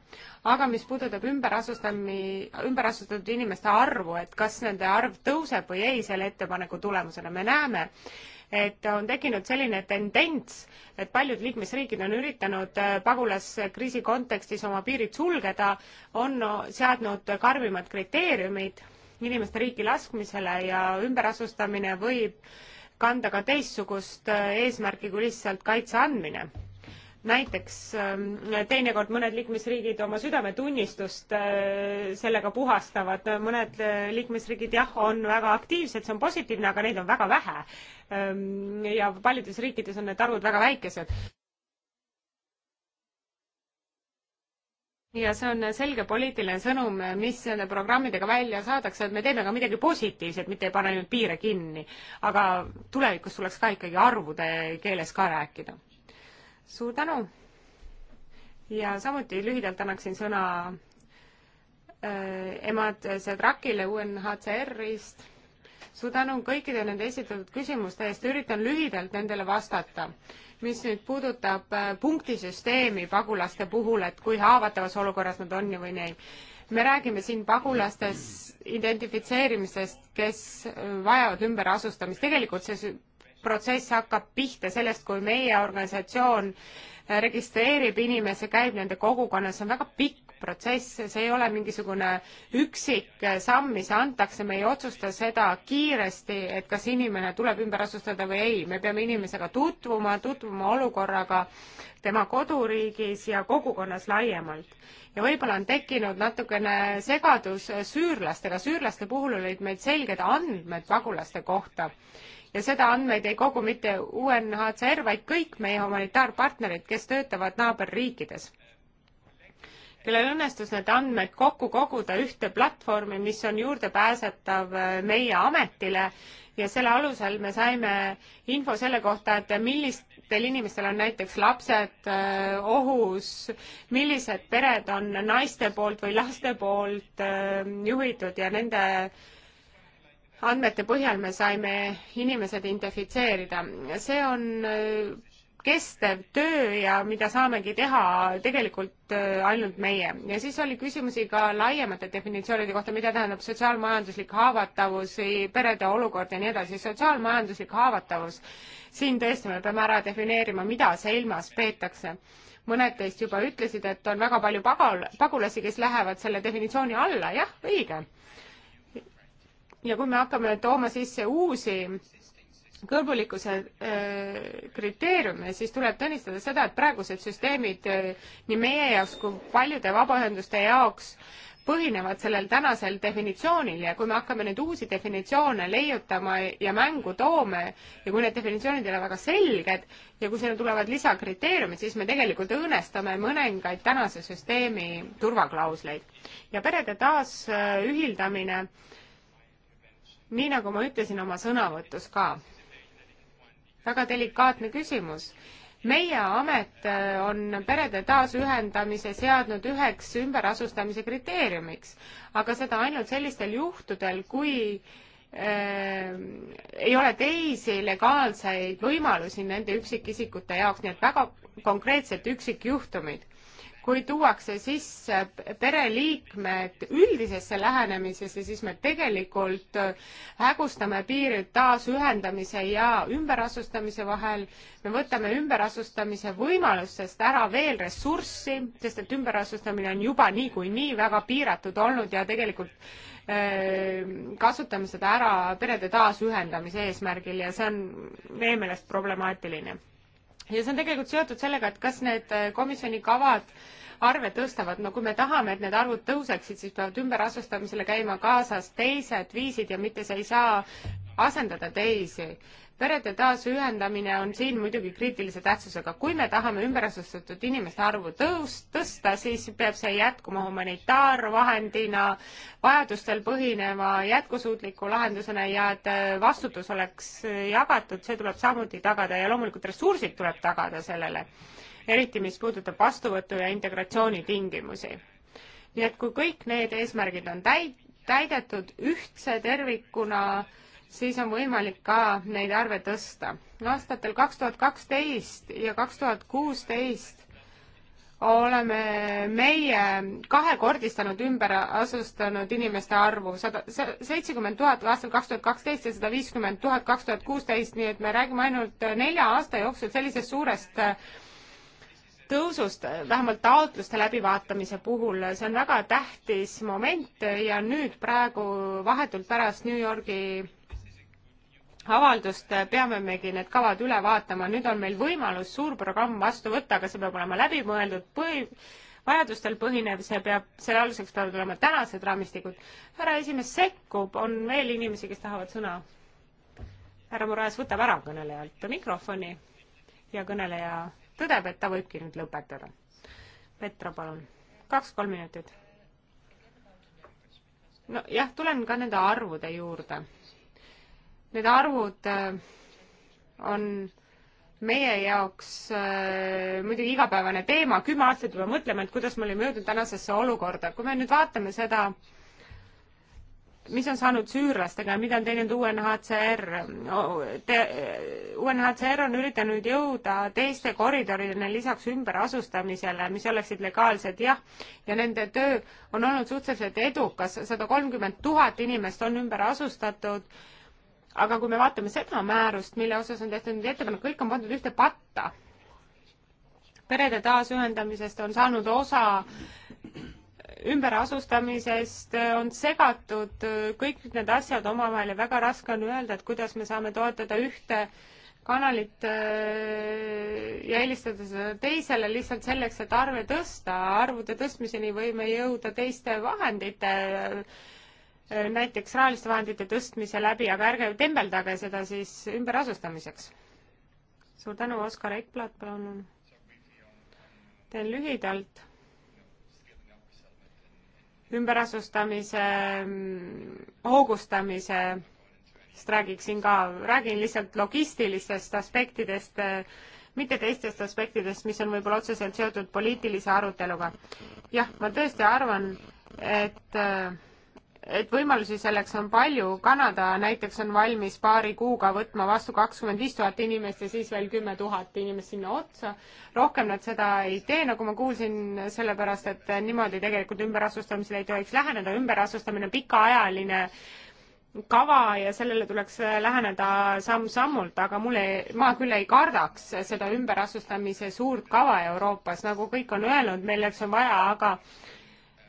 aga mis puudutab ümberasustami, ümberasustatud inimeste arvu, et kas nende arv tõuseb või ei selle ettepaneku tulemusena, me näeme, et on tekkinud selline tendents, et paljud liikmesriigid on üritanud äh, pagulaskriisi kontekstis oma piirid sulgeda, on seadnud karmimad kriteeriumid inimeste riiki laskmisele ja ümberasustamine võib kanda ka teistsugust äh, eesmärki kui lihtsalt kaitse andmine näiteks ähm, teinekord mõned liikmesriigid oma südametunnistust äh, sellega puhastavad, mõned äh, liikmesriigid jah, on väga aktiivsed, see on positiivne, aga neid on väga vähe. Ähm, ja paljudes riikides on need arvud väga väikesed. ja see on selge poliitiline sõnum, mis nende programmidega välja saadakse, et me teeme ka midagi positiivset, mitte ei pane ainult piire kinni. aga tulevikus tuleks ka ikkagi arvude keeles ka rääkida suur tänu! ja samuti lühidalt annaksin sõna äh, emad Sedrakile UNHCR-ist. suur tänu kõikide nende esitatud küsimuste eest, üritan lühidalt nendele vastata. mis nüüd puudutab äh, punktisüsteemi pagulaste puhul, et kui haavatavas olukorras nad on ja või nii. me räägime siin pagulastes identifitseerimisest, kes vajavad ümberasustamist, tegelikult see protsess hakkab pihta sellest, kui meie organisatsioon äh, registreerib inimese, käib nende kogukonnas, see on väga pikk protsess, see ei ole mingisugune üksik samm, mis antakse, me ei otsusta seda kiiresti, et kas inimene tuleb ümber asustada või ei, me peame inimesega tutvuma, tutvuma olukorraga tema koduriigis ja kogukonnas laiemalt. ja võib-olla on tekkinud natukene segadus süürlastega, süürlaste puhul olid meil selged andmed pagulaste kohta ja seda andmeid ei kogu mitte UNHCR, vaid kõik meie humanitaarpartnerid, kes töötavad naaberriikides, kellel õnnestus need andmed kokku koguda ühte platvormi, mis on juurdepääsetav äh, meie ametile ja selle alusel me saime info selle kohta, et millistel inimestel on näiteks lapsed äh, ohus, millised pered on naiste poolt või laste poolt äh, juhitud ja nende andmete põhjal me saime inimesed identifitseerida. see on äh, kestev töö ja mida saamegi teha tegelikult äh, ainult meie. ja siis oli küsimusi ka laiemate definitsioonide kohta, mida tähendab sotsiaalmajanduslik haavatavus, perede olukord ja nii edasi. sotsiaalmajanduslik haavatavus, siin tõesti me peame ära defineerima, mida silmas peetakse mõned teist juba ütlesid, et on väga palju pagal-, pagulasi, kes lähevad selle definitsiooni alla, jah, õige ja kui me hakkame tooma sisse uusi kõlbulikkuse äh, kriteeriume, siis tuleb tunnistada seda, et praegused süsteemid äh, nii meie jaoks kui paljude vabaühenduste jaoks põhinevad sellel tänasel definitsioonil ja kui me hakkame nüüd uusi definitsioone leiutama ja mängu toome ja kui need definitsioonid ei ole väga selged ja kui sinna tulevad lisakriteeriumid, siis me tegelikult õõnestame mõningaid tänase süsteemi turvaklausleid. ja perede taasühildamine äh, nii nagu ma ütlesin oma sõnavõtus ka. väga delikaatne küsimus. meie amet äh, on perede taasühendamise seadnud üheks ümberasustamise kriteeriumiks, aga seda ainult sellistel juhtudel, kui äh, ei ole teisi legaalseid võimalusi nende üksikisikute jaoks, nii et väga konkreetselt üksikjuhtumid kui tuuakse sisse pereliikmed üldisesse lähenemisesse, siis me tegelikult hägustame piirid taasühendamise ja ümberasustamise vahel. me võtame ümberasustamise võimalustest ära veel ressurssi, sest et ümberasustamine on juba niikuinii nii väga piiratud olnud ja tegelikult äh, kasutame seda ära perede taasühendamise eesmärgil ja see on meie meelest problemaatiline ja see on tegelikult seotud sellega, et kas need äh, komisjoni kavad arve tõstavad, no kui me tahame, et need arvud tõuseksid, siis peavad ümberasustamisele käima kaasas teised viisid ja mitte see ei saa asendada teisi. perede taasühendamine on siin muidugi kriitilise tähtsusega. kui me tahame ümberasustatud inimeste arvu tõus-, tõsta, siis peab see jätkuma humanitaarvahendina, vajadustel põhineva jätkusuutliku lahendusena ja et vastutus oleks jagatud, see tuleb samuti tagada ja loomulikult ressursid tuleb tagada sellele, eriti mis puudutab vastuvõtu ja integratsiooni tingimusi. nii et kui kõik need eesmärgid on täi-, täidetud ühtse tervikuna, siis on võimalik ka neid arve tõsta. aastatel kaks tuhat kaksteist ja kaks tuhat kuusteist oleme meie kahekordistanud ümber asustanud inimeste arvu sada, seitsekümmend tuhat aastal kaks tuhat kaksteist ja sada viiskümmend tuhat kaks tuhat kuusteist, nii et me räägime ainult nelja aasta jooksul sellisest suurest tõusust, vähemalt taotluste läbivaatamise puhul, see on väga tähtis moment ja nüüd praegu vahetult pärast New Yorgi avaldust äh, peame megi need kavad üle vaatama, nüüd on meil võimalus suur programm vastu võtta, aga see peab olema läbimõeldud põhi, vajadustel põhinev, see peab, selle aluseks peavad olema tänased raamistikud. härra esimees sekkub, on veel inimesi, kes tahavad sõna? härra Murajas võtab ära kõnelejalt mikrofoni ja kõneleja tõdeb, et ta võibki nüüd lõpetada. Petro, palun, kaks-kolm minutit. nojah, tulen ka nende arvude juurde Need arvud äh, on meie jaoks äh, muidugi igapäevane teema, kümme aastat juba mõtleme, et kuidas me olime jõudnud tänasesse olukorda. kui me nüüd vaatame seda, mis on saanud süürlastega ja mida on teinud UNHCR Te,, UNHCR on üritanud jõuda teiste koridoridena lisaks ümberasustamisele, mis oleksid legaalsed, jah, ja nende töö on olnud suhteliselt edukas, sada kolmkümmend tuhat inimest on ümber asustatud äh, aga kui me vaatame seda määrust, mille osas on tehtud ettepanek, kõik on pandud ühte patta. perede taasühendamisest on saanud osa ümberasustamisest, on segatud kõik need asjad omavahel ja väga raske on öelda, et kuidas me saame toetada ühte kanalit äh, ja eelistada seda teisele lihtsalt selleks, et arve tõsta. arvude tõstmiseni võime jõuda teiste vahendite Äh, näiteks rahaliste vahendite tõstmise läbi, aga ärge tembeldage seda siis ümberasustamiseks. suur tänu, Oskar Ekblad, palun. teen lühidalt. ümberasustamise mm, hoogustamisest räägiksin ka, räägin lihtsalt logistilistest aspektidest, äh, mitte teistest aspektidest, mis on võib-olla otseselt seotud poliitilise aruteluga. jah, ma tõesti arvan, et äh, et võimalusi selleks on palju, Kanada näiteks on valmis paari kuuga võtma vastu kakskümmend viis tuhat inimest ja siis veel kümme tuhat inimest sinna otsa. rohkem nad seda ei tee, nagu ma kuulsin, sellepärast et niimoodi tegelikult ümberasustamisele ei tohiks läheneda, ümberasustamine on pikaajaline kava ja sellele tuleks läheneda samm-sammult, aga mulle, ma küll ei kardaks seda ümberasustamise suurt kava Euroopas, nagu kõik on öelnud, milleks on vaja, aga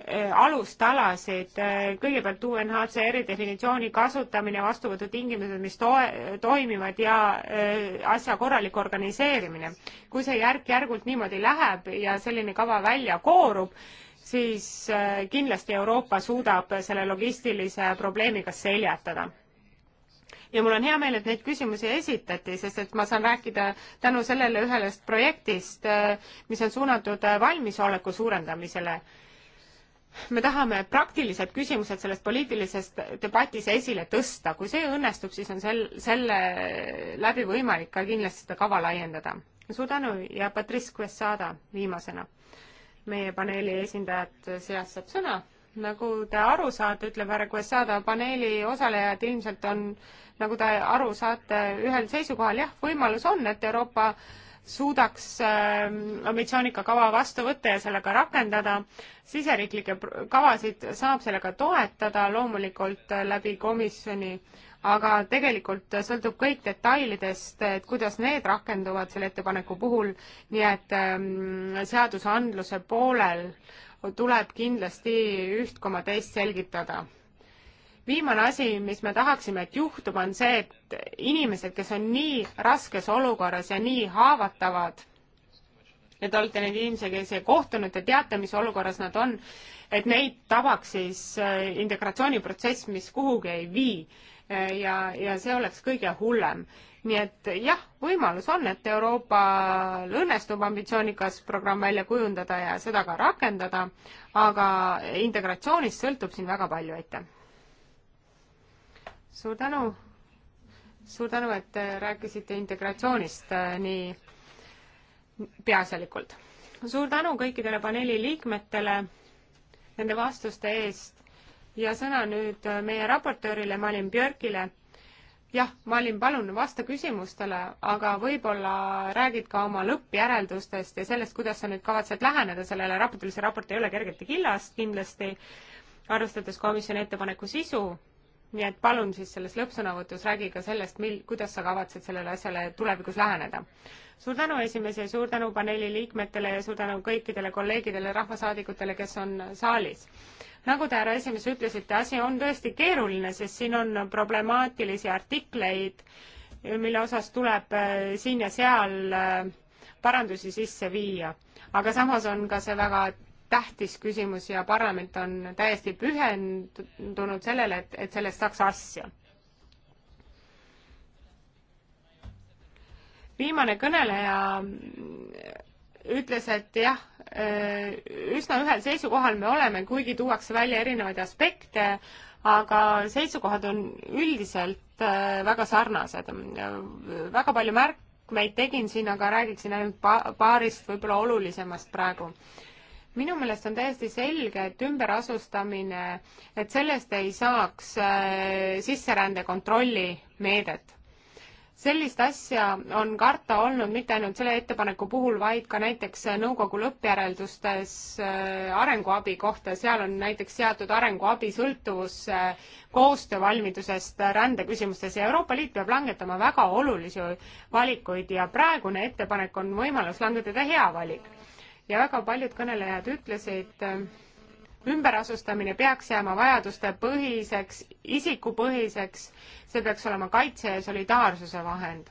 alustalasid, kõigepealt UNHCR-i definitsiooni kasutamine, vastuvõtutingimused, mis toe-, toimivad ja äh, asja korralik organiseerimine. kui see järk-järgult niimoodi läheb ja selline kava välja koorub, siis äh, kindlasti Euroopa suudab selle logistilise probleemiga seljatada ja mul on hea meel, et neid küsimusi esitati, sest et ma saan rääkida tänu sellele ühest projektist, äh, mis on suunatud valmisoleku suurendamisele me tahame praktilised küsimused sellest poliitilisest debatis esile tõsta, kui see õnnestub, siis on sel, selle läbi võimalik ka kindlasti seda kava laiendada. suur tänu ja Patrice Quesada viimasena. meie paneeli esindajad seas saab sõna. nagu te aru saate, ütleb härra Quesada, paneeli osalejad ilmselt on, nagu te aru saate, ühel seisukohal, jah, võimalus on, et Euroopa äh, suudaks ähm, ambitsioonika kava vastu võtta ja sellega rakendada. siseriiklikke kavasid saab sellega toetada loomulikult äh, läbi komisjoni, aga tegelikult sõltub kõik detailidest, et kuidas need rakenduvad selle ettepaneku puhul, nii et ähm, seadusandluse poolel tuleb kindlasti üht koma teist selgitada viimane asi, mis me tahaksime, et juhtub, on see, et inimesed, kes on nii raskes olukorras ja nii haavatavad, ja te olete neid inimesi, kes ei kohtunud, te teate, mis olukorras nad on, et neid tabaks siis äh, integratsiooniprotsess, mis kuhugi ei vii. Äh, ja, ja see oleks kõige hullem. nii et jah, võimalus on, et Euroopal õnnestub ambitsioonikas programm välja kujundada ja seda ka rakendada, aga integratsioonist sõltub siin väga palju, aitäh! suur tänu, suur tänu, et rääkisite integratsioonist äh, nii peaasjalikult. suur tänu kõikidele paneeli liikmetele nende vastuste eest ja sõna nüüd äh, meie raportöörile Malin Björkile. jah, Malin, palun vasta küsimustele, aga võib-olla räägid ka oma lõppjäreldustest ja sellest, kuidas sa nüüd kavatsed läheneda sellele raportile, see raport ei ole kergelt killast kindlasti, arvestades komisjoni ettepaneku sisu nii et palun siis selles lõppsõnavõtus räägi ka sellest, mil-, kuidas sa kavatsed sellele asjale tulevikus läheneda. suur tänu esimese ja suur tänu paneeli liikmetele ja suur tänu kõikidele kolleegidele, rahvasaadikutele, kes on saalis. nagu te, härra esimees, ütlesite, asi on tõesti keeruline, sest siin on problemaatilisi artikleid, mille osas tuleb äh, siin ja seal äh, parandusi sisse viia. aga samas on ka see väga tähtis küsimus ja parlament on täiesti pühendunud sellele, et, et sellest saaks asja. viimane kõneleja ütles, et jah, äh, üsna ühel seisukohal me oleme, kuigi tuuakse välja erinevaid aspekte, aga seisukohad on üldiselt äh, väga sarnased. väga palju märkmeid tegin siin, aga räägiksin ainult pa-, paarist võib-olla olulisemast praegu minu meelest on täiesti selge, et ümberasustamine, et sellest ei saaks äh, sisserände kontrolli meedet sellist asja on karta olnud mitte ainult selle ettepaneku puhul, vaid ka näiteks nõukogu lõppjäreldustes äh, arenguabi kohta, seal on näiteks seatud arenguabi sõltuvus äh, koostöövalmidusest rändeküsimustes ja Euroopa Liit peab langetama väga olulisi valikuid ja praegune ettepanek on võimalus langetada hea valik ja väga paljud kõnelejad ütlesid, äh, ümberasustamine peaks jääma vajadustepõhiseks, isikupõhiseks, see peaks olema kaitse ja solidaarsuse vahend.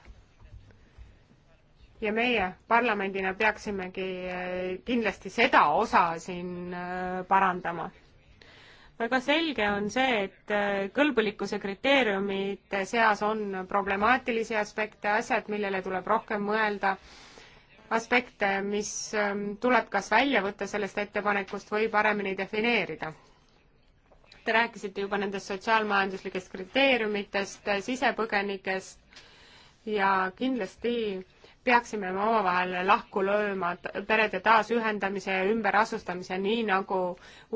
ja meie parlamendina peaksimegi äh, kindlasti seda osa siin äh, parandama väga selge on see, et kõlbulikkuse kriteeriumide seas on problemaatilisi aspekte, asjad, millele tuleb rohkem mõelda aspekte, mis ähm, tuleb kas välja võtta sellest ettepanekust või paremini defineerida. Te rääkisite juba nendest sotsiaalmajanduslikest kriteeriumitest, sisepõgenikest ja kindlasti peaksime me omavahel lahku lööma perede taasühendamise ja ümberasustamise, nii nagu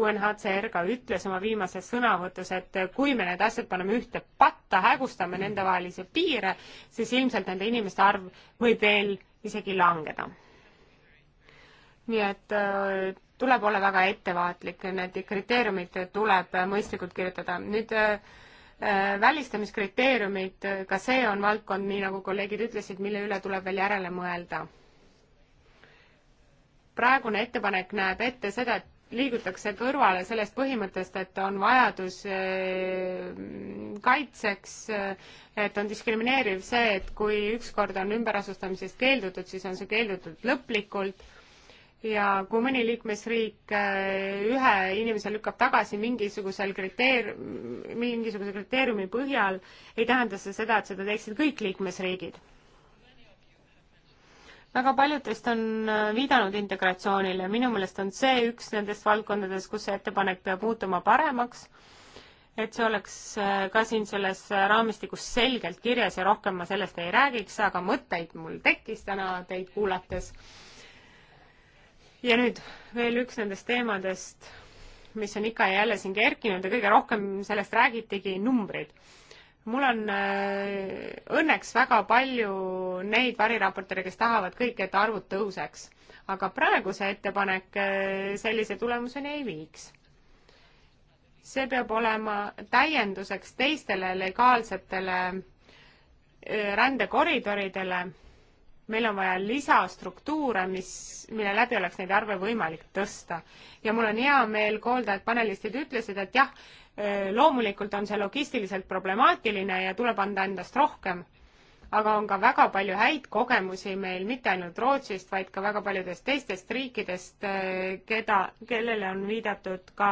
UNHCR ka ütles oma viimases sõnavõtus, et kui me need asjad paneme ühte patta, hägustame nendevahelisi piire, siis ilmselt nende inimeste arv võib veel isegi langeda. nii et äh, tuleb olla väga ettevaatlik, need kriteeriumid tuleb mõistlikult kirjutada. nüüd äh, äh, välistamiskriteeriumid, ka see on valdkond, nii nagu kolleegid ütlesid, mille üle tuleb veel järele mõelda. praegune ettepanek näeb ette seda, et liigutakse kõrvale sellest põhimõttest, et on vajadus äh, kaitseks, äh, et on diskrimineeriv see, et kui ükskord on ümberasustamisest keeldutud, siis on see keeldutud lõplikult ja kui mõni liikmesriik äh, ühe inimese lükkab tagasi mingisugusel kriteer-, mingisuguse kriteeriumi põhjal, ei tähenda see seda, et seda teeksid kõik liikmesriigid väga paljud teist on äh, viidanud integratsioonile, minu meelest on see üks nendest valdkondadest, kus see ettepanek peab muutuma paremaks, et see oleks äh, ka siin selles äh, raamistikus selgelt kirjas ja rohkem ma sellest ei räägiks, aga mõtteid mul tekkis täna teid kuulates. ja nüüd veel üks nendest teemadest, mis on ikka ja jälle siin kerkinud ja kõige rohkem sellest räägitigi, numbrid mul on äh, õnneks väga palju neid variraportööre, kes tahavad kõik, et arvud tõuseks, aga praegu see ettepanek äh, sellise tulemuseni ei viiks. see peab olema täienduseks teistele legaalsetele äh, rändekoridoridele. meil on vaja lisastruktuure, mis, mille läbi oleks neid arve võimalik tõsta. ja mul on hea meel kuulda, et panelistid ütlesid, et jah, Äh, loomulikult on see logistiliselt problemaatiline ja tuleb anda endast rohkem, aga on ka väga palju häid kogemusi meil mitte ainult Rootsist, vaid ka väga paljudest teistest riikidest, äh, keda, kellele on viidatud ka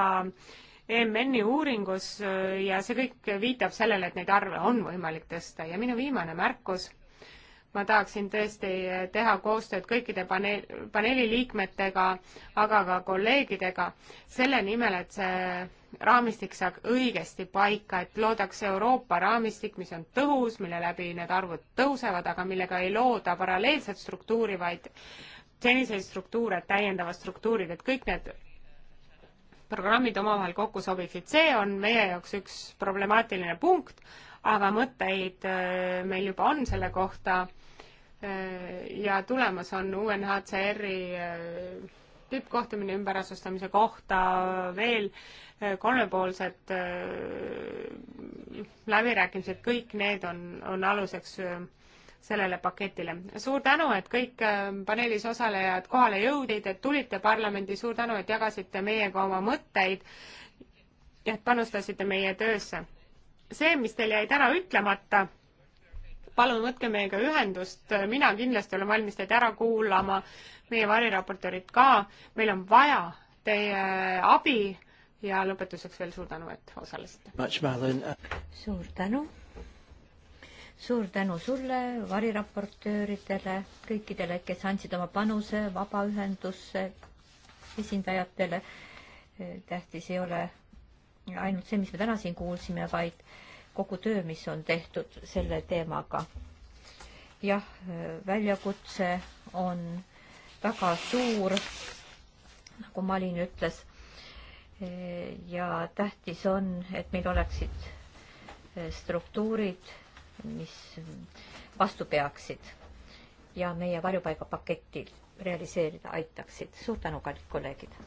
EMN-i uuringus äh, ja see kõik viitab sellele, et neid arve on võimalik tõsta ja minu viimane märkus ma tahaksin tõesti teha koostööd kõikide paneel, paneeli liikmetega, aga ka kolleegidega selle nimel, et see raamistik saab õigesti paika, et loodaks Euroopa raamistik, mis on tõhus, mille läbi need arvud tõusevad, aga millega ei looda paralleelset struktuuri, vaid seniseid struktuure, täiendavad struktuurid, et kõik need programmid omavahel kokku sobiksid, see on meie jaoks üks problemaatiline punkt, aga mõtteid äh, meil juba on selle kohta äh, ja tulemas on UNHCR-i äh, tippkohtumine ümberasustamise kohta veel eh, kolmepoolsed eh, läbirääkimised, kõik need on, on aluseks eh, sellele paketile. suur tänu, et kõik paneelis osalejad kohale jõudid, et tulite parlamendi, suur tänu, et jagasite meiega oma mõtteid ja et panustasite meie töösse. see, mis teil jäi täna ütlemata palun võtke meiega ühendust, mina kindlasti olen valmis teid ära kuulama, meie variraportöörid ka, meil on vaja teie abi ja lõpetuseks veel suur tänu, et osalesite. suur
tänu. suur tänu sulle, variraportööridele, kõikidele, kes andsid oma panuse vabaühendusse, esindajatele. tähtis ei ole ainult see, mis me täna siin kuulsime, vaid kogu töö, mis on tehtud selle teemaga. jah, väljakutse on väga suur, nagu Malin ütles. ja tähtis on, et meil oleksid struktuurid, mis vastu peaksid ja meie varjupaigapaketti realiseerida aitaksid. suur tänu, kallid kolleegid!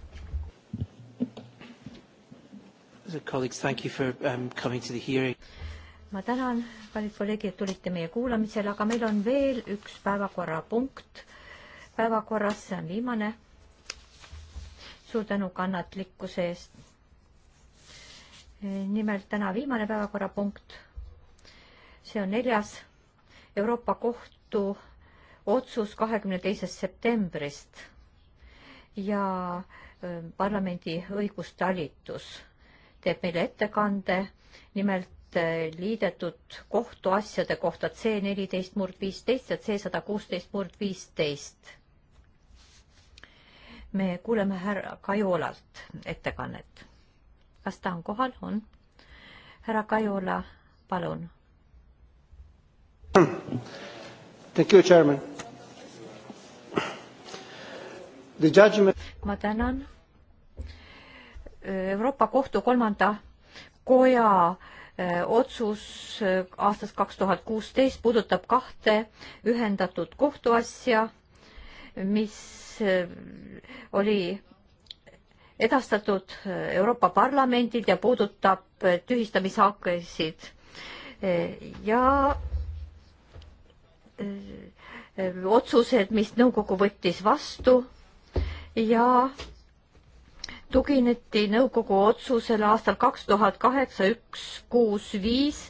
Um, ma tänan, kallid kolleegid, et tulite meie kuulamisele, aga meil on veel üks päevakorrapunkt päevakorras, see on viimane. suur tänu kannatlikkuse eest. nimelt täna viimane päevakorrapunkt. see on neljas Euroopa Kohtu otsus kahekümne teisest septembrist ja ähm, parlamendi õigustalitus teeb meile ettekande nimelt eh, liidetud kohtuasjade kohta C neliteist murd viisteist ja C sada kuusteist murd viisteist. me kuuleme härra Kajolalt ettekannet. kas ta on kohal, on? härra Kajola, palun. Thank you, chairman. ma tänan Euroopa Kohtu kolmanda koja eh, otsus eh, aastast kaks tuhat kuusteist puudutab kahte ühendatud kohtuasja, mis eh, oli edastatud Euroopa Parlamendilt ja puudutab tühistamishakkesid ja otsused, mis nõukogu võttis vastu ja tugineti nõukogu otsusele aastal kaks tuhat kaheksa üks kuus viis,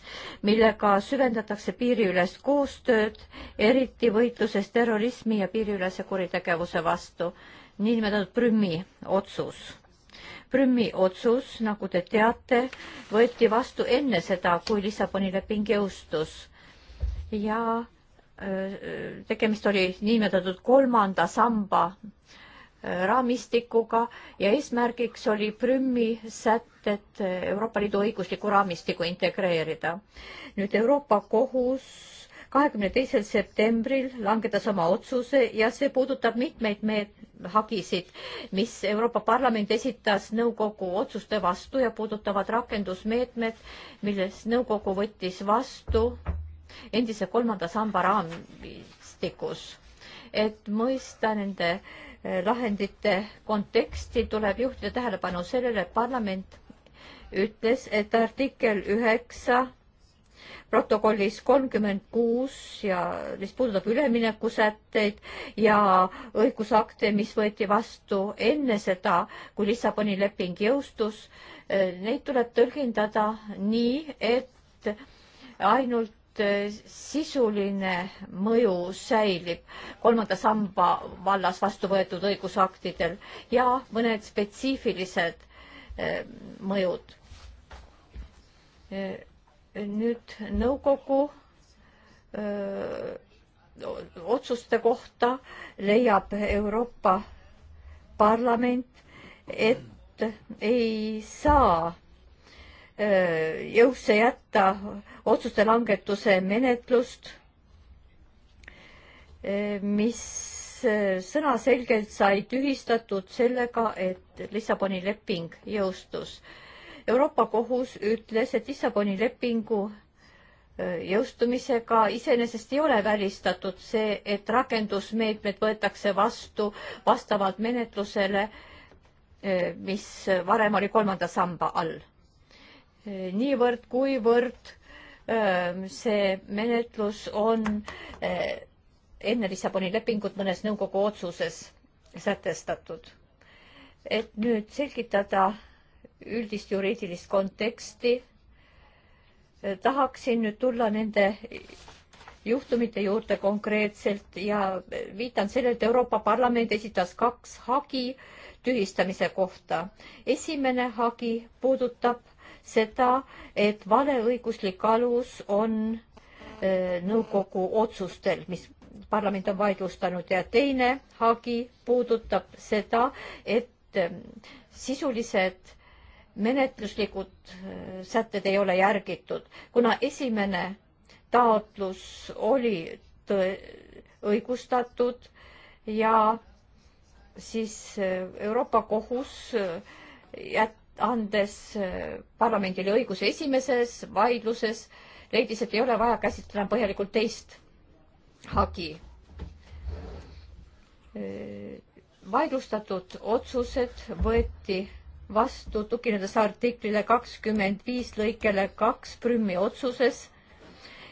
millega süvendatakse piiriülest koostööd, eriti võitluses terrorismi ja piiriülese kuritegevuse vastu, niinimetatud Prümi otsus. Prümi otsus, nagu te teate, võeti vastu enne seda, kui Lissaboni leping jõustus ja öö, tegemist oli niinimetatud kolmanda samba öö, raamistikuga ja eesmärgiks oli Prümmi sätted Euroopa Liidu õigusliku raamistiku integreerida. nüüd Euroopa Kohus kahekümne teisel septembril langetas oma otsuse ja see puudutab mitmeid meet- hagisid, mis Euroopa Parlament esitas nõukogu otsuste vastu ja puudutavad rakendusmeetmed, milles nõukogu võttis vastu endise kolmanda samba raamistikus, et mõista nende äh, lahendite konteksti tuleb juhtida tähelepanu sellele, et parlament ütles, et artikkel üheksa protokollis kolmkümmend kuus ja mis puudutab üleminekusätteid ja õigusakte, mis võeti vastu enne seda, kui Lissaboni leping jõustus, neid tuleb tõlgendada nii, et ainult Eh, sisuline mõju säilib kolmanda samba vallas vastu võetud õigusaktidel ja mõned spetsiifilised eh, mõjud. Eh, nüüd nõukogu otsuste kohta leiab Euroopa Parlament, et ei saa Äh, jõusse jätta otsuste langetuse menetlust, äh, mis äh, sõnaselgelt sai tühistatud sellega, et Lissaboni leping jõustus. Euroopa Kohus ütles, et Lissaboni lepingu jõustumisega iseenesest ei ole välistatud see, et rakendusmeetmed võetakse vastu vastavalt menetlusele, mis varem oli kolmanda samba all niivõrd, kuivõrd see menetlus on enne Lissaboni lepingut mõnes nõukogu otsuses sätestatud. et nüüd selgitada üldist juriidilist konteksti, tahaksin nüüd tulla nende juhtumite juurde konkreetselt ja viitan sellele, et Euroopa Parlament esitas kaks hagi tühistamise kohta. esimene hagi puudutab seda, et valeõiguslik alus on äh, nõukogu otsustel, mis parlament on vaidlustanud ja teine hagi puudutab seda, et äh, sisulised menetluslikud äh, sätted ei ole järgitud, kuna esimene taotlus oli tõe, õigustatud ja siis Euroopa Kohus jät-, andes äh, parlamendile õiguse esimeses vaidluses, leidis, et ei ole vaja käsitleda põhjalikult teist hagi. Äh, vaidlustatud otsused võeti vastu tuginedes artiklile kakskümmend viis lõikele kaks Prümmi otsuses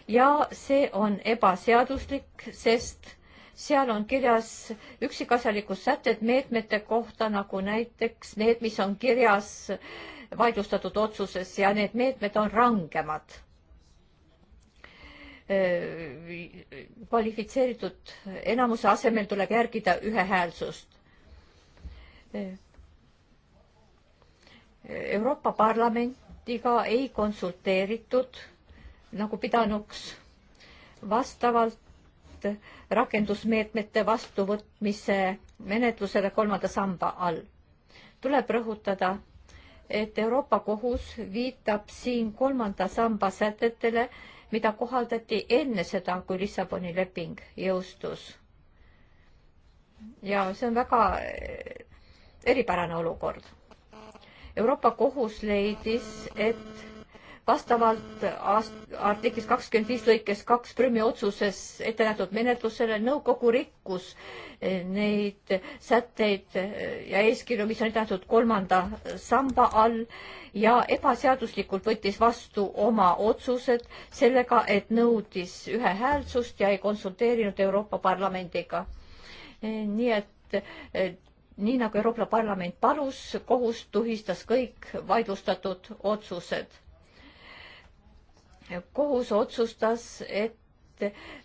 ja see on ebaseaduslik, sest seal on kirjas üksikasjalikud sätted meetmete kohta, nagu näiteks need, mis on kirjas vaidlustatud otsuses ja need meetmed on rangemad.
Äh,
kvalifitseeritud enamuse asemel tuleb järgida ühehäälsust. Äh, Euroopa Parlamendiga ei konsulteeritud nagu pidanuks vastavalt lähevad rakendusmeetmete vastuvõtmise menetlusele kolmanda samba all. tuleb rõhutada, et Euroopa Kohus viitab siin kolmanda samba sätetele, mida kohaldati enne seda, kui Lissaboni leping jõustus. ja see on väga eripärane olukord. Euroopa Kohus leidis, et vastavalt artiklis kakskümmend viis lõikes kaks Prümi otsuses ette nähtud menetlusele nõukogu rikkus eh, neid sätteid eh, ja eeskirju, mis on ette nähtud kolmanda samba all ja ebaseaduslikult võttis vastu oma otsused sellega, et nõudis ühehäälsust ja ei konsulteerinud Euroopa Parlamendiga. Eh, nii et nii nagu Euroopa Parlament palus, kohus tühistas kõik vaidlustatud otsused kohus otsustas, et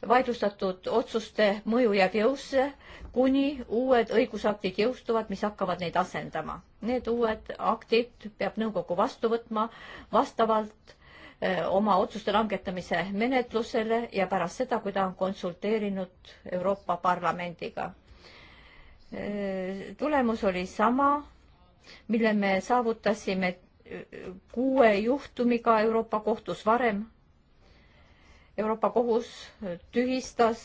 vaidlustatud otsuste mõju jääb jõusse, kuni uued õigusaktid jõustuvad, mis hakkavad neid asendama. Need uued aktid peab nõukogu vastu võtma vastavalt öö, eh, oma otsuste langetamise menetlusele ja pärast seda, kui ta on konsulteerinud Euroopa Parlamendiga. Eh, tulemus oli sama, mille me saavutasime eh, kuue juhtumiga Euroopa Kohtus varem Euroopa Kohus tühistas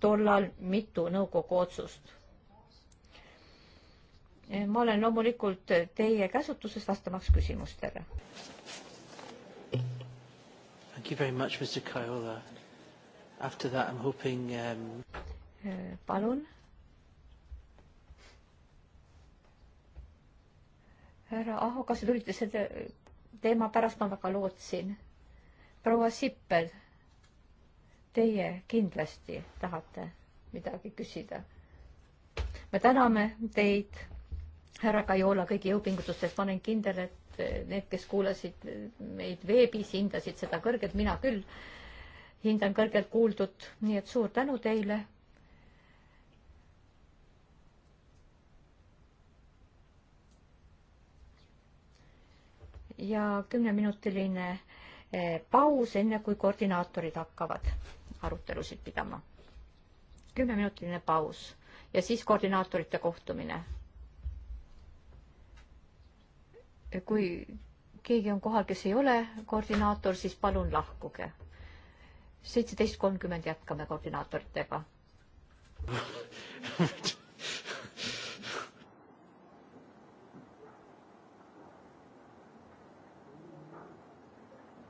tollal mitu nõukogu otsust. ma olen loomulikult teie käsutuses vastamaks küsimustele. Thank you very much, Mr Kaiola. After that I am hoping um... palun. härra Aho, kas te tulite selle teema pärast, ma väga lootsin. proua Sippel Teie kindlasti tahate midagi küsida. me täname teid, härra Kajola, kõigi jõupingutustest, ma olen kindel, et need, kes kuulasid meid veebis, hindasid seda kõrgelt, mina küll hindan kõrgelt kuuldut, nii et suur tänu teile ja kümneminutiline eh, paus, enne kui koordinaatorid hakkavad arutelusid pidama. kümneminutiline paus ja siis koordinaatorite kohtumine. kui keegi on kohal, kes ei ole koordinaator, siis palun lahkuge. seitseteist kolmkümmend jätkame koordinaatoritega